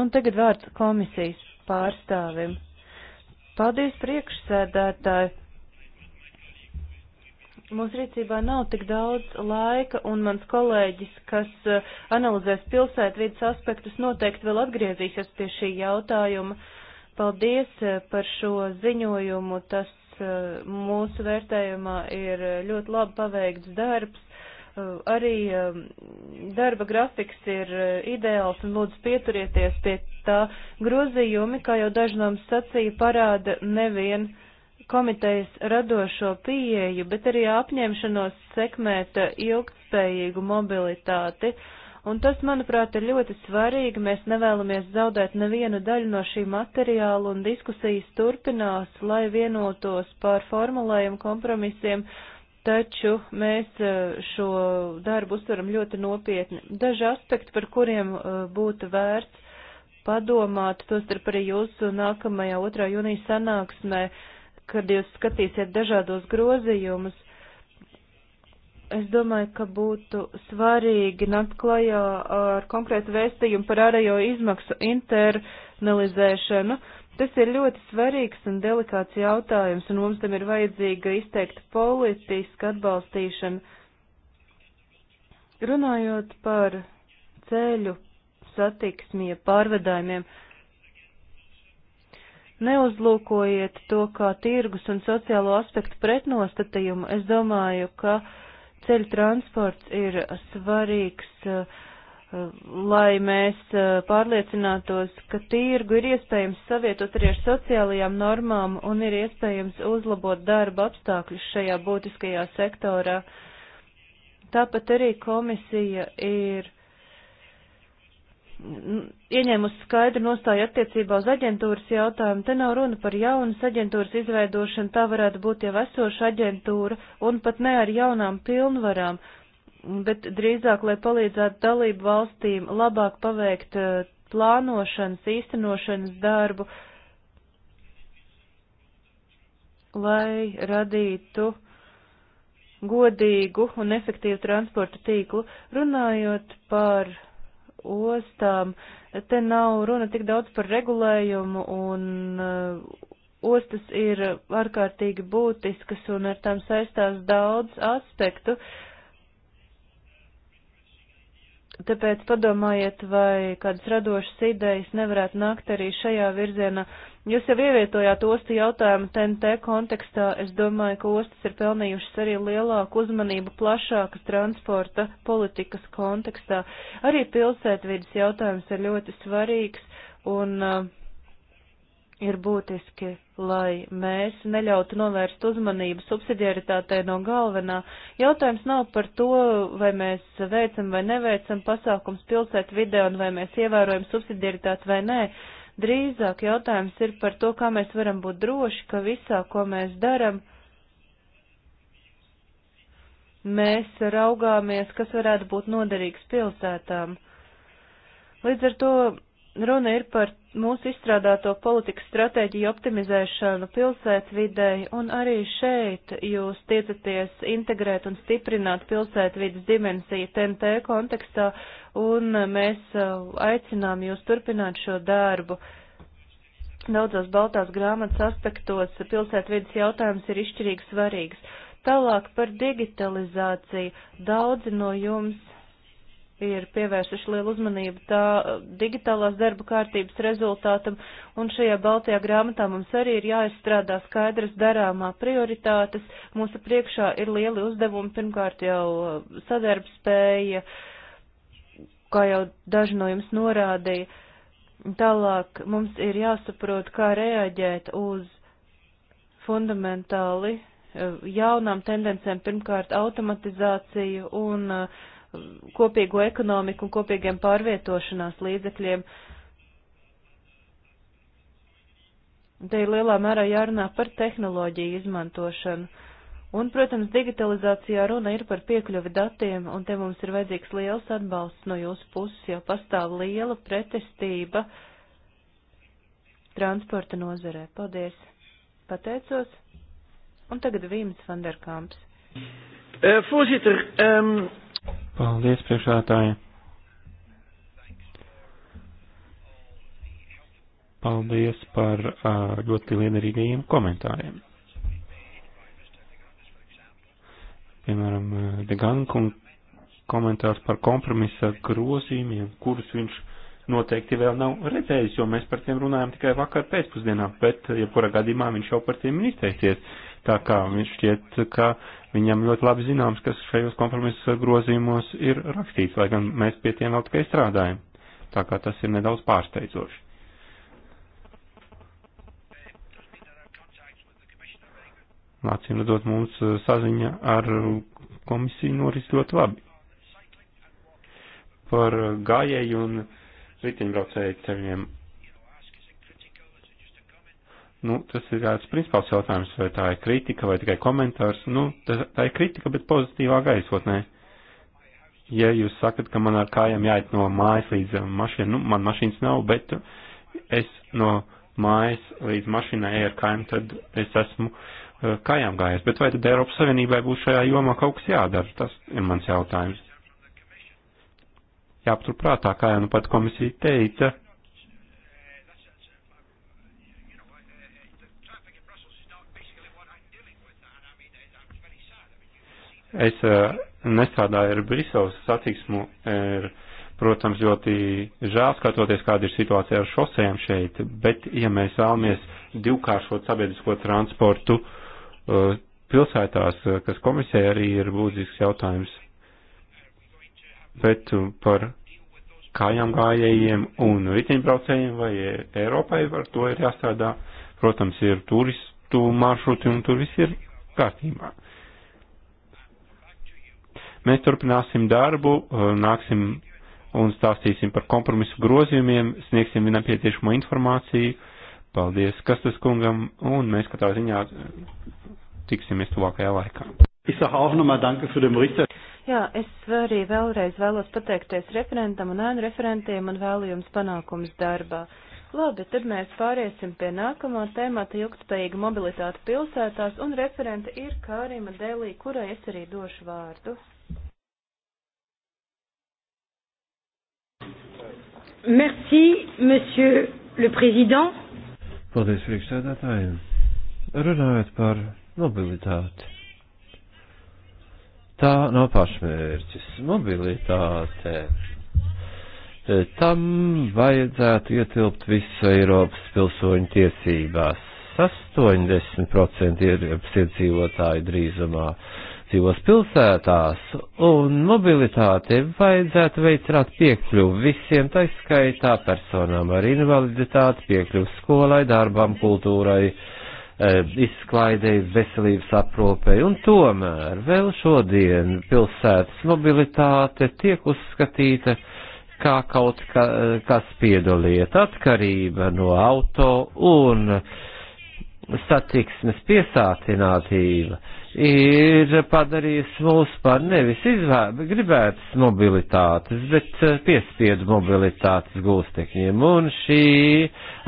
Un tagad vārds komisijas pārstāvim. Paldies priekšsēdētāji. Mums rīcībā nav tik daudz laika, un mans kolēģis, kas eh, analizēs pilsētvidas aspektus, noteikti vēl atgriezīsies pie šī jautājuma. Uh, Paldies eh, par šo ziņojumu. Tas eh, mūsu vērtējumā ir eh, ļoti labi paveikts darbs. Arī darba grafiks ir ideāls un lūdzu pieturieties pie tā grozījumi, kā jau dažnam sacīja, parāda nevien komitejas radošo pieeju, bet arī apņemšanos sekmēt ilgtspējīgu mobilitāti. Uh, Un tas, manuprāt, ir ļoti svarīgi. Mēs nevēlamies zaudēt nevienu daļu no šī materiāla, un diskusijas turpinās, lai vienotos par formulējumu kompromisiem, taču mēs e, šo darbu uztveram ļoti nopietni. Daži aspekti, par kuriem e, būtu vērts padomāt, tostarp arī jūsu nākamajā 2. jūnija sanāksmē, kad jūs skatīsiet dažādos grozījumus Es domāju, ka būtu svarīgi nākt klajā ar konkrētu vēstījumu par ārējo izmaksu internalizēšanu. Tas ir ļoti svarīgs un delikāts jautājums, un mums tam ir vajadzīga izteikta politiska atbalstīšana. Runājot par ceļu satiksmi, pārvedājumiem, neuzlūkojiet to kā tirgus un sociālo aspektu pretnostatījumu. Es domāju, ka uh, Ceļu transports ir svarīgs, eh, lai mēs eh, pārliecinātos, ka tīrgu ir iespējams savietot arī ar sociālajām normām un ir iespējams uzlabot darba apstākļus šajā būtiskajā sektorā. Tāpat arī komisija ir Nu, ieņēmusi skaidru nostāju attiecībā uz aģentūras jautājumu. Te nav runa par jaunas aģentūras izveidošanu, tā varētu būt jau esoša aģentūra un pat ne ar jaunām pilnvarām, bet drīzāk, lai palīdzētu dalību valstīm labāk paveikt eh, plānošanas, īstenošanas darbu, lai radītu godīgu un efektīvu transporta tīklu, runājot par ostām. Te nav runa tik daudz par regulējumu un uh, ostas ir ārkārtīgi būtiskas un ar tām saistās daudz aspektu. Tāpēc padomājiet, vai kādas radošas idejas nevarētu nākt arī šajā virzienā. Jūs jau ievietojāt ostu jautājumu TNT kontekstā. Es domāju, ka ostas ir pelnījušas arī lielāku uzmanību plašākas transporta politikas kontekstā. Arī pilsētvidas jautājums ir ļoti svarīgs un uh, ir būtiski, lai mēs neļautu novērst uzmanību subsidiaritātei no galvenā. Jautājums nav par to, vai mēs veicam vai neveicam pasākums pilsēt vidē un vai mēs ievērojam subsidiaritāti vai nē. Drīzāk jautājums ir par to, kā mēs varam būt droši, ka visā, ko mēs daram, mēs raugāmies, kas varētu būt noderīgs pilsētām. Līdz ar to runa ir par mūsu izstrādāto politikas stratēģiju optimizēšanu pilsētvidei, un arī šeit jūs tiecaties integrēt un stiprināt pilsētvidas dimensiju TNT kontekstā, un mēs uh, aicinām jūs turpināt šo darbu. Daudzos Baltās grāmatas aspektos pilsētvidas jautājums ir izšķirīgi svarīgs. Tālāk par digitalizāciju. Daudzi no jums ir pievērsuši lielu uzmanību tā digitālās darba kārtības rezultātam, un šajā Baltajā grāmatā mums arī ir jāizstrādā skaidras darāmā prioritātes. Mūsu priekšā ir lieli uzdevumi, pirmkārt jau uh, sadarbspēja, kā jau daži no jums norādīja. Tālāk mums ir jāsaprot, kā reaģēt uz fundamentāli uh, jaunām tendencēm, pirmkārt automatizāciju un uh, kopīgo ekonomiku un kopīgiem pārvietošanās līdzekļiem. Te ir lielā mērā jārunā par tehnoloģiju izmantošanu. Un, protams, digitalizācijā runa ir par piekļuvi datiem, un te mums ir vajadzīgs liels atbalsts no jūsu puses, jo pastāv liela pretestība transporta nozarē. Paldies! Pateicos! Un tagad Vīms Vanderkamps. Uh, eh, voorzitter, um, Paldies, priekšētāji. Paldies par uh, ļoti liederīgajiem komentāriem. Piemēram, uh, Degankunga komentārs par kompromisa grozījumiem, kurus viņš noteikti vēl nav redzējis, jo mēs par tiem runājam tikai vakar pēcpusdienā, bet, uh, ja kurā gadījumā viņš jau par tiem ir izteicies tā kā viņš šķiet, ka viņam ļoti labi zināms, kas šajos kompromisu grozījumos ir rakstīts, lai gan mēs pie tiem vēl tikai strādājam. Tā kā tas ir nedaudz pārsteidzoši. Nācīm redzot, mums uh, saziņa ar komisiju noris ļoti labi. Par uh, gājēju un riteņbraucēju ceļiem Nu, tas ir kāds principāls jautājums, vai tā ir kritika vai tikai komentārs. Nu, tas, tā ir kritika, bet pozitīvā gaisotnē. Ja jūs sakat, ka man ar kājām jāiet no mājas līdz eh, mašīnai, nu, man mašīnas nav, bet es no mājas līdz mašīnai eju ar kājām, tad es esmu eh, kājām gājis. Bet vai tad Eiropas Savienībai būs šajā jomā kaut kas jādara? Tas ir mans jautājums. Jāpaturprātā, kā jau nu pat komisija teica, Es eh, nestrādāju ar Briseles satiksmu, ir, protams, ļoti žēl skatoties, kāda ir situācija ar šosejām šeit, bet ja mēs vēlamies divkāršot sabiedrisko transportu eh, pilsētās, eh, kas komisija arī ir būtisks jautājums, bet par kājām gājējiem un riteņbraucējiem vai Eiropai par to ir jāstrādā. Protams, ir turistu maršruti un tur viss ir kārtībā. Mēs turpināsim darbu, eh, nāksim un stāstīsim par kompromisu grozījumiem, sniegsim viņam pieciešamo informāciju. Paldies Kastas kungam, un mēs katrā ziņā eh, tiksimies tuvākajā laikā. Jā, es arī vēlreiz vēlos pateikties referentam un ēnu referentiem un vēlu jums panākums darbā. Labi, tad mēs pāriesim pie nākamā temata ilgspējīga mobilitāte pilsētās, un referente ir Kārima Delī, kurai es arī došu vārdu. Merci, monsieur le président. Paldies, priekšsēdētājiem. Runājot par mobilitāti. Tā nav pašmērķis. Mobilitāte. Tam vajadzētu ietilpt visu Eiropas pilsoņu tiesībās. 80% ir apsiedzīvotāji drīzumā dzīvos pilsētās, un mobilitāte vajadzētu veicināt piekļuvu visiem, taiskaitā personām ar invaliditāti, piekļuvu skolai, darbām, kultūrai, e, izklaidei, veselības aprūpei, un tomēr vēl šodien pilsētas mobilitāte tiek uzskatīta kā kaut ka, kas piedaliet atkarība no auto un satiksmes piesātinātība ir padarījis mūs par nevis izvēle, gribētas mobilitātes, bet eh, piespiedu mobilitātes gūstekņiem. Un šī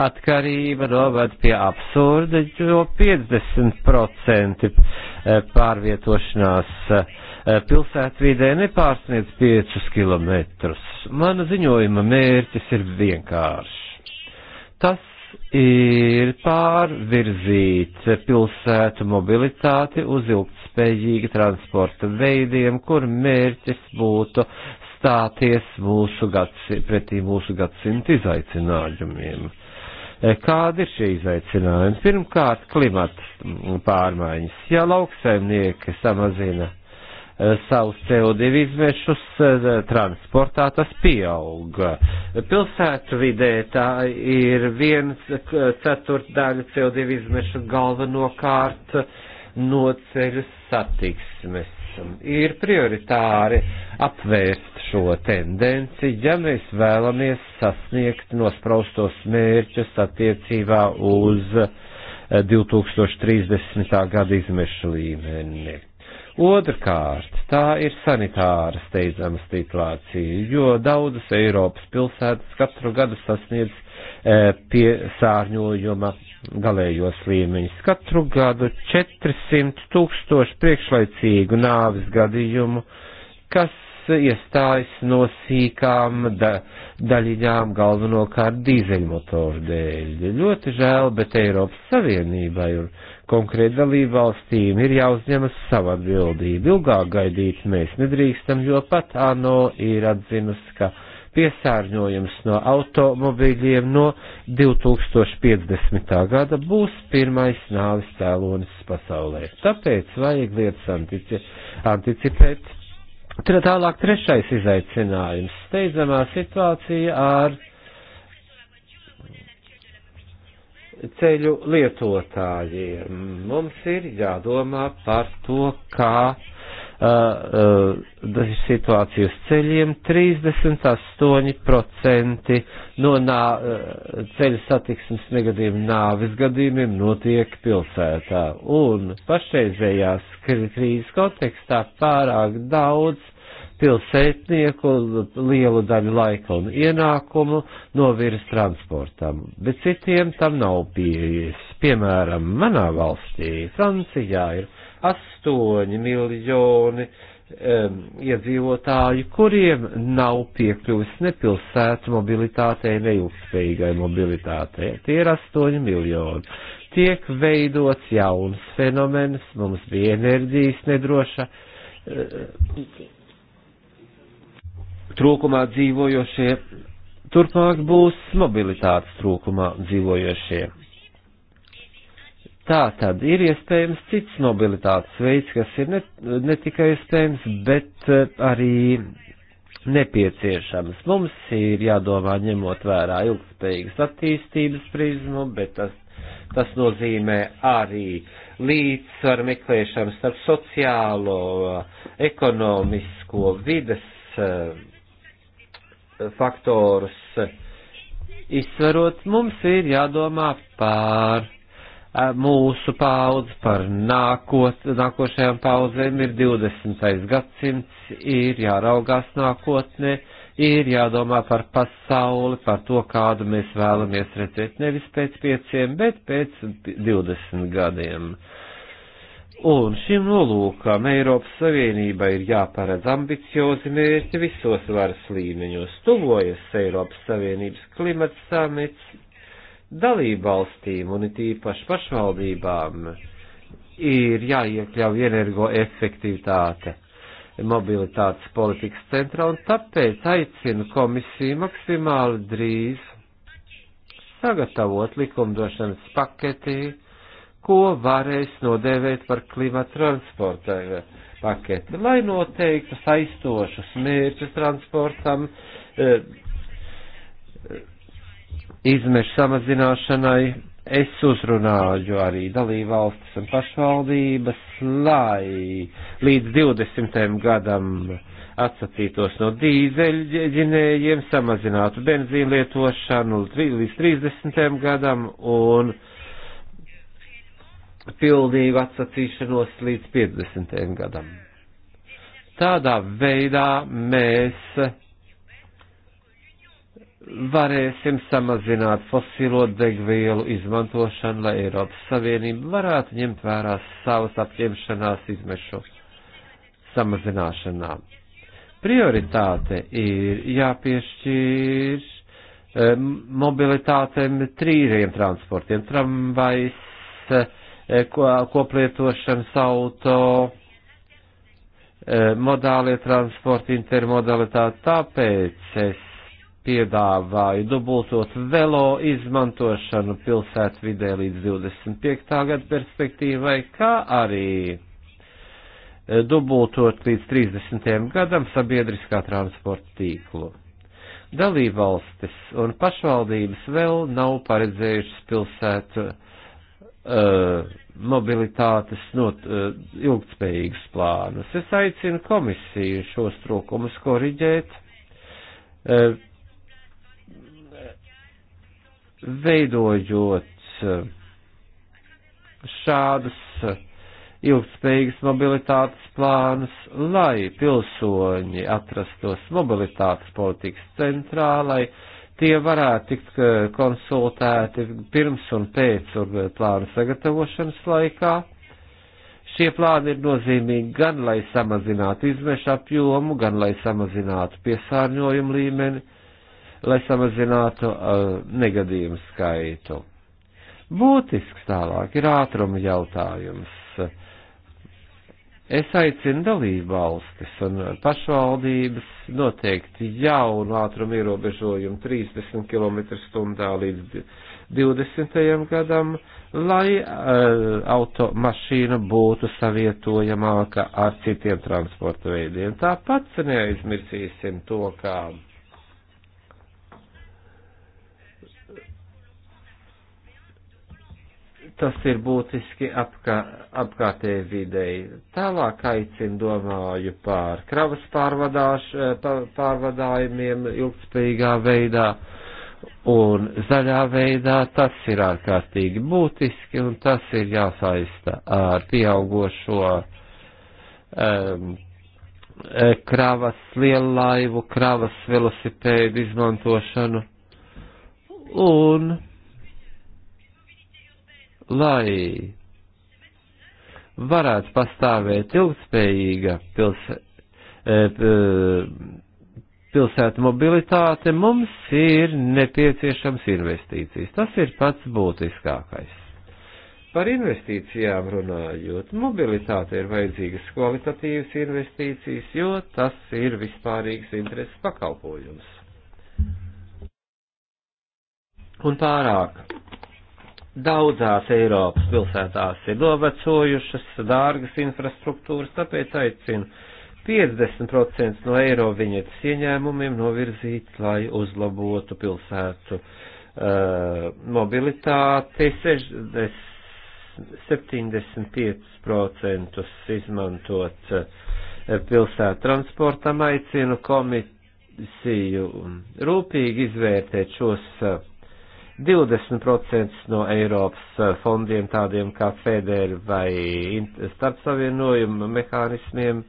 atkarība novad pie absurda, jo 50% eh, pārvietošanās eh, pilsētvidē nepārsniedz 5 km. Mana ziņojuma mērķis ir vienkāršs. Tas ir pārvirzīt pilsētu mobilitāti uz ilgtspējīgi transporta veidiem, kur mērķis būtu stāties mūsu gads, pretī mūsu gadsimta izaicinājumiem. Kādi ir šie izaicinājumi? Pirmkārt, klimata pārmaiņas. Ja lauksaimnieki samazina Eh, savus CO2 izmešus eh, transportā, tas pieaug. Pilsētu vidē tā ir viens eh, ceturtdaļa CO2 izmešu galvenokārt no ceļu satiksmes. Ir prioritāri apvērst šo tendenci, ja mēs vēlamies sasniegt nospraustos mērķus attiecībā uz 2030. gada izmešu līmeni Otrkārt, tā ir sanitāra steidzama situācija, jo daudzas Eiropas pilsētas katru gadu sasniedz e, piesārņojuma galējos līmeņus. Katru gadu 400 tūkstoši priekšlaicīgu nāvis gadījumu, kas iestājas no sīkām da, daļiņām galvenokārt dīzeļmotoru dēļ. Ļoti žēl, bet Eiropas Savienībai un konkrēti dalībvalstīm ir jāuzņemas sava atbildība. Ilgāk gaidīt mēs nedrīkstam, jo pat ANO ir atzinusi, ka piesārņojums no automobīļiem no 2050. gada būs pirmais nāvis cēlonis pasaulē. Tāpēc vajag lietas antici anticipēt. Tālāk trešais izaicinājums - steidzamā situācija ar ceļu lietotājiem. Mums ir jādomā par to, kā uh, uh, situāciju uz ceļiem 38% no nā, uh, ceļu satiksmes negadījumu nāvis gadījumiem notiek pilsētā. Un pašreizējās krīzes kontekstā pārāk daudz pilsētnieku lielu daļu laika un ienākumu novirz transportam, bet citiem tam nav pieejas. Piemēram, manā valstī, Francijā, ir 8 miljoni um, iedzīvotāju, kuriem nav piekļuvis ne pilsētu mobilitātei, ne ilgspējīgai mobilitātei. Tie ir 8 miljoni. Tiek veidots jauns fenomens, mums bija enerģijas nedroša. Uh, trūkumā dzīvojošie, turpmāk būs mobilitātes trūkumā dzīvojošie. Tā tad ir iespējams cits mobilitātes veids, kas ir ne, ne tikai iespējams, bet eh, arī nepieciešams. Mums ir jādomā ņemot vērā ilgspējīgas attīstības prizmu, bet tas, tas nozīmē arī līdzsvaru meklēšanu starp sociālo, ekonomisko, vides eh, faktorus izsverot, mums ir jādomā par eh, mūsu paudzi, par nākot, nākošajām paudzēm ir 20. gadsimts, ir jāraugās nākotnē, ir jādomā par pasauli, par to, kādu mēs vēlamies redzēt nevis pēc pieciem, bet pēc 20 gadiem. Uh, Un šim nolūkam Eiropas Savienībai ir jāparedz ambiciozi mērķi visos varas līmeņos. Tuvojas Eiropas Savienības klimata samits, dalībvalstīm un it īpaši pašvaldībām ir jāiekļauj energoefektivitāte mobilitātes politikas centrā, un tāpēc aicinu komisiju maksimāli drīz sagatavot likumdošanas paketī, ko varēs nodēvēt par klimata transporta paketi, lai noteiktu saistošus mērķus transportam, e, izmešu samazināšanai. Es uzrunāju arī dalībvalstis un pašvaldības, lai līdz 20. gadam atsacītos no dīzeļģinējiem, samazinātu benzīnu lietošanu līdz 30. gadam un uh, pilnīgu atsacīšanos līdz 50. gadam. Tādā veidā mēs varēsim samazināt fosilo degvielu izmantošanu, lai Eiropas Savienība varētu ņemt vērā savas apņemšanās izmešu samazināšanā. Prioritāte ir jāpiešķir eh, mobilitātēm trīriem transportiem, tramvajs, E, koplietošanas auto, e, modālie transporta intermodalitāte. Tāpēc es piedāvāju dubultot velo izmantošanu pilsētvidē līdz 25. gadu perspektīvai, kā arī e, dubultot līdz 30. gadam sabiedriskā transporta tīklu. Dalībvalstis un pašvaldības vēl nav paredzējušas pilsētu uh, mobilitātes not, uh, ilgtspējīgus plānus. Es aicinu komisiju šos trūkumus koriģēt, uh, veidojot uh, šādus uh, ilgspējīgas mobilitātes plānus, lai pilsoņi atrastos mobilitātes politikas centrā, lai uh, tie varētu tikt eh, konsultēti pirms un pēc un eh, plānu sagatavošanas laikā. Šie plāni ir nozīmīgi gan, lai samazinātu izmešu apjomu, gan, lai samazinātu piesārņojumu līmeni, lai samazinātu uh, negadījumu skaitu. Būtisks tālāk ir ātruma jautājums Es aicinu dalību valstis un pašvaldības noteikti jaunu ātrumu ierobežojumu 30 km/h līdz 20. gadam, lai uh, automašīna būtu savietojamāka ar citiem transporta veidiem. Tāpat neaizmirsīsim to, kā. Ka Tas ir būtiski apkā, apkārtēji videi. Tālāk aicinu domāju par kravas eh, pārvadājumiem ilgspējīgā veidā un zaļā veidā. Tas ir ārkārtīgi būtiski un tas ir jāsaista ar pieaugošo um, kravas lielaivu, kravas velosipēdu izmantošanu. Un lai varētu pastāvēt ilgspējīga pils, e, pilsētu mobilitāte, mums ir nepieciešams investīcijas. Tas ir pats būtiskākais. Par investīcijām runājot, mobilitāte ir vajadzīgas kvalitatīvas investīcijas, jo tas ir vispārīgs intereses pakalpojums. Un pārāk daudzās Eiropas pilsētās ir novecojušas, dārgas infrastruktūras, tāpēc aicinu 50% no eiro viņas ieņēmumiem novirzīt, lai uzlabotu pilsētu uh, mobilitāti, 60, 75% izmantot pilsētu transportam, aicinu komisiju rūpīgi izvērtēt šos uh, 20% no Eiropas eh, fondiem, tādiem kā FEDER vai starpsavienojuma mehānismiem,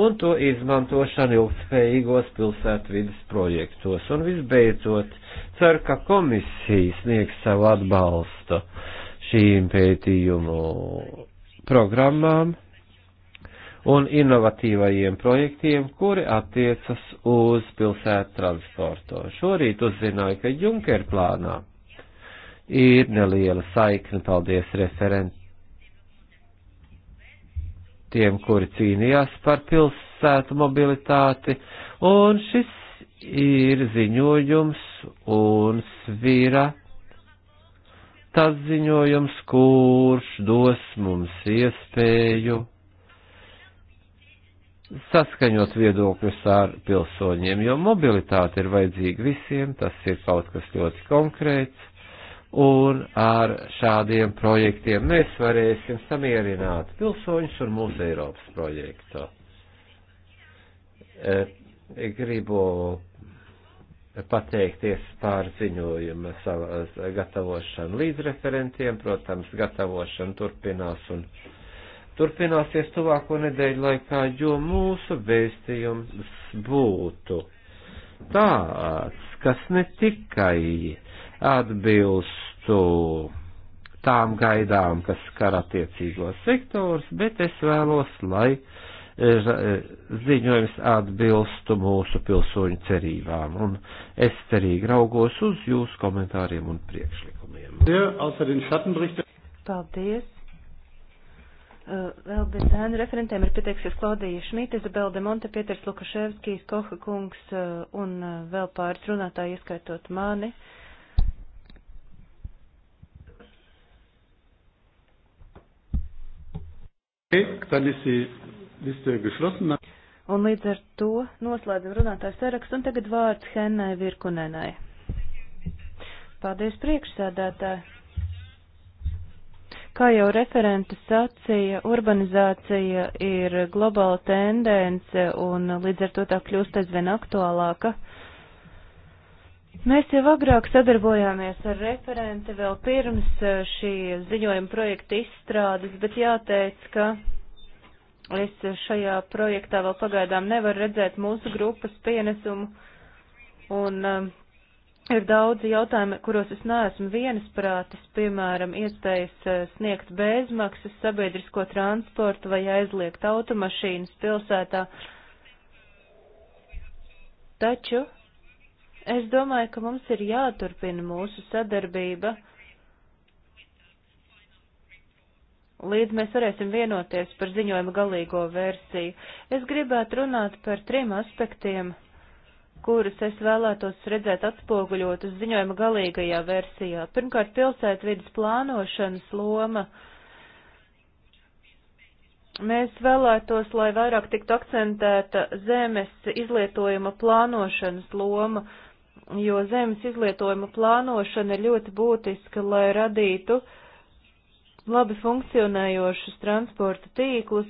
un to izmantošanu ilgspējīgos pilsētu vidas projektos. Un visbeidzot, ceru, ka komisija sniegs savu atbalstu šīm pētījumu programmām un inovatīvajiem projektiem, kuri attiecas uz pilsētu transportu. Šorīt uzzināju, ka Junker plānā ir neliela saikne. Paldies referentiem, kuri cīnījās par pilsētu mobilitāti. Un šis ir ziņojums un svira. Tas ziņojums, kurš dos mums iespēju saskaņot viedokļus ar pilsoņiem, jo mobilitāte ir vajadzīga visiem, tas ir kaut kas ļoti konkrēts, un ar šādiem projektiem mēs varēsim samierināt pilsoņus un mūsu Eiropas projektu. E, gribu pateikties par ziņojumu gatavošanu līdz referentiem, protams, gatavošana turpinās un turpināsies tuvāko nedēļu laikā, jo mūsu vēstījums būtu tāds, kas ne tikai atbilstu tām gaidām, kas skar attiecīgos sektors, bet es vēlos, lai e, e, ziņojums atbilstu mūsu pilsoņu cerībām, un es cerīgi raugos uz jūsu komentāriem un priekšlikumiem. Paldies! E, vēl bez ēnu referentiem ir pieteiksies Klaudija Šmita, Izabela de Monte, Pieters Lukaševskijs, Koha kungs un vēl pāris runātāji, ieskaitot mani. Uh, Un līdz ar to noslēdzam runātājs sarakstu un tagad vārds Hennai Virkunenai. Paldies priekšsēdētāji. Kā jau referente sacīja, urbanizācija ir globāla tendence un līdz ar to tā kļūst aizvien aktuālāka. Mēs jau agrāk sadarbojāmies ar referenti vēl pirms eh, šī ziņojuma projekta izstrādes, bet jāteic, ka es šajā projektā vēl pagaidām nevaru redzēt mūsu grupas pienesumu, un um, ir daudzi jautājumi, kuros es neesmu vienasprātis, piemēram, iespējas eh, sniegt bezmaksas sabiedrisko transportu vai aizliegt automašīnas pilsētā. Taču Es domāju, ka mums ir jāturpina mūsu sadarbība, līdz mēs varēsim vienoties par ziņojuma galīgo versiju. Es gribētu runāt par trim aspektiem, kurus es vēlētos redzēt atspoguļot uz ziņojuma galīgajā versijā. Pirmkārt, pilsētvidas plānošanas loma. Mēs vēlētos, lai vairāk tiktu akcentēta zemes izlietojuma plānošanas loma. Uh, jo zemes izlietojuma plānošana ir ļoti būtiska, lai radītu labi funkcionējošus transporta tīklus,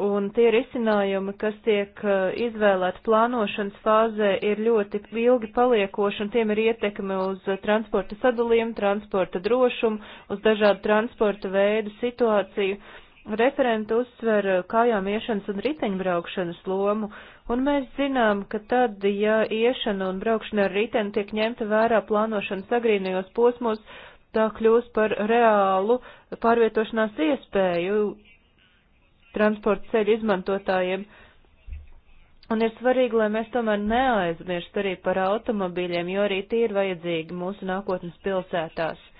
un tie risinājumi, kas tiek e, izvēlēti plānošanas fāzē, ir ļoti ilgi paliekoši, un tiem ir ietekme uz transporta sadalījumu, transporta drošumu, uz dažādu transporta veidu situāciju. Uh, Referenti uzsver eh, kājām iešanas un riteņbraukšanas lomu, un mēs zinām, ka tad, ja iešana un braukšana ar riteni tiek ņemta vērā plānošanas agrīnajos posmos, tā kļūst par reālu pārvietošanās iespēju transporta ceļu izmantotājiem. Un ir svarīgi, lai mēs tomēr neaizmirst arī par automobīļiem, jo arī tie ir vajadzīgi mūsu nākotnes pilsētās.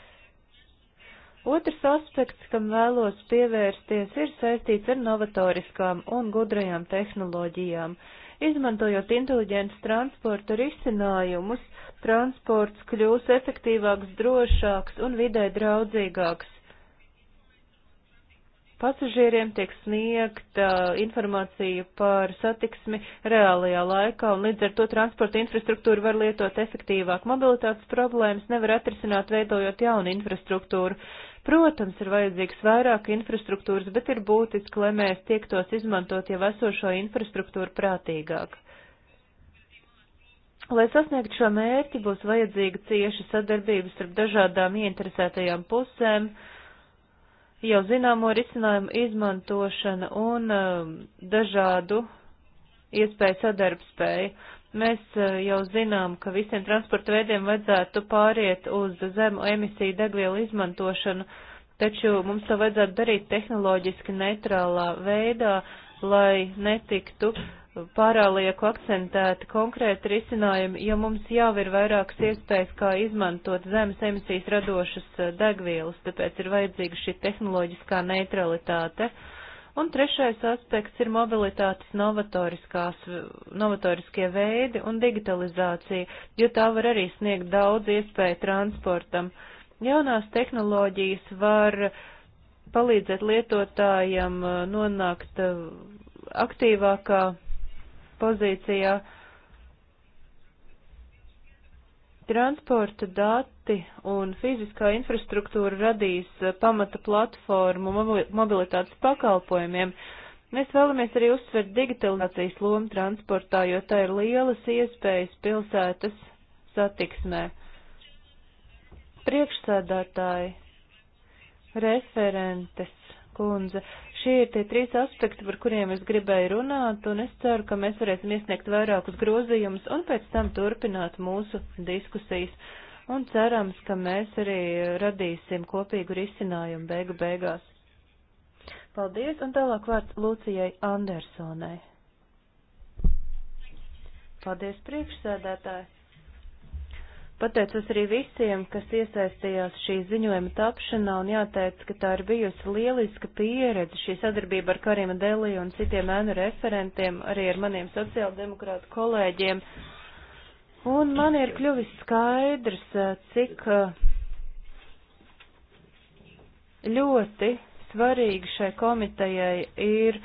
Otrs aspekts, kam vēlos pievērsties, ir saistīts ar novatoriskām un gudrajām tehnoloģijām. Izmantojot inteliģentus transporta risinājumus, transports kļūs efektīvāks, drošāks un vidē draudzīgāks. Pasažieriem tiek sniegta informācija par satiksmi reālajā laikā, un līdz ar to transporta infrastruktūru var lietot efektīvāk. Mobilitātes problēmas nevar atrisināt, veidojot jaunu infrastruktūru. Protams, ir vajadzīgs vairāk infrastruktūras, bet ir būtiski, lai mēs tiektos izmantot jau esošo infrastruktūru prātīgāk. Lai sasniegtu šo mērķi, būs vajadzīga cieša sadarbības starp dažādām ieinteresētajām pusēm, jau zināmo risinājumu izmantošana un um, dažādu iespēju sadarbspēja. Mēs eh, jau zinām, ka visiem transporta veidiem vajadzētu pāriet uz zemu emisiju degvielu izmantošanu, taču mums to vajadzētu darīt tehnoloģiski neitrālā veidā, lai netiktu pārālieku akcentēti konkrēti risinājumi, jo mums jau ir vairākas iespējas, kā izmantot zemes emisijas radošas eh, degvielas, tāpēc ir vajadzīga šī tehnoloģiskā neutralitāte. Uh, Un trešais aspekts ir mobilitātes novatoriskie veidi un digitalizācija, jo tā var arī sniegt daudz iespēju transportam. Jaunās tehnoloģijas var palīdzēt lietotājam uh, nonākt uh, aktīvākā pozīcijā. Transporta dati dati un fiziskā infrastruktūra radīs eh, pamata platformu mobilitātes pakalpojumiem. Mēs vēlamies arī uzsvert digitalizācijas lomu transportā, jo tā ir lielas iespējas pilsētas satiksmē. Priekšsēdētāji, referentes, kundze, šie ir tie trīs aspekti, par kuriem es gribēju runāt, un es ceru, ka mēs varēsim iesniegt vairākus grozījumus un pēc tam turpināt mūsu diskusijas un cerams, ka mēs arī radīsim kopīgu risinājumu beigu beigās. Paldies, un tālāk vārds Lūcijai Andersonai. Paldies, priekšsēdētāji! Pateicos arī visiem, kas iesaistījās šī ziņojuma tapšanā, un jāteic, ka tā ir bijusi lieliska pieredze šī sadarbība ar Karima Delī un citiem ēnu referentiem, arī ar maniem sociāldemokrātu kolēģiem. Uh, Un man ir kļuvis skaidrs, cik ļoti svarīgi šai komitejai ir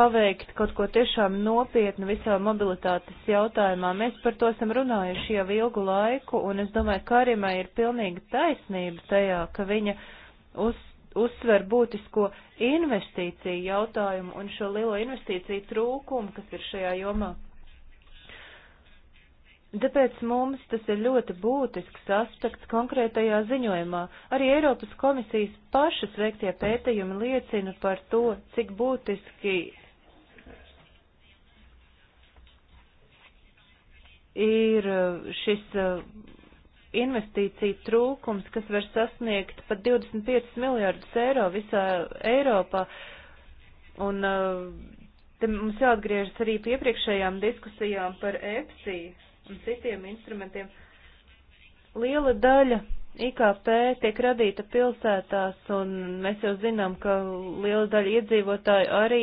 paveikt kaut ko tiešām nopietnu visā mobilitātes jautājumā. Mēs par to esam runājuši jau ilgu laiku, un es domāju, Karimai ir pilnīga taisnība tajā, ka viņa uz, uzsver būtisko investīciju jautājumu un šo lielo investīciju trūkumu, kas ir šajā jomā. Tāpēc mums tas ir ļoti būtisks aspekts konkrētajā ziņojumā. Arī Eiropas komisijas pašas veiktie pētījumi liecina par to, cik būtiski ir uh, šis uh, investīcija trūkums, kas var sasniegt pat 25 miljārdus eiro visā Eiropā. Un uh, te mums jāatgriežas arī piepriekšējām diskusijām par EPSI un citiem instrumentiem. Liela daļa IKP tiek radīta pilsētās, un mēs jau zinām, ka liela daļa iedzīvotāju arī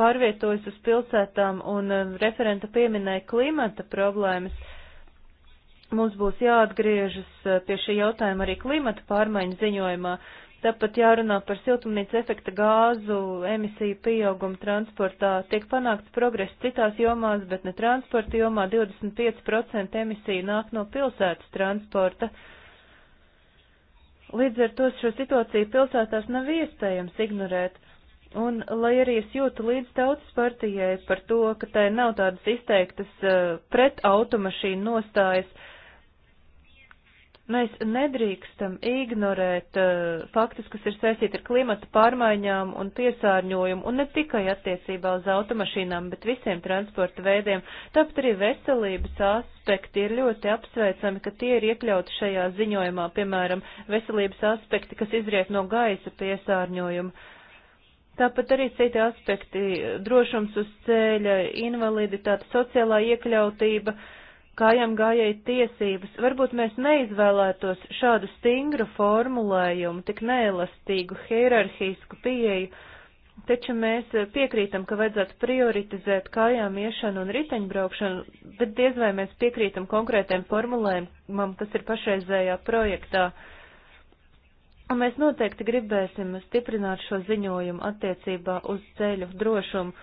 pārvietojas uz pilsētām, un um, referenta pieminēja klimata problēmas. Mums būs jāatgriežas uh, pie šī jautājuma arī klimata pārmaiņu ziņojumā. Tāpat jārunā par siltumnīca efekta gāzu emisiju pieaugumu transportā. Tiek panākts progress citās jomās, bet ne transporta jomā 25% emisiju nāk no pilsētas transporta. Līdz ar to šo situāciju pilsētās nav iespējams ignorēt. Un, lai arī es jūtu līdz tautas partijai par to, ka tai nav tādas izteiktas uh, pret automašīnu nostājas, uh, Mēs nedrīkstam ignorēt uh, faktus, kas ir saistīti ar klimata pārmaiņām un piesārņojumu, un ne tikai attiecībā uz automašīnām, bet visiem transporta veidiem. Tāpat arī veselības aspekti ir ļoti apsveicami, ka tie ir iekļauti šajā ziņojumā, piemēram, veselības aspekti, kas izriet no gaisa piesārņojuma. Tāpat arī citi aspekti - drošums uz ceļa, invaliditāte, sociālā iekļautība. Uh, kājām gājēji tiesības. Varbūt mēs neizvēlētos šādu stingru formulējumu, tik neelastīgu hierarhisku pieeju, taču mēs piekrītam, ka vajadzētu prioritizēt kājām iešanu un riteņbraukšanu, bet diez vai mēs piekrītam konkrētiem formulējumam, kas ir pašreizējā projektā. Un mēs noteikti gribēsim stiprināt šo ziņojumu attiecībā uz ceļu drošumu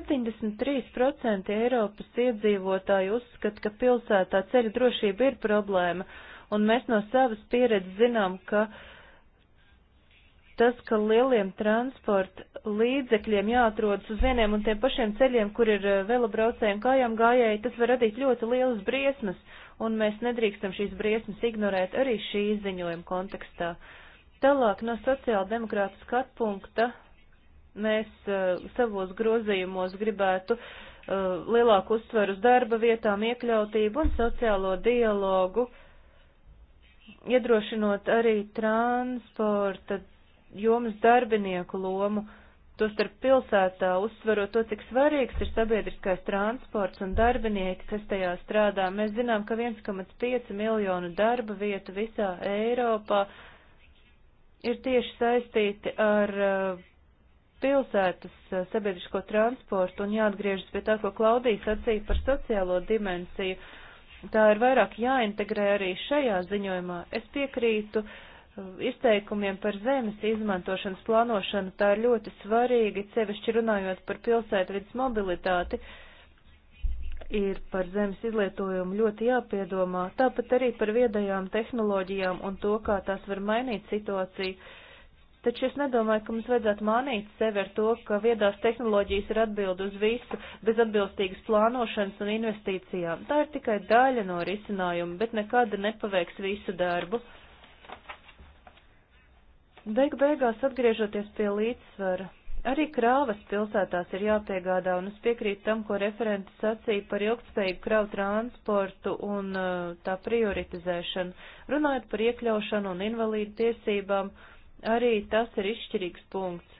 73% Eiropas iedzīvotāji uzskata, ka pilsētā ceļu drošība ir problēma, un mēs no savas pieredzes zinām, ka tas, ka lieliem transporta līdzekļiem jāatrodas uz vieniem un tiem pašiem ceļiem, kur ir eh, velobraucējiem kājām gājēji, tas var radīt ļoti lielas briesmas, un mēs nedrīkstam šīs briesmas ignorēt arī šī ziņojuma kontekstā. Tālāk no sociāla demokrāta skatpunkta Mēs eh, savos grozījumos gribētu eh, lielāku uztveru uz darba vietām, iekļautību un sociālo dialogu, iedrošinot arī transporta jomas darbinieku lomu. Tostarp pilsētā uzsverot to, cik svarīgs ir sabiedriskais transports un darbinieki, kas tajā strādā. Mēs zinām, ka 1,5 miljonu darba vietu visā Eiropā ir tieši saistīti ar uh, pilsētas eh, sabiedrisko transportu un jāatgriežas pie tā, ko Klaudija sacīja par sociālo dimensiju. Tā ir vairāk jāintegrē arī šajā ziņojumā. Es piekrītu eh, izteikumiem par zemes izmantošanas plānošanu. Tā ir ļoti svarīga, sevišķi runājot par pilsētvidas mobilitāti. Ir par zemes izlietojumu ļoti jāpiedomā, tāpat arī par viedajām tehnoloģijām un to, kā tās var mainīt situāciju Taču es nedomāju, ka mums vajadzētu mānīt sevi ar to, ka viedās tehnoloģijas ir atbildi uz visu bez atbilstīgas plānošanas un investīcijām. Tā ir tikai daļa no risinājuma, bet nekad nepaveiks visu darbu. Beigu beigās atgriežoties pie līdzsvara. Arī krāvas pilsētās ir jāpiegādā, un es piekrītu tam, ko referenti sacīja par ilgspējīgu kravu transportu un uh, tā prioritizēšanu, runājot par iekļaušanu un invalīdu tiesībām. Uh, Arī tas ir izšķirīgs punkts.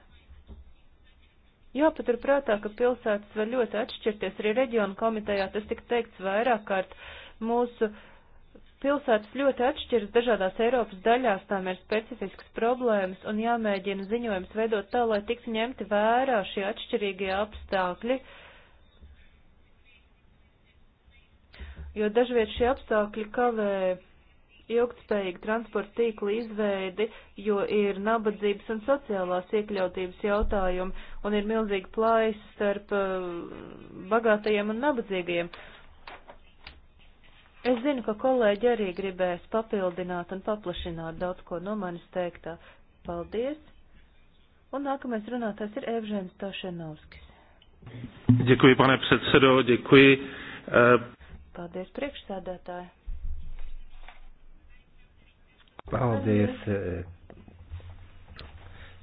Jāpatur prātā, ka pilsētas var ļoti atšķirties. Arī reģionu komitejā tas tika teikts vairāk kārt. Mūsu pilsētas ļoti atšķiras dažādās Eiropas daļās, tām ir specifiskas problēmas un jāmēģina ziņojums veidot tā, lai tiks ņemti vērā šie atšķirīgie apstākļi. Jo dažviet šie apstākļi kavē ilgtspējīgu transporta tīklu izveidi, jo ir nabadzības un sociālās iekļautības jautājumi un ir milzīga plājas starp uh, bagātajiem un nabadzīgajiem. Es zinu, ka kolēģi arī gribēs papildināt un paplašināt daudz ko no manis teiktā. Paldies! Un nākamais runātājs ir Evžēns Tošenovskis. Děkuji, pane předsedo, děkuji. Eh, Paldies, priekšsēdētāji. Paldies, eh,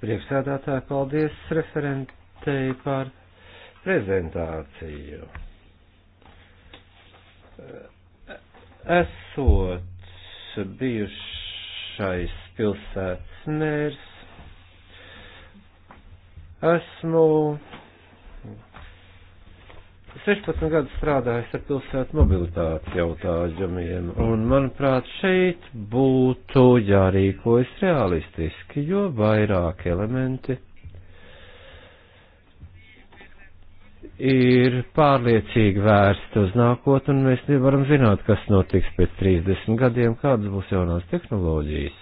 priekšsēdētāji, paldies referentei par prezentāciju. Eh, esot bijušais pilsētas mērs, esmu 16 gadus strādājis ar pilsētu mobilitātes jautājumiem, un, manuprāt, šeit būtu jārīkojas realistiski, jo vairāk elementi ir pārliecīgi vērsti uz nākotni, un mēs nevaram zināt, kas notiks pēc 30 gadiem, kādas būs jaunās tehnoloģijas.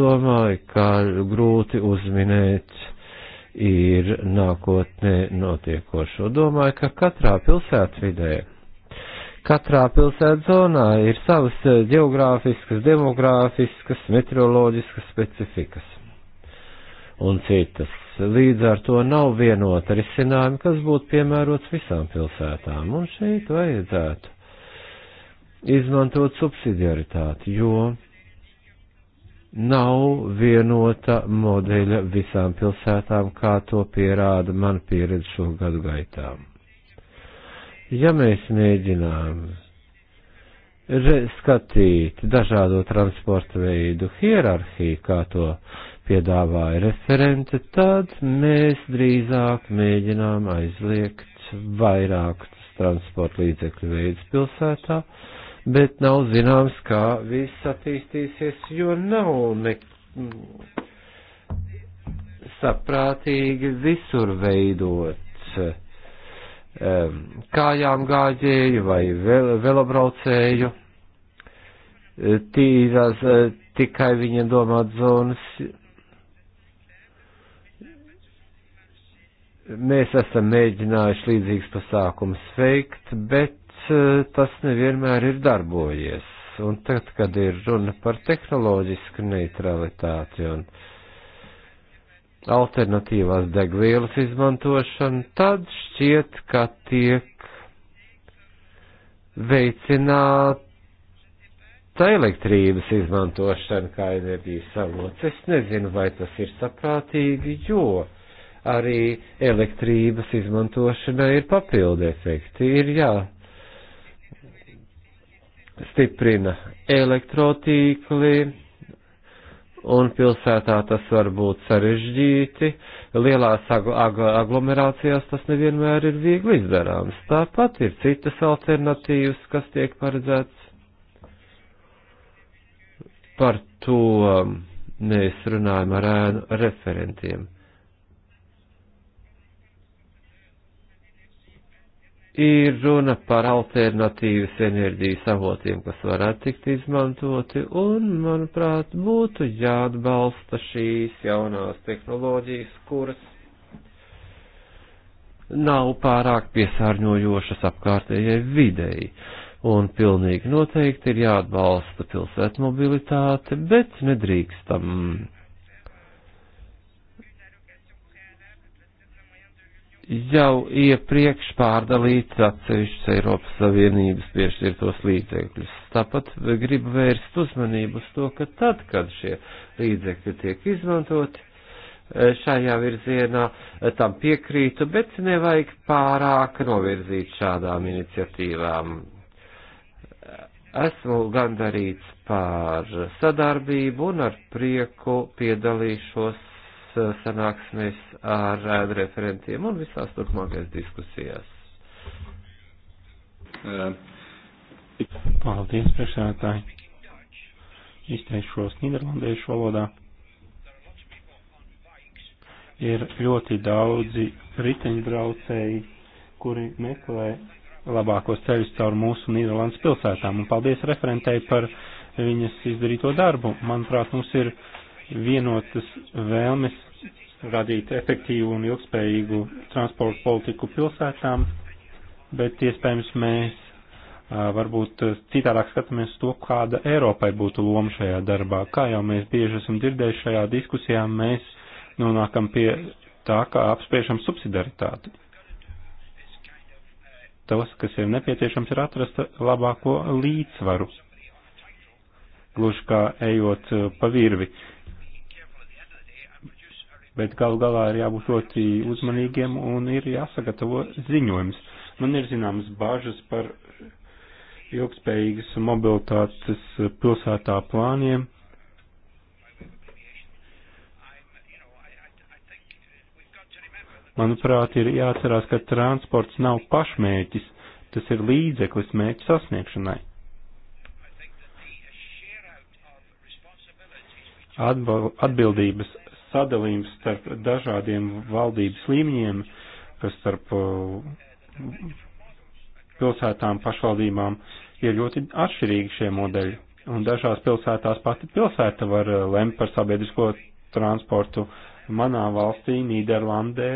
Domāju, kā grūti uzminēt ir nākotnē notiekošo. Domāju, ka katrā pilsētvidē, katrā pilsētzonā ir savas eh, geogrāfiskas, demogrāfiskas, meteoroloģiskas specifikas un citas. Līdz ar to nav vienota risinājuma, kas būtu piemērots visām pilsētām, un šeit vajadzētu izmantot subsidiaritāti, jo nav vienota modeļa visām pilsētām, kā to pierāda man pieredze šo gadu gaitā. Ja mēs mēģinām skatīt dažādo transporta veidu hierarhiju, kā to piedāvāja referente, tad mēs drīzāk mēģinām aizliegt vairākus transporta līdzekļu veidus pilsētā, uh, bet nav zināms, kā viss attīstīsies, jo nav ne saprātīgi visur veidot um, kājām gāģēju vai vel, velobraucēju tīras e, tikai viņiem domāt zonas. Mēs esam mēģinājuši līdzīgas pasākumas veikt, bet Eh, tas nevienmēr ir darbojies. Un tad, kad ir runa par tehnoloģisku neutralitāti un alternatīvās degvielas izmantošanu, tad šķiet, ka tiek veicināta elektrības izmantošana kā enerģijas avots. Es nezinu, vai tas ir saprātīgi, jo arī elektrības izmantošanai ir papildu efekti. Ir jā. Ja stiprina elektrotīkli, un pilsētā tas var būt sarežģīti, lielās ag ag aglomerācijās tas nevienmēr ir viegli izdarāms. Tāpat ir citas alternatīvas, kas tiek paredzēts. Par to mēs runājam ar ēnu referentiem. ir runa par alternatīvas enerģijas avotiem, kas varētu tikt izmantoti, un, manuprāt, būtu jāatbalsta šīs jaunās tehnoloģijas, kuras nav pārāk piesārņojošas apkārtējai videi. Un pilnīgi noteikti ir jāatbalsta pilsētu mobilitāte, bet nedrīkstam jau iepriekš pārdalīts atsevišķus Eiropas Savienības piešķirtos līdzekļus. Tāpat gribu vērst uzmanību uz to, ka tad, kad šie līdzekļi tiek izmantoti eh, šajā virzienā, eh, tam piekrītu, bet nevajag pārāk novirzīt šādām iniciatīvām. Esmu gandarīts par sadarbību un ar prieku piedalīšos eh, sanāksmēs ar ēdu referentiem un visās turpmākajās diskusijās. Paldies, priekšsēdētāji. Izteikšos Nīderlandiešu valodā. Ir ļoti daudzi riteņbraucēji, kuri meklē labākos ceļus caur mūsu Nīderlandes pilsētām. Un paldies referentei par viņas izdarīto darbu. Manuprāt, mums ir vienotas vēlmes radīt efektīvu un ilgspējīgu transportu politiku pilsētām, bet iespējams mēs varbūt citādāk skatāmies to, kāda Eiropai būtu loma šajā darbā. Kā jau mēs bieži esam dzirdējuši šajā diskusijā, mēs nonākam pie tā, kā apspriešam subsidaritāti. Tas, kas ir nepieciešams, ir atrast labāko līdzsvaru. Gluži kā ejot pa virvi bet gal galā ir jābūt ļoti uzmanīgiem un ir jāsagatavo ziņojums. Man ir zināmas bāžas par ilgspējīgas mobilitātes pilsētā plāniem. Manuprāt, ir jāatcerās, ka transports nav pašmērķis, tas ir līdzeklis mērķu sasniegšanai. Atbal, atbildības sadalījums starp dažādiem valdības līmeņiem, starp uh, pilsētām, pašvaldībām, ir ļoti atšķirīgi šie modeļi. Un dažās pilsētās pati pilsēta var uh, lemt par sabiedrisko transportu. Manā valstī, Nīderlandē,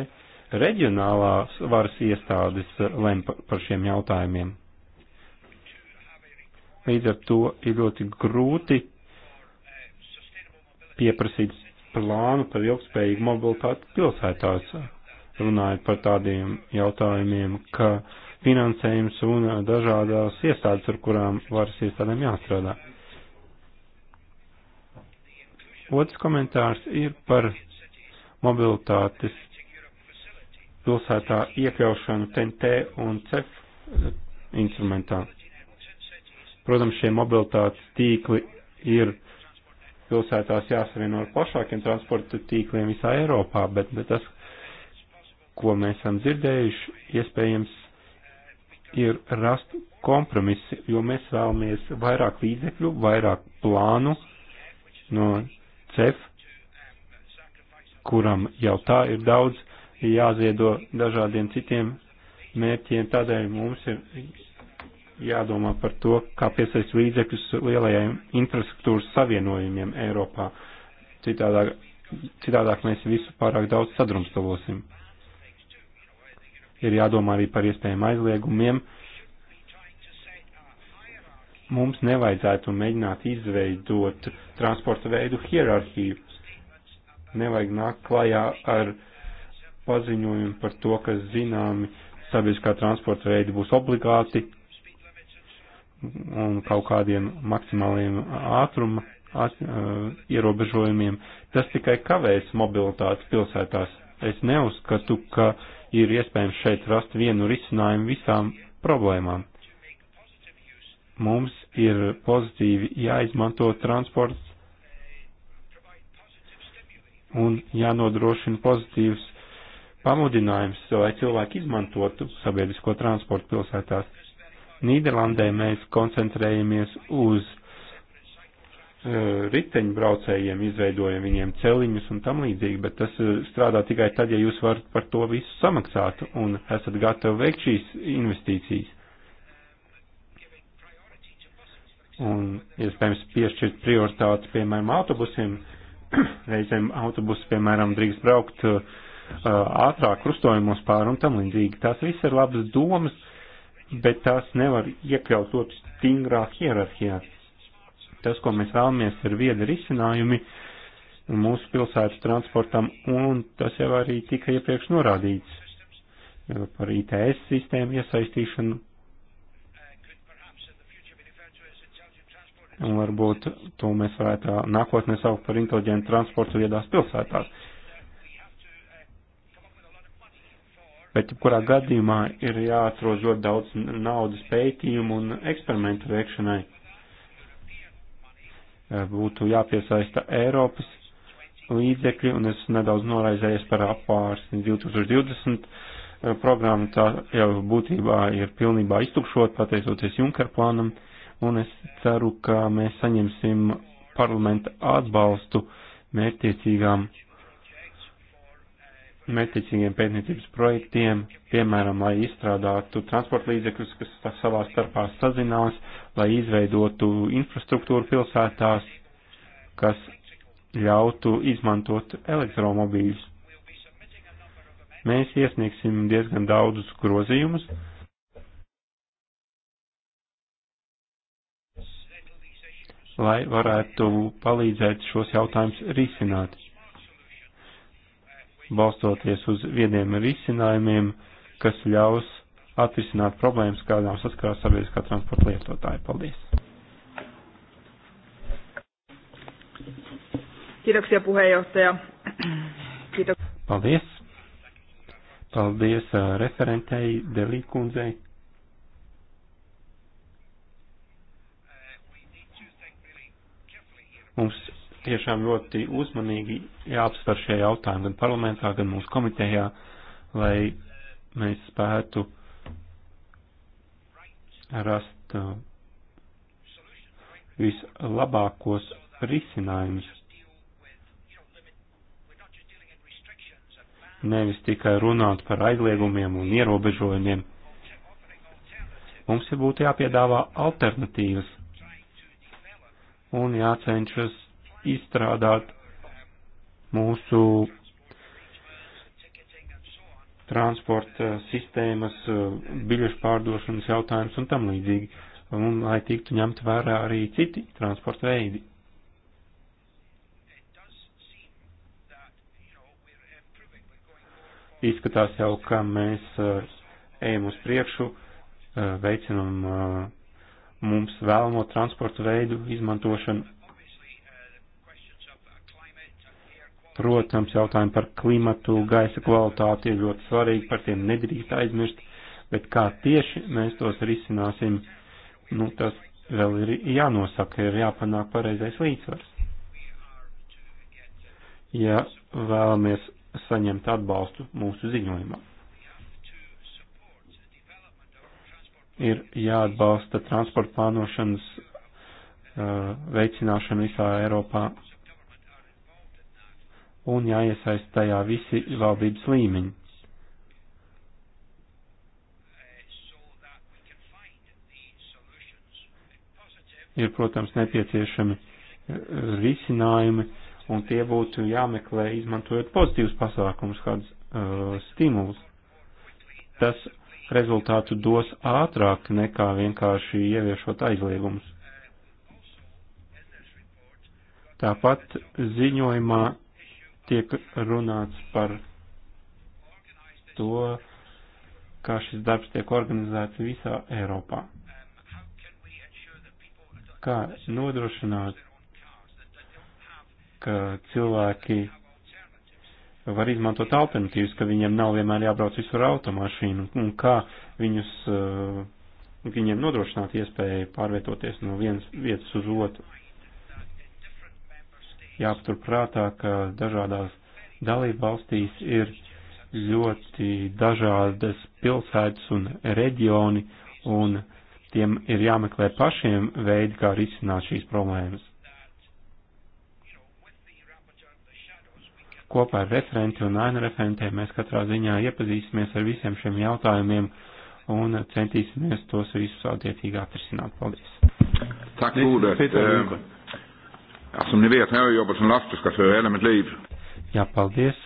reģionālās varas iestādes uh, lem par šiem jautājumiem. Līdz ar to ir ļoti grūti pieprasīt plānu par ilgspējīgu mobilitāti pilsētās, runājot par tādiem jautājumiem, ka finansējums un dažādās iestādes, ar kurām varas iestādēm jāstrādā. Otrs komentārs ir par mobilitātes pilsētā iekļaušanu TNT un CEF instrumentā. Protams, šie mobilitātes tīkli ir pilsētās jāsavieno ar plašākiem transporta tīkliem visā Eiropā, bet, bet tas, ko mēs esam dzirdējuši, iespējams ir rast kompromisi, jo mēs vēlamies vairāk līdzekļu, vairāk plānu no CEF, kuram jau tā ir daudz jāziedo dažādiem citiem mērķiem, tādēļ mums ir jādomā par to, kā piesaist līdzekļus lielajiem infrastruktūras savienojumiem Eiropā. Citādāk, citādāk mēs visu pārāk daudz sadrumstalosim. Ir jādomā arī par iespējām aizliegumiem. Mums nevajadzētu mēģināt izveidot transporta veidu hierarhiju. Nevajag nākt klajā ar paziņojumu par to, ka zināmi sabiedriskā transporta veidi būs obligāti un kaut kādiem maksimāliem ātruma at, uh, ierobežojumiem, tas tikai kavēs mobilitāti pilsētās. Es neuzskatu, ka ir iespējams šeit rast vienu risinājumu visām problēmām. Mums ir pozitīvi jāizmanto transports un jānodrošina pozitīvs pamudinājums, lai cilvēki izmantotu sabiedrisko transportu pilsētās Nīderlandē mēs koncentrējamies uz uh, riteņbraucējiem, izveidojam viņiem celiņus un tam līdzīgi, bet tas uh, strādā tikai tad, ja jūs varat par to visu samaksāt un esat gatavi veikt šīs investīcijas. Un, iespējams, piešķirt prioritāti, piemēram, autobusiem. *clears throat* Reizēm autobusi, piemēram, drīkst braukt uh, ātrāk krustojumos pāri un tam līdzīgi. Tās viss ir labas domas, uh, bet tās nevar iekļaut ļoti stingrā hierarhijā. Tas, ko mēs vēlamies, ir viedi risinājumi mūsu pilsētas transportam, un tas jau arī tika iepriekš norādīts par ITS sistēmu iesaistīšanu. Un varbūt to mēs varētu nākotnē saukt par inteliģentu transportu viedās pilsētās. bet jebkurā gadījumā ir jāatrod ļoti daudz naudas pētījumu un eksperimentu veikšanai. Eh, būtu jāpiesaista Eiropas līdzekļi, un es nedaudz noraizējies par apvārsni 2020 eh, programmu, tā jau būtībā ir pilnībā iztukšot, pateicoties Junker plānam, un es ceru, ka mēs saņemsim parlamenta atbalstu mērķtiecīgām mērķiecīgiem pētniecības projektiem, piemēram, lai izstrādātu transporta līdzekļus, kas savā starpā sazinās, lai izveidotu infrastruktūru pilsētās, kas ļautu izmantot elektromobīļus. Mēs iesniegsim diezgan daudzus grozījumus. lai varētu palīdzēt šos jautājumus risināt balstoties uz vieniem risinājumiem, kas ļaus atrisināt problēmas, kādām saskarās sabiedriskā transporta lietotāji. Paldies! Kiitoksia puheenjohtaja. Kiitok. Paldies. Paldies referentei Delī kundzei. Mums tiešām ļoti uzmanīgi jāapsver šie jautājumi gan parlamentā, gan mūsu komitejā, lai mēs spētu rast uh, vislabākos risinājumus. Nevis tikai runāt par aizliegumiem un ierobežojumiem. Mums ir būtu jāpiedāvā alternatīvas un jācenšas izstrādāt mūsu transporta sistēmas, biļešu pārdošanas jautājums un tam līdzīgi, un lai tiktu ņemt vērā arī citi transporta veidi. Izskatās jau, ka mēs uh, ejam uz priekšu, uh, veicinam uh, mums vēlamo transporta veidu izmantošanu Protams, jautājumi par klimatu, gaisa kvalitāti ir ļoti svarīgi, par tiem nedrīkst aizmirst, bet kā tieši mēs tos risināsim, nu, tas vēl ir jānosaka, ir jāpanāk pareizais līdzsvars. Ja vēlamies saņemt atbalstu mūsu ziņojumā. Ir jāatbalsta transporta plānošanas uh, veicināšana visā Eiropā un jāiesaist tajā visi valdības līmeņi. Ir, protams, nepieciešami eh, risinājumi, un tie būtu jāmeklē, izmantojot pozitīvus pasākumus, kādus uh, stimulus. Tas rezultātu dos ātrāk nekā vienkārši ieviešot aizliegumus. Tāpat ziņojumā tiek runāts par to, kā šis darbs tiek organizēts visā Eiropā. Kā nodrošināt, ka cilvēki var izmantot alternatīvas, ka viņiem nav vienmēr jābrauc visur automašīnu, un kā viņus, uh, viņiem nodrošināt iespēju pārvietoties no vienas vietas uz otru jāpatur prātā, ka dažādās dalību valstīs ir ļoti dažādas pilsētas un reģioni, un tiem ir jāmeklē pašiem veidi, kā risināt šīs problēmas. Kopā ar referenti un ainu referentiem mēs katrā ziņā iepazīsimies ar visiem šiem jautājumiem un centīsimies tos visus attiecīgi atrisināt. Paldies! Tak, Lūdzu, Ja, som ni vet, har jag jobbat som lastbilschaufför hela mitt liv. Jā, paldies.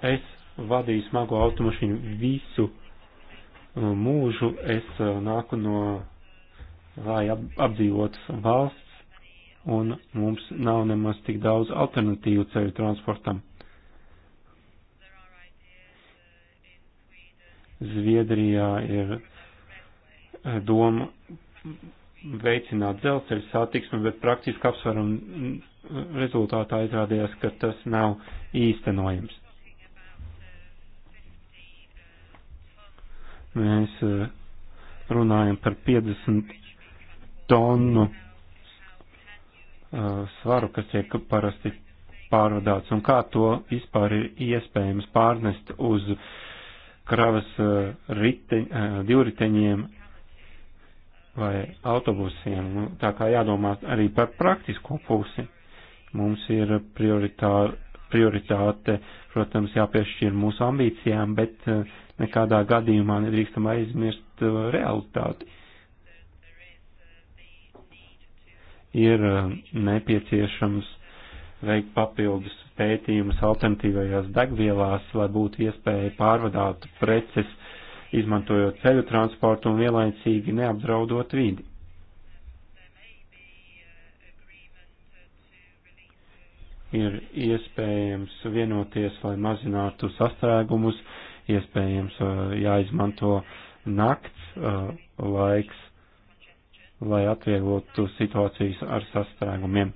Es vadīju smago automašīnu visu uh, mūžu. Es uh, nāku no vāji apdzīvotas valsts, un mums nav nemaz tik daudz alternatīvu ceļu transportam. Zviedrijā ir uh, doma veicināt dzelzceļa satiksmi, bet praktiski apsverumu rezultātā izrādījās, ka tas nav īstenojams. Mēs eh, runājam par 50 tonu eh, svaru, kas tiek parasti pārvadāts, un kā to vispār ir iespējams pārnest uz kravas eh, rite, divriteņiem vai autobusiem. Nu, tā kā jādomā arī par praktisko pusi. Mums ir prioritā, prioritāte, protams, jāpiešķir mūsu ambīcijām, bet eh, nekādā gadījumā nedrīkstam aizmirst eh, realitāti. Ir eh, nepieciešams veikt papildus pētījumus alternatīvajās degvielās, lai būtu iespēja pārvadāt preces izmantojot ceļu transportu un vienlaicīgi neapdraudot vidi. Ir iespējams vienoties, lai mazinātu sastrēgumus, iespējams uh, jāizmanto nakts uh, laiks, lai atvieglotu situācijas ar sastrēgumiem.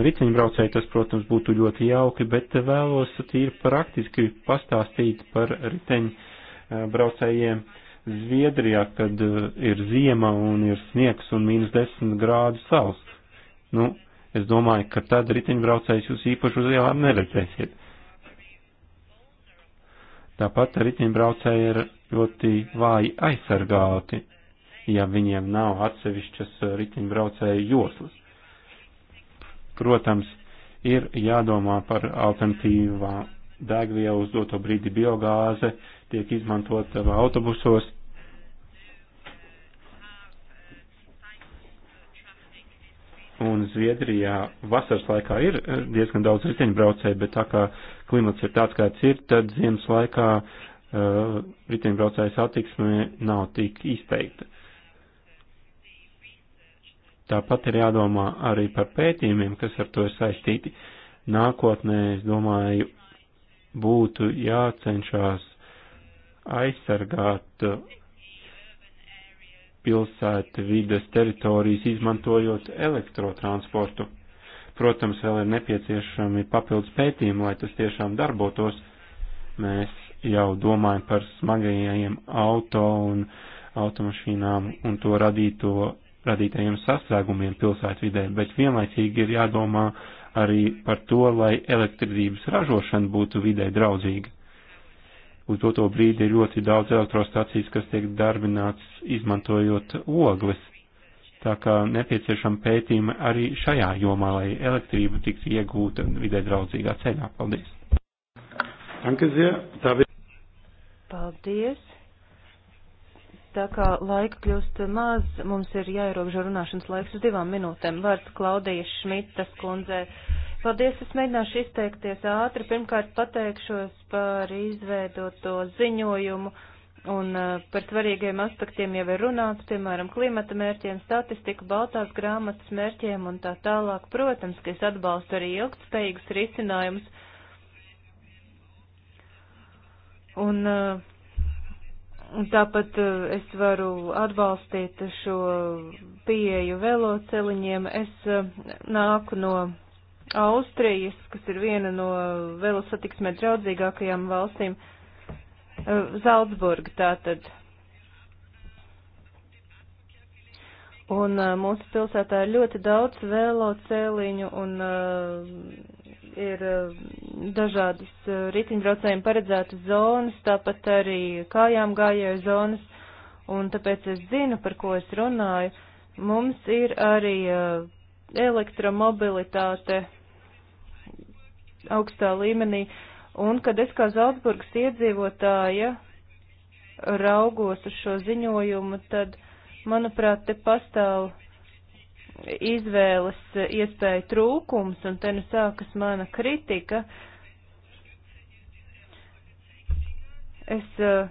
Riteņbraucēji tas, protams, būtu ļoti jauki, bet vēlos tīri praktiski pastāstīt par riteņbraucēju Eh, braucējiem Zviedrijā, kad eh, ir ziema un ir sniegs un mīnus 10 grādu sals. Nu, es domāju, ka tad riteņbraucējs jūs īpaši uz ielām neredzēsiet. Tāpat riteņbraucēji ir ļoti vāji aizsargāti, ja viņiem nav atsevišķas eh, riteņbraucēju joslas. Protams, ir jādomā par alternatīvā degvielu uz doto brīdi biogāze, tiek izmantota uh, autobusos. Un Zviedrijā vasaras laikā ir uh, diezgan daudz riteņbraucēju, bet tā kā klimats ir tāds, kāds ir, tad ziemas laikā uh, riteņbraucēju satiksme nav tik izteikta. Tāpat ir jādomā arī par pētījumiem, kas ar to ir saistīti. Nākotnē, es domāju, būtu jācenšās aizsargāt pilsētu vides teritorijas, izmantojot elektrotransportu. Protams, vēl ir nepieciešami papildus pētījumi, lai tas tiešām darbotos. Mēs jau domājam par smagajiem auto un automašīnām un to radīto, radītajiem sastrēgumiem pilsētvidē, bet vienlaicīgi ir jādomā arī par to, lai elektrības ražošana būtu vidē draudzīga uz doto brīdi ir ļoti daudz elektrostācijas, kas tiek darbināts izmantojot ogles. Tā kā nepieciešama pētījuma arī šajā jomā, lai elektrība tiks iegūta vidē draudzīgā ceļā. Paldies! Paldies! Tā kā laika kļūst maz, mums ir jāierobežo runāšanas laiks uz divām minūtēm. Vārds Klaudijas Šmitas kundzei. Paldies, es mēģināšu izteikties ātri. Pirmkārt pateikšos par izveidoto ziņojumu un eh, par svarīgiem aspektiem jau ir runāts, piemēram, klimata mērķiem, statistiku, baltās grāmatas mērķiem un tā tālāk. Protams, ka es atbalstu arī ilgtspējīgus risinājumus. Un eh, tāpat eh, es varu atbalstīt šo pieeju veloceliņiem. Es nāku no Austrijas, kas ir viena no velosatiksmē draudzīgākajām valstīm, eh, Zaldzburga tātad. Un eh, mūsu pilsētā ir ļoti daudz velocēliņu un eh, ir dažādas ritiņbraucējiem paredzētas zonas, tāpat arī kājām gājēju zonas, un tāpēc es zinu, par ko es runāju. Mums ir arī elektromobilitāte augstā līmenī, un kad es kā Zaldzburgas iedzīvotāja raugos uz šo ziņojumu, tad, manuprāt, te pastāv izvēles iespēja trūkums, un te nu sākas mana kritika. Es, eh,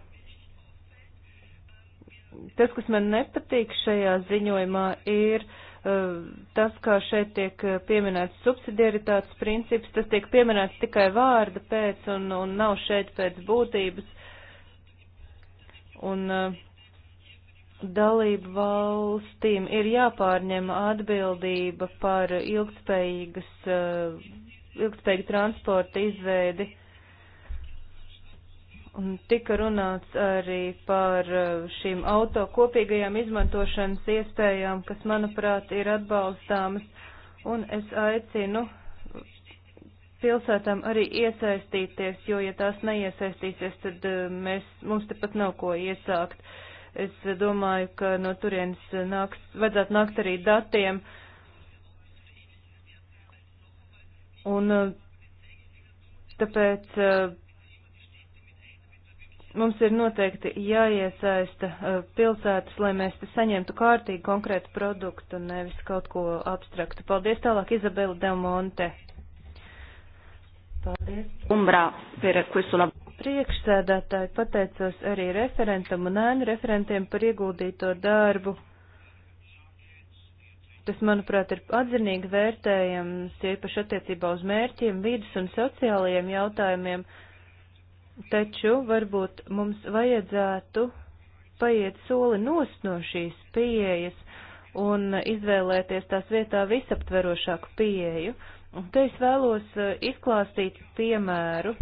tas, kas man nepatīk šajā ziņojumā, ir uh, Eh, tas, kā šeit tiek eh, pieminēts subsidiaritātes princips, tas tiek pieminēts tikai vārda pēc un, un nav šeit pēc būtības. Un eh, dalību valstīm ir jāpārņem atbildība par ilgspējīgas, ilgspējīgu transporta izveidi. Un tika runāts arī par uh, šīm auto kopīgajām izmantošanas iespējām, kas, manuprāt, ir atbalstāmas. Un es aicinu pilsētām arī iesaistīties, jo, ja tās neiesaistīsies, tad uh, mēs, mums tepat nav ko iesākt. Es domāju, ka no turienes nāks, vajadzētu nākt arī datiem. Un uh, tāpēc Mums ir noteikti jāiesaista uh, pilsētas, lai mēs saņemtu kārtīgi konkrētu produktu, nevis kaut ko abstraktu. Paldies tālāk, Izabela Delmonte. Paldies. Umbrā, pēr, Priekšsēdētāji pateicos arī referentam un ēnu referentiem par ieguldīto darbu. Tas, manuprāt, ir atzinīgi vērtējams, jo īpaši attiecībā uz mērķiem, vidas un sociālajiem jautājumiem taču varbūt mums vajadzētu paiet soli nost no šīs pieejas un izvēlēties tās vietā visaptverošāku pieeju. Un te es vēlos eh, izklāstīt piemēru.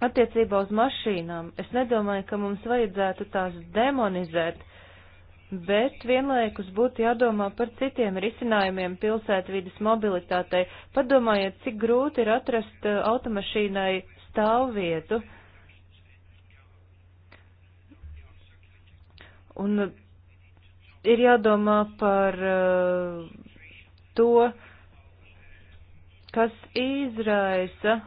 Attiecībā uz mašīnām es nedomāju, ka mums vajadzētu tās demonizēt, bet vienlaikus būtu jādomā par citiem risinājumiem pilsētvidas mobilitātei. Padomājiet, cik grūti ir atrast eh, automašīnai stāvvietu. Un ir jādomā par uh, to, kas izraisa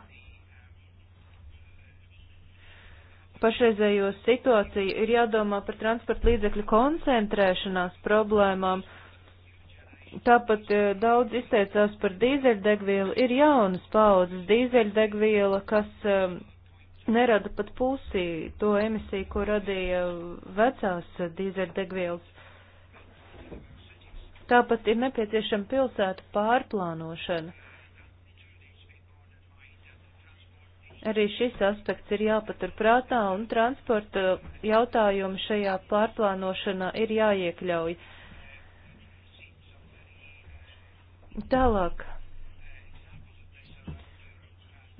pašreizējo situāciju. Ir jādomā par transporta līdzekļu koncentrēšanās problēmām. Uh, Tāpat eh, daudz izteicās par dīzeļdegvielu. Ir jaunas paudzes dīzeļdegviela, kas eh, nerada pat pusi to emisiju, ko radīja vecās dīzeļdegvielas. Tāpat ir nepieciešama pilsētu pārplānošana. Arī šis aspekts ir jāpatur prātā, un transporta jautājumi šajā pārplānošanā ir jāiekļauj. Uh, Tālāk.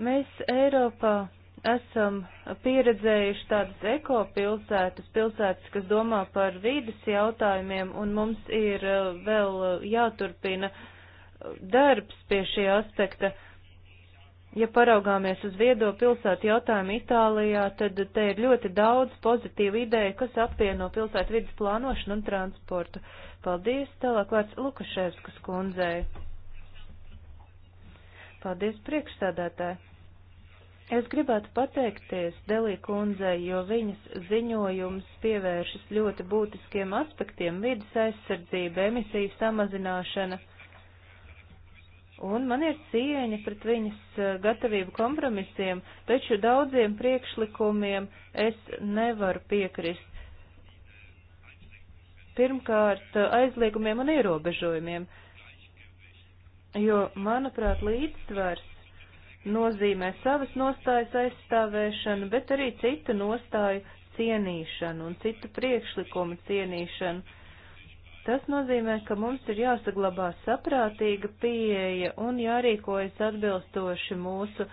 Mēs Eiropā esam pieredzējuši tādas ekopilsētas, pilsētas, kas domā par vīdes jautājumiem, un mums ir eh, vēl jāturpina eh, darbs pie šī aspekta. Ja paraugāmies uz viedo pilsētu jautājumu Itālijā, tad te ir ļoti daudz pozitīvu ideju, kas apvieno pilsētu vidas plānošanu un transportu. Uh, Paldies, tālāk vārds Lukaševskas kundzei. Paldies, priekšstādātāji. Es gribētu pateikties Delī kundzei, jo viņas ziņojums pievēršas ļoti būtiskiem aspektiem - vidas aizsardzība, emisiju samazināšana. Un man ir cieņa pret viņas eh, gatavību kompromisiem, taču daudziem priekšlikumiem es nevaru piekrist pirmkārt aizliegumiem un ierobežojumiem, jo, manuprāt, līdzsvars nozīmē savas nostājas aizstāvēšanu, bet arī citu nostāju cienīšanu un citu priekšlikumu cienīšanu. Tas nozīmē, ka mums ir jāsaglabā saprātīga pieeja un jārīkojas atbilstoši mūsu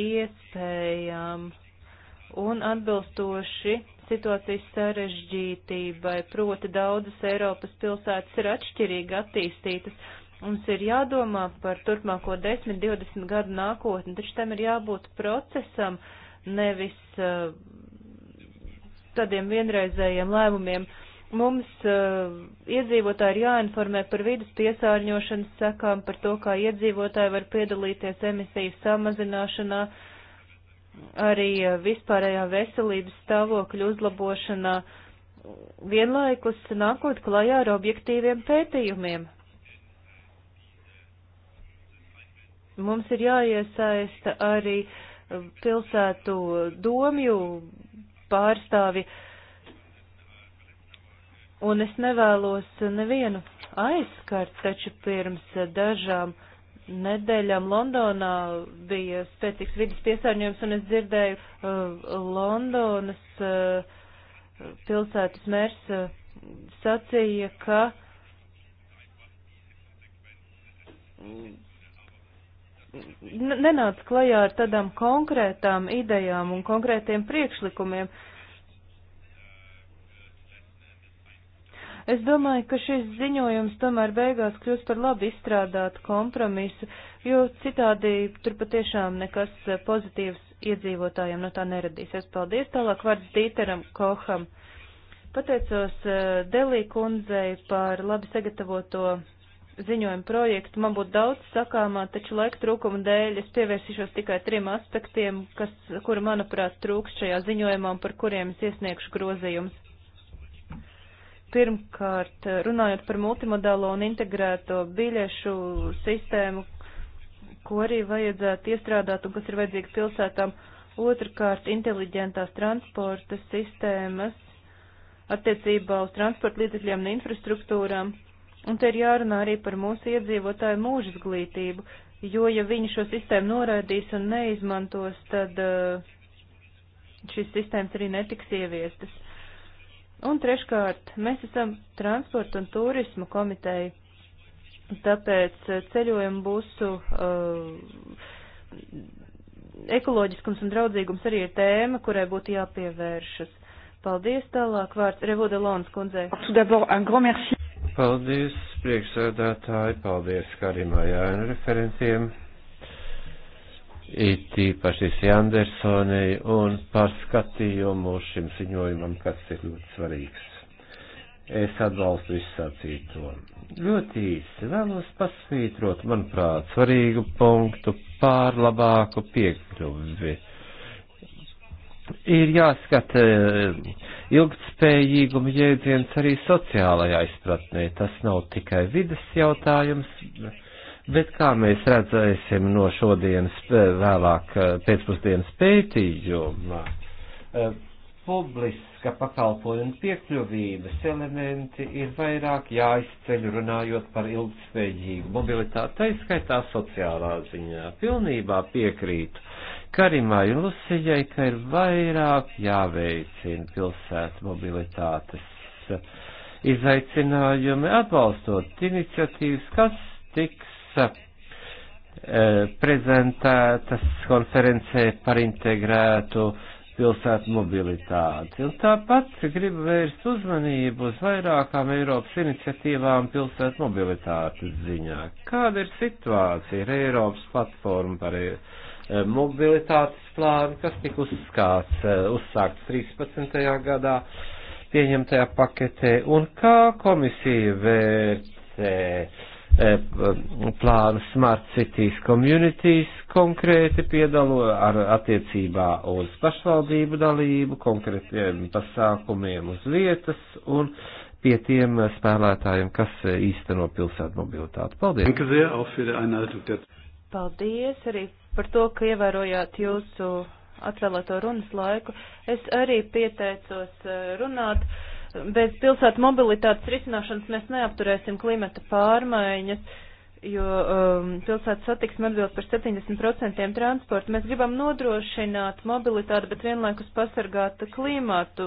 iespējām un atbilstoši situācijas sarežģītībai, proti daudzas Eiropas pilsētas ir atšķirīgi attīstītas. Mums ir jādomā par turpmāko 10, 20 gadu nākotni, taču tam ir jābūt procesam, nevis uh, tādiem vienreizējiem lēmumiem. Mums uh, iedzīvotāji ir jāinformē par vidas piesārņošanas sekām, par to, kā iedzīvotāji var piedalīties emisiju samazināšanā, uh, arī eh, vispārējā veselības stāvokļa uzlabošanā, eh, vienlaikus nākot klajā ar objektīviem pētījumiem. Mums ir jāiesaista arī eh, pilsētu domju pārstāvi, un es nevēlos nevienu aizskart, taču pirms dažām uh, nedēļām Londonā bija spēcīgs vidas piesārņojums, un es dzirdēju uh, Londonas uh, pilsētas mērs uh, sacīja, ka nenāca klajā ar tādām konkrētām idejām un konkrētiem priekšlikumiem. Uh, Es domāju, ka šis ziņojums tomēr beigās kļūs par labi izstrādātu kompromisu, jo citādi tur patiešām nekas eh, pozitīvs iedzīvotājiem no tā neradīsies. Paldies tālāk vārds Dīteram Koham. Pateicos eh, Delī kundzei par labi sagatavoto ziņojumu projektu. Man būtu daudz sakāmā, taču laika trūkuma dēļ es pievērsīšos tikai trim aspektiem, kas, kuri, manuprāt, trūkst šajā ziņojumā un par kuriem es iesniegšu grozījumus. Pirmkārt, runājot par multimodālo un integrēto biļešu sistēmu, ko arī vajadzētu iestrādāt un kas ir vajadzīgs pilsētām. Otrakārt, inteliģentās transporta sistēmas attiecībā uz transporta līdzekļiem un infrastruktūrām. Un te ir jārunā arī par mūsu iedzīvotāju mūža izglītību, jo ja viņi šo sistēmu noraidīs un neizmantos, tad eh, šīs sistēmas arī netiks ieviestas. Un treškārt, mēs esam transporta un turisma komiteja, tāpēc eh, ceļojumu būsu uh, eh, ekoloģiskums un draudzīgums arī ir tēma, kurai būtu jāpievēršas. Paldies tālāk, vārds Revoda Lons kundzē. Paldies, priekšsēdētāji, paldies Karimā Jāna referentiem it īpaši Andersonei un par skatījumu šim ziņojumam, kas ir ļoti svarīgs. Es atbalstu visu sacīto. Ļoti īsi vēlos pasvītrot, manuprāt, svarīgu punktu pār labāku piekļuvi. Ir jāskata eh, ilgtspējīguma jēdziens arī sociālajā izpratnē. Tas nav tikai vidas jautājums, bet Bet kā mēs redzēsim no šodienas eh, vēlāk eh, pēcpusdienas pētījuma, eh, publiska pakalpojuma piekļuvības elementi ir vairāk jāizceļ runājot par ilgspējīgu mobilitāti, taiskaitā sociālā ziņā. Pilnībā piekrītu Karimai un Lusijai, ka ir vairāk jāveicina pilsētu mobilitātes izaicinājumi, atbalstot iniciatīvas, kas tiks E, prezentētas konferencē par integrētu pilsētu mobilitāti. Un tāpat gribu vērst uzmanību uz vairākām Eiropas iniciatīvām pilsētu mobilitātes ziņā. Kāda ir situācija ar Eiropas platformu par e, mobilitātes plānu, kas tika uzskāts, e, uzsākts 13. gadā pieņemtajā paketē, un kā komisija vērtē? E, plānu Smart Cities Communities konkrēti piedalo ar attiecībā uz pašvaldību dalību, konkrētiem pasākumiem uz vietas un pie tiem spēlētājiem, kas īsteno pilsētu mobilitāti. Paldies! Paldies arī par to, ka ievērojāt jūsu atvēlēto runas laiku. Es arī pieteicos e, runāt. Uh, bez pilsētu mobilitātes risināšanas mēs neapturēsim klimata pārmaiņas, jo um, pilsētas satiksme atbild par 70% transportu. Mēs gribam nodrošināt mobilitāti, bet vienlaikus pasargāt klimatu,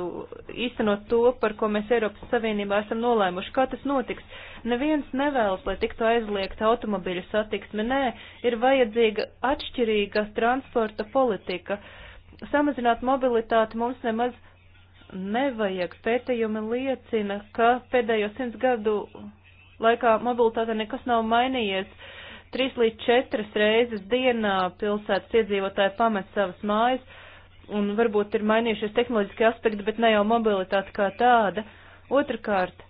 īstenot to, par ko mēs Eiropas Savienībā esam nolēmuši. Kā tas notiks? Neviens nevēlas, lai tiktu aizliegta automobiļu satiksme. Nē, ir vajadzīga atšķirīga transporta politika. Samazināt mobilitāti mums nemaz nevajag. Pētījumi liecina, ka pēdējo simts gadu laikā mobilitāte nekas nav mainījies. Trīs līdz četras reizes dienā pilsētas iedzīvotāji pamet savas mājas, un varbūt ir mainījušies tehnoloģiski aspekti, bet ne jau mobilitāte kā tāda. Otrakārt,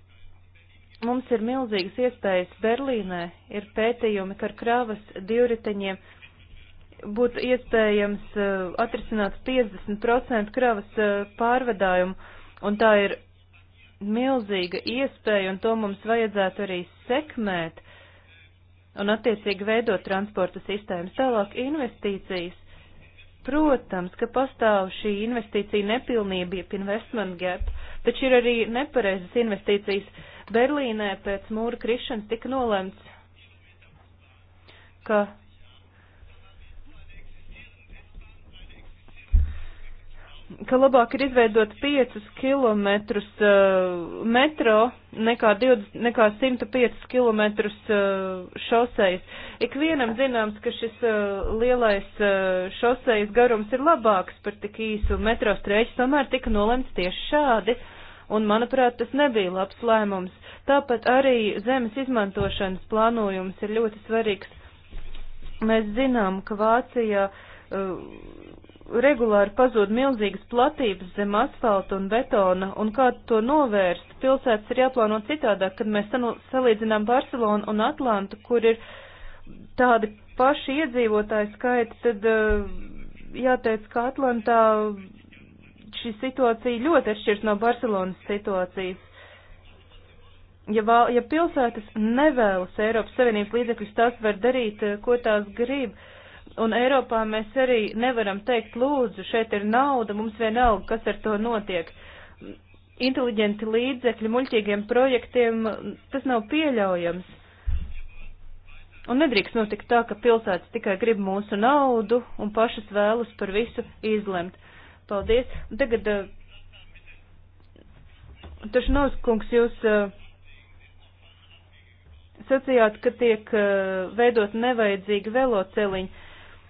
mums ir milzīgas iespējas Berlīnē, ir pētījumi, ka ar kravas divriteņiem būtu iespējams eh, atrisināt 50% kravas eh, pārvadājumu, un tā ir milzīga iespēja, un to mums vajadzētu arī sekmēt un attiecīgi veidot transporta sistēmas. Tālāk investīcijas. Protams, ka pastāv šī investīcija nepilnība, jeb investment gap, taču ir arī nepareizas investīcijas. Berlīnē pēc mūra krišanas tika nolēmts, ka ka labāk ir izveidot 5 km uh, metro nekā, 20, nekā 105 km uh, šoseis. Ikvienam zināms, ka šis uh, lielais uh, eh, šoseis garums ir labāks par tik īsu metro strēķi, tomēr tika nolemts tieši šādi. Un, manuprāt, tas nebija labs lēmums. Tāpat arī zemes izmantošanas plānojums ir ļoti svarīgs. Mēs zinām, ka Vācija uh, eh, regulāri pazūd milzīgas platības zem asfalta un betona, un kā to novērst, pilsētas ir jāplāno citādāk, kad mēs salīdzinām Barcelonu un Atlantu, kur ir tādi paši iedzīvotāji skaiti, tad eh, jāteic, ka Atlantā šī situācija ļoti atšķirs no Barcelonas situācijas. Ja, val, ja pilsētas nevēlas Eiropas Savienības līdzekļus, tās var darīt, eh, ko tās grib. Uh, Un Eiropā mēs arī nevaram teikt, lūdzu, šeit ir nauda, mums vienalga, kas ar to notiek. Inteliģenti līdzekļi muļķīgiem projektiem, tas nav pieļaujams. Un nedrīkst notikt tā, ka pilsētas tikai grib mūsu naudu un pašas vēlas par visu izlemt. Paldies. Un tagad, eh, Tašanovs kungs, jūs eh, sacījāt, ka tiek eh, veidot nevajadzīgi veloceliņi.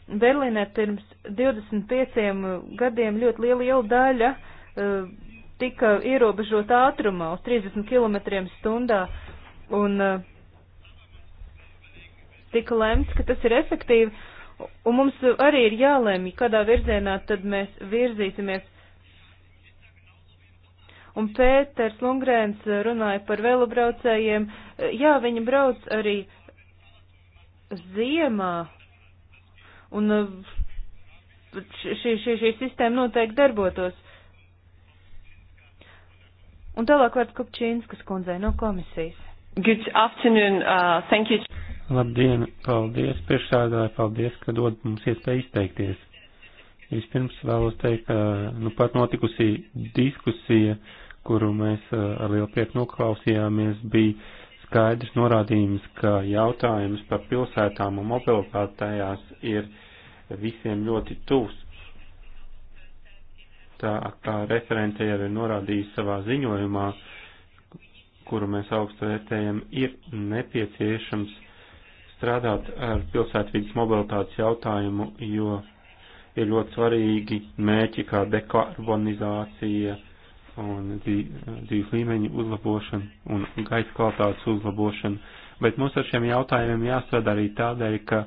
Berlīnē pirms 25 gadiem ļoti liela jau daļa uh, tika ierobežot ātrumā uz 30 km stundā un uh, tika lemts, ka tas ir efektīvi. Un mums arī ir jālēmj, kādā virzienā tad mēs virzīsimies. Un Pēters Lungrēns runāja par velobraucējiem. Jā, viņi brauc arī ziemā, un uh, šī, šī, šī sistēma noteikti darbotos. Un tālāk vārds Kupčīnskas kundzei no komisijas. Good afternoon, uh, thank you. Labdien, paldies priekšsādātāji, paldies, ka dod mums iespēju izteikties. Vispirms vēlos teikt, ka nu pat notikusi diskusija, kuru mēs uh, ar lielu prieku noklausījāmies, bija skaidrs norādījums, ka jautājums par pilsētām un mobilitāti tajās ir visiem ļoti tūs. Tā kā referente jau ir norādījusi savā ziņojumā, kuru mēs augstu vērtējam, ir nepieciešams strādāt ar pilsētvidas mobilitātes jautājumu, jo ir ļoti svarīgi mēķi kā dekarbonizācija, uh, un dzīves līmeņa uzlabošanu un gaisa kvalitātes uzlabošanu. Bet mums ar šiem jautājumiem jāstrādā arī tādēļ, ka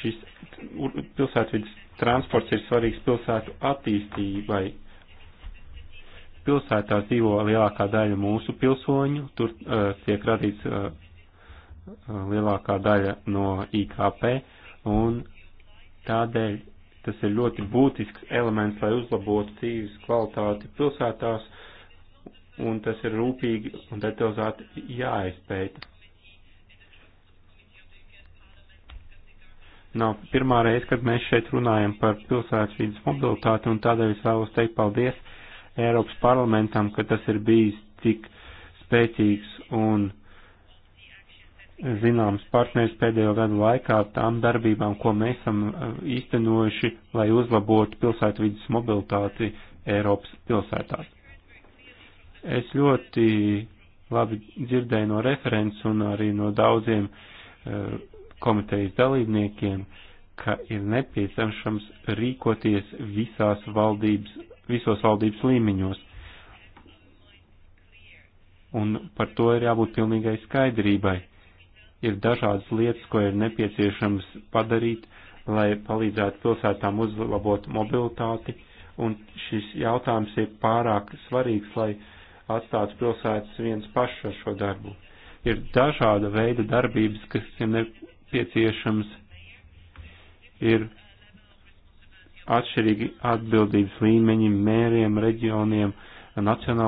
šis pilsētvidas transports ir svarīgs pilsētu attīstībai. Pilsētās dzīvo lielākā daļa mūsu pilsoņu, tur uh, tiek radīts uh, lielākā daļa no IKP, un tādēļ tas ir ļoti būtisks elements, lai uzlabotu dzīves kvalitāti pilsētās un tas ir rūpīgi un detalizēti jāizpēta. Nav pirmā reize, kad mēs šeit runājam par pilsētas vidas mobilitāti, un tādēļ es vēlos teikt paldies Eiropas parlamentam, ka tas ir bijis tik spēcīgs un zināms partners pēdējo gadu laikā tām darbībām, ko mēs esam eh, īstenojuši, lai uzlabotu pilsētu vidas mobilitāti Eiropas pilsētās. Es ļoti labi dzirdēju no referents un arī no daudziem eh, komitejas dalībniekiem, ka ir nepieciešams rīkoties visās valdības, visos valdības līmeņos. Un par to ir jābūt pilnīgai skaidrībai. Ir dažādas lietas, ko ir nepieciešams padarīt, lai palīdzētu pilsētām uzlabot mobilitāti, un šis jautājums ir pārāk svarīgs, lai uh, atstāts pilsētas viens pašs ar šo darbu. Ir dažāda veida darbības, kas ir nepieciešams, ir atšķirīgi atbildības līmeņi, mēriem, reģioniem, nacionālajiem.